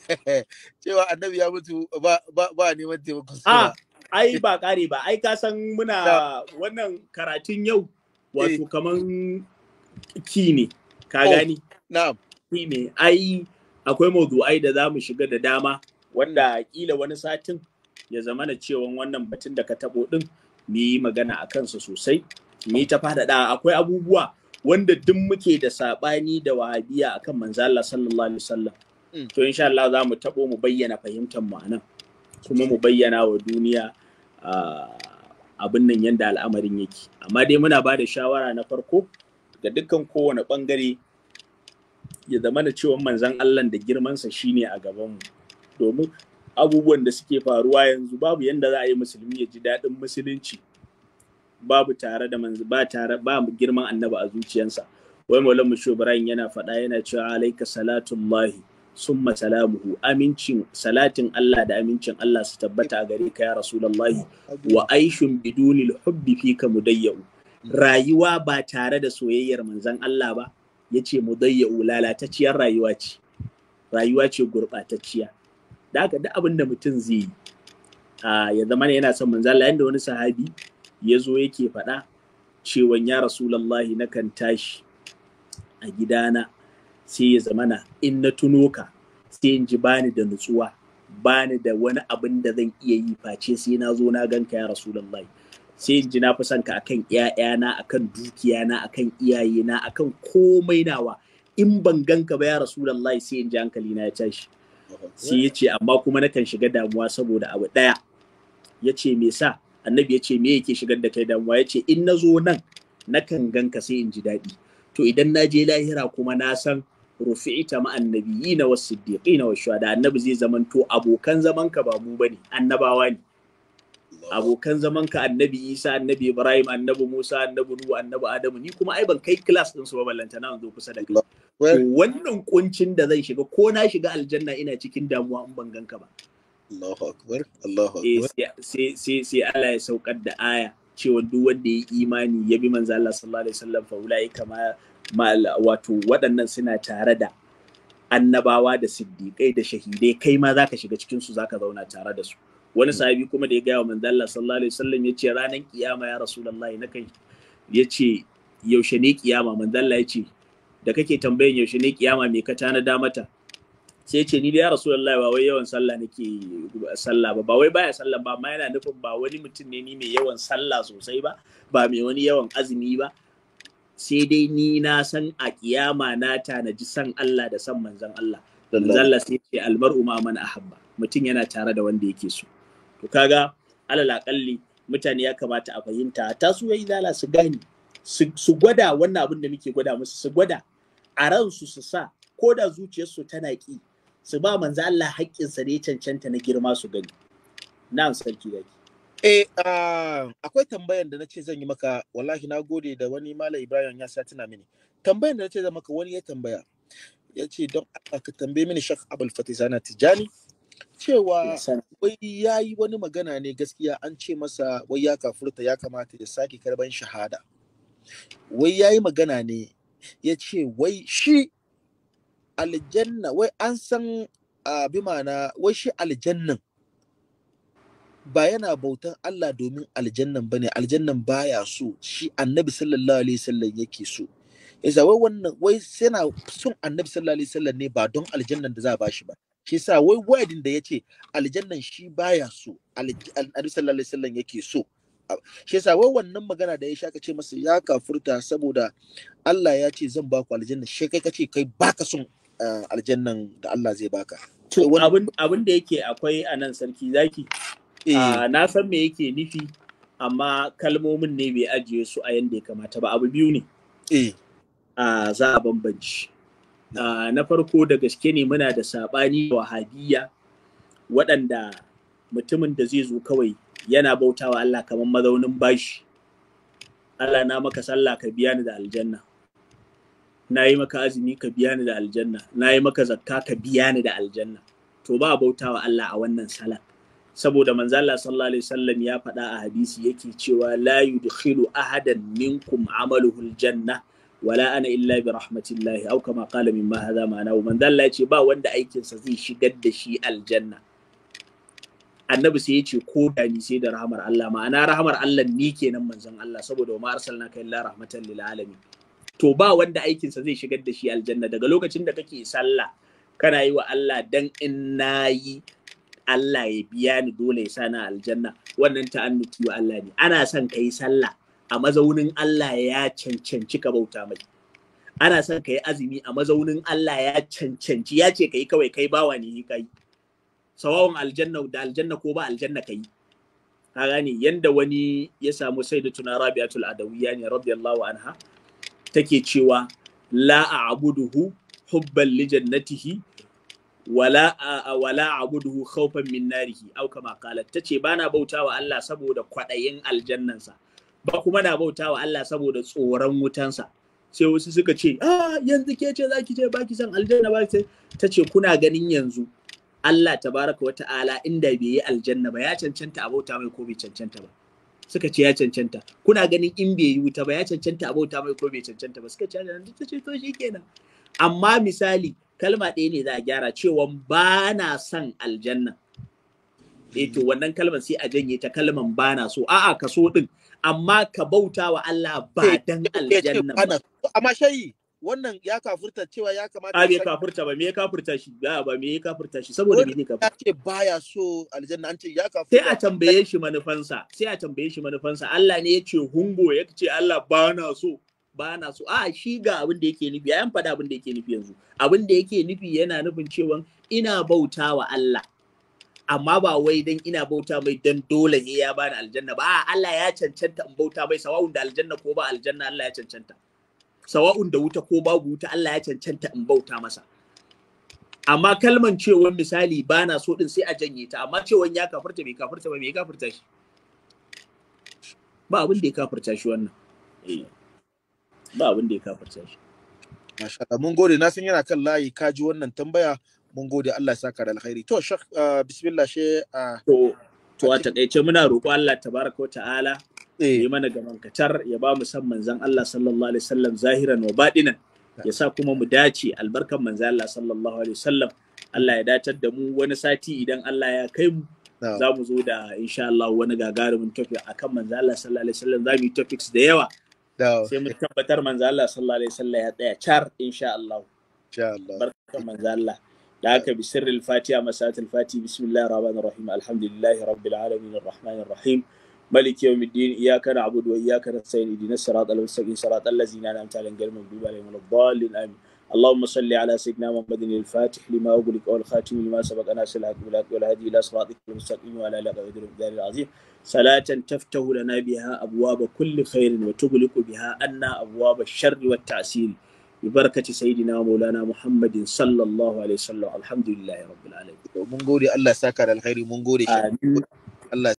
cewa annabi ya mutu ba ba, ba neman taimakon sa ah, ai ba kare ba ai ka san muna wannan karatun yau wato eh. kaman ki ne ka oh, gani na'am ne ai akwai maudu'ai da za mu shiga da dama wanda kila wani satin ya zama na cewa wannan batun da ka taɓo din mu yi magana a kansa sosai mu ta faɗaɗa akwai abubuwa wanda duk muke da saɓani da wahabiya akan manzo Allah sallallahu alaihi wasallam mm. to insha Allah za mu tabo mu bayyana fahimtar mu anan kuma mu bayyana wa duniya ah, abin nan yanda al'amarin yake amma dai muna ba da shawara na farko ga dukkan kowane bangare ya zama da cewa manzan Allah da girmansa shine a gaban mu. domin abubuwan da suke faruwa yanzu babu yadda za a yi musulmi ya ji daɗin musulunci babu tare da manzo ba tare ba girman annabi a zuciyarsa wai maulan mu ibrahim yana faɗa yana cewa alayka salatullahi summa salamuhu amincin salatin Allah da amincin Allah su tabbata a gare ka ya rasulullahi wa aishun bidunil hubbi fika mudayyu rayuwa ba tare da soyayyar manzan Allah ba ya ce mu dayya'u lalatacciyar rayuwa ce rayuwa ce gurɓatacciya da haka duk abin da mutum zai yi ya zama yana son manzan Allah yadda wani sahabi ya zo yake faɗa cewa ya rasulallahi na kan tashi a gidana sai ya zamana in na tuno ka sai in ji bani da nutsuwa bani da wani abin da zan iya yi face sai na zo na ganka ya rasulallahi sai in ji na fi son ka akan ƴaƴana akan dukiya na akan iyayena akan komai nawa in ban ganka ba ya rasulullahi sai in ji hankali na ya tashi sai ya ce amma kuma na kan shiga damuwa saboda abu ɗaya ya ce me sa annabi ya ce me yake shigar da kai damuwa ya ce in na zo nan na nakan ganka sai in ji daɗi to idan na je lahira kuma na san rufi'ita ma annabiyina was siddiqina was shuhada annabi zai zamanto abokan zamanka ba mu bane annabawa ne abokan zaman ka annabi isa annabi ibrahim annabi musa annabi nuhu annabi adamu ni kuma ai ban kai class din su ba ballanta na zo kusa da kai wannan kuncin da zan shiga ko na shiga aljanna ina cikin damuwa in ban ganka ba Allahu akbar Allahu eh, akbar sai sai sai Allah ya saukar da aya cewa duk wanda ya yi imani ya bi manzo Allah sallallahu alaihi wasallam fa ulai kama wato waɗannan suna tare da annabawa da siddiƙai da shahidai kai ma zaka shiga cikin su zaka zauna tare da su wani hmm. sahabi kuma da ya gaya wa manzo Allah sallallahu alaihi wasallam ce ranar kiyama ya rasulullahi ya ce yaushe ne kiyama manzo Allah yace da kake tambayan yaushe ne kiyama me ka tanada mata sai ya ce ni da ya rasulullahi ba wai yawan sallah nake sallah ba ba wai baya sallah ba amma yana nufin ba wani mutum ne ni mai yawan sallah sosai ba ba mai wani yawan azumi ba sai dai ni na san a kiyama na tanaji san Allah da san manzon Allah manzon Allah sai ce almar'u ma man ahabba mutum yana tare da wanda yake so to kaga alal akalli mutane ya kamata a fahimta ta su yayi zala su gani su gwada wannan abin da muke gwada musu su gwada a ransu su sa ko da zuciyarsu tana ki su ba manzo Allah sa ne cancanta na girma su gani na'am sarki zaki Eh, uh, akwai tambayan da na zan yi maka wallahi na gode da wani Malam Ibrahim ya satina mini. Tambayan da na ce zan maka wani ya tambaya. Ya ce don Allah ka tambaye mini Shak Abul Fatih Zana Tijani cewa wai ya yi wani magana ne gaskiya an ce masa wai ya kafurta ya kamata ya sake karban shahada wai ya yi magana ne ya ce wai shi aljanna wai an san abimana mana wai shi aljannan ba yana bautan Allah domin aljannan bane aljannan baya so shi annabi sallallahu alaihi wasallam yake so yasa wai wannan wai yana son annabi sallallahu alaihi wasallam ne ba don aljannan da za a bashi ba shi sa wai wadin da ya ce aljannan shi baya so annabi sallallahu alaihi wasallam yake so shi sa wai wannan magana da ya shaka ce masa ya kafurta saboda Allah ya ce zan baku aljanna shi kai kace kai baka son aljannan da Allah zai baka to abin abin da yake akwai a nan sarki zaki eh. na san me yake nufi amma kalmomin ne bai ajiye su a yanda ya kamata ba abu biyu ne eh. za a bambanci Ah, na farko da gaske ne muna da saɓani wahadiyya waɗanda mutumin da zai zo kawai yana bautawa Allah kamar mazaunin bashi Allah na maka sallah ka biya ni da aljanna na yi maka azumi ka biya ni da aljanna na yi maka zakka ka biya ni da aljanna to ba bautawa Allah a wannan salat saboda manzo Allah sallallahu alaihi wasallam ya faɗa a hadisi yake cewa la yudkhilu ahadan minkum amaluhu aljanna wala ana illa bi rahmatillahi au kama qala mimma hadha ma'ana man dalla yace ba wanda aikinsa zai shigar da shi aljanna annabi sai yace ko da ni sai da rahmar Allah ma'ana rahmar Allah ni kenan manzon Allah saboda ma kai illa rahmatan lil alamin to ba wanda aikinsa zai shigar da shi aljanna daga lokacin da kake sallah kana yi wa Allah dan in nayi Allah ya biya ni dole ya sa na aljanna wannan ta'annuki wa Allah ne ana son kai sallah a mazaunin Allah ya cancanci ka bauta mai ana son ka yi azumi a mazaunin Allah ya cancanci ya ce ka yi kawai kai bawa ne ka yi sawawan aljanna da aljanna ko ba aljanna ka yi ka gane yanda wani ya samu sai da tuna rabiatul Adawiya ne radiyallahu anha take cewa la a'buduhu hubban li jannatihi wala wala a'buduhu khawfan min narihi aw kama qalat tace bana bautawa Allah saboda kwadayin aljannansa ba kuma na bauta wa Allah saboda tsoron wutansa sai wasu suka ce ah yanzu ke ce zaki ce baki san aljanna ba ce ta ce kuna ganin yanzu Allah tabaraka wata'ala inda bai yi aljanna ba ya cancanta a bauta mai ko bai cancanta ba suka ce ya cancanta kuna ganin in bai yi wuta ba ya cancanta a bauta mai ko bai cancanta ba suka ce ya cancanta ta ce to shikenan amma misali kalma ɗaya ne za a gyara cewa ba na son aljanna eh to wannan kalmar sai a janye ta kalman ba na so a'a kaso din amma ka bauta wa Allah ba dan aljanna ba. Amma shayi wannan ya kafurta cewa ya kamata. A bai kafurta ba me ya kafurta shi ba ba me ya kafurta shi saboda me ne ka Ya ce baya so aljanna an ce ya kafurta. Sai a tambaye shi manufansa sai a tambaye shi manufansa Allah ne ya ce hungo ya ce Allah ba na so ba na so a shi ga abin da yake nufi yayin faɗa abin da yake nufi yanzu abin da yake nufi yana nufin cewa ina bauta wa Allah amma ba wai dan ina bauta mai dan dole ne ya bani aljanna ba Allah ya cancanta in bauta mai sawa'un da aljanna ko ba aljanna Allah ya cancanta sawa'un da wuta ko babu wuta Allah ya cancanta in bauta masa amma kalman cewon misali ba na so din sai a janye ta amma cewon ya kafirta bai kafirta ba bai kafirta shi ba abin da ya kafirta shi wannan ba abin da ya kafirta shi Masha Allah mun gode na san yana kan layi ka ji wannan tambaya mun gode Allah ya saka da alkhairi to shek uh, bismillah she uh, to to a takaice muna roƙo Allah tabaraka wa ta'ala ya eh. mana gamankatar ya ba mu san manzon Allah sallallahu alaihi wasallam zahiran wa badinan ya sa kuma mu dace albarkan manzon Allah sallallahu alaihi wasallam Allah ya datar da mu wani sati idan Allah ya kai mu za mu zo da insha Allah wani gagarumin topic akan manzon Allah sallallahu alaihi wasallam za mu yi topics da yawa sai mu tabbatar manzon Allah sallallahu alaihi wasallam ya tsaya char insha Allah insha Allah barkan manzon Allah لك بسر الفاتحة مساءة الفاتحة بسم الله الرحمن الرحيم الحمد لله رب العالمين الرحمن الرحيم ملك يوم الدين إياك نعبد وإياك نستعين اهدنا الصراط المستقيم صراط الذين أنعمت عليهم غير المغضوب عليهم ولا الضالين آمين اللهم صل على سيدنا محمد الفاتح لما أغلق والخاتم لما سبق أنا الحق ولا هدي إلى صراطك المستقيم وعلى آله وقدر الدار العظيم صلاة تفتح لنا بها أبواب كل خير وتغلق بها أنا أبواب الشر والتعسير albarkaci sayidina wa maulana muhammadin sallallahu alaihi wasallam alhamdulillahi rabbil saka da alkhairi mun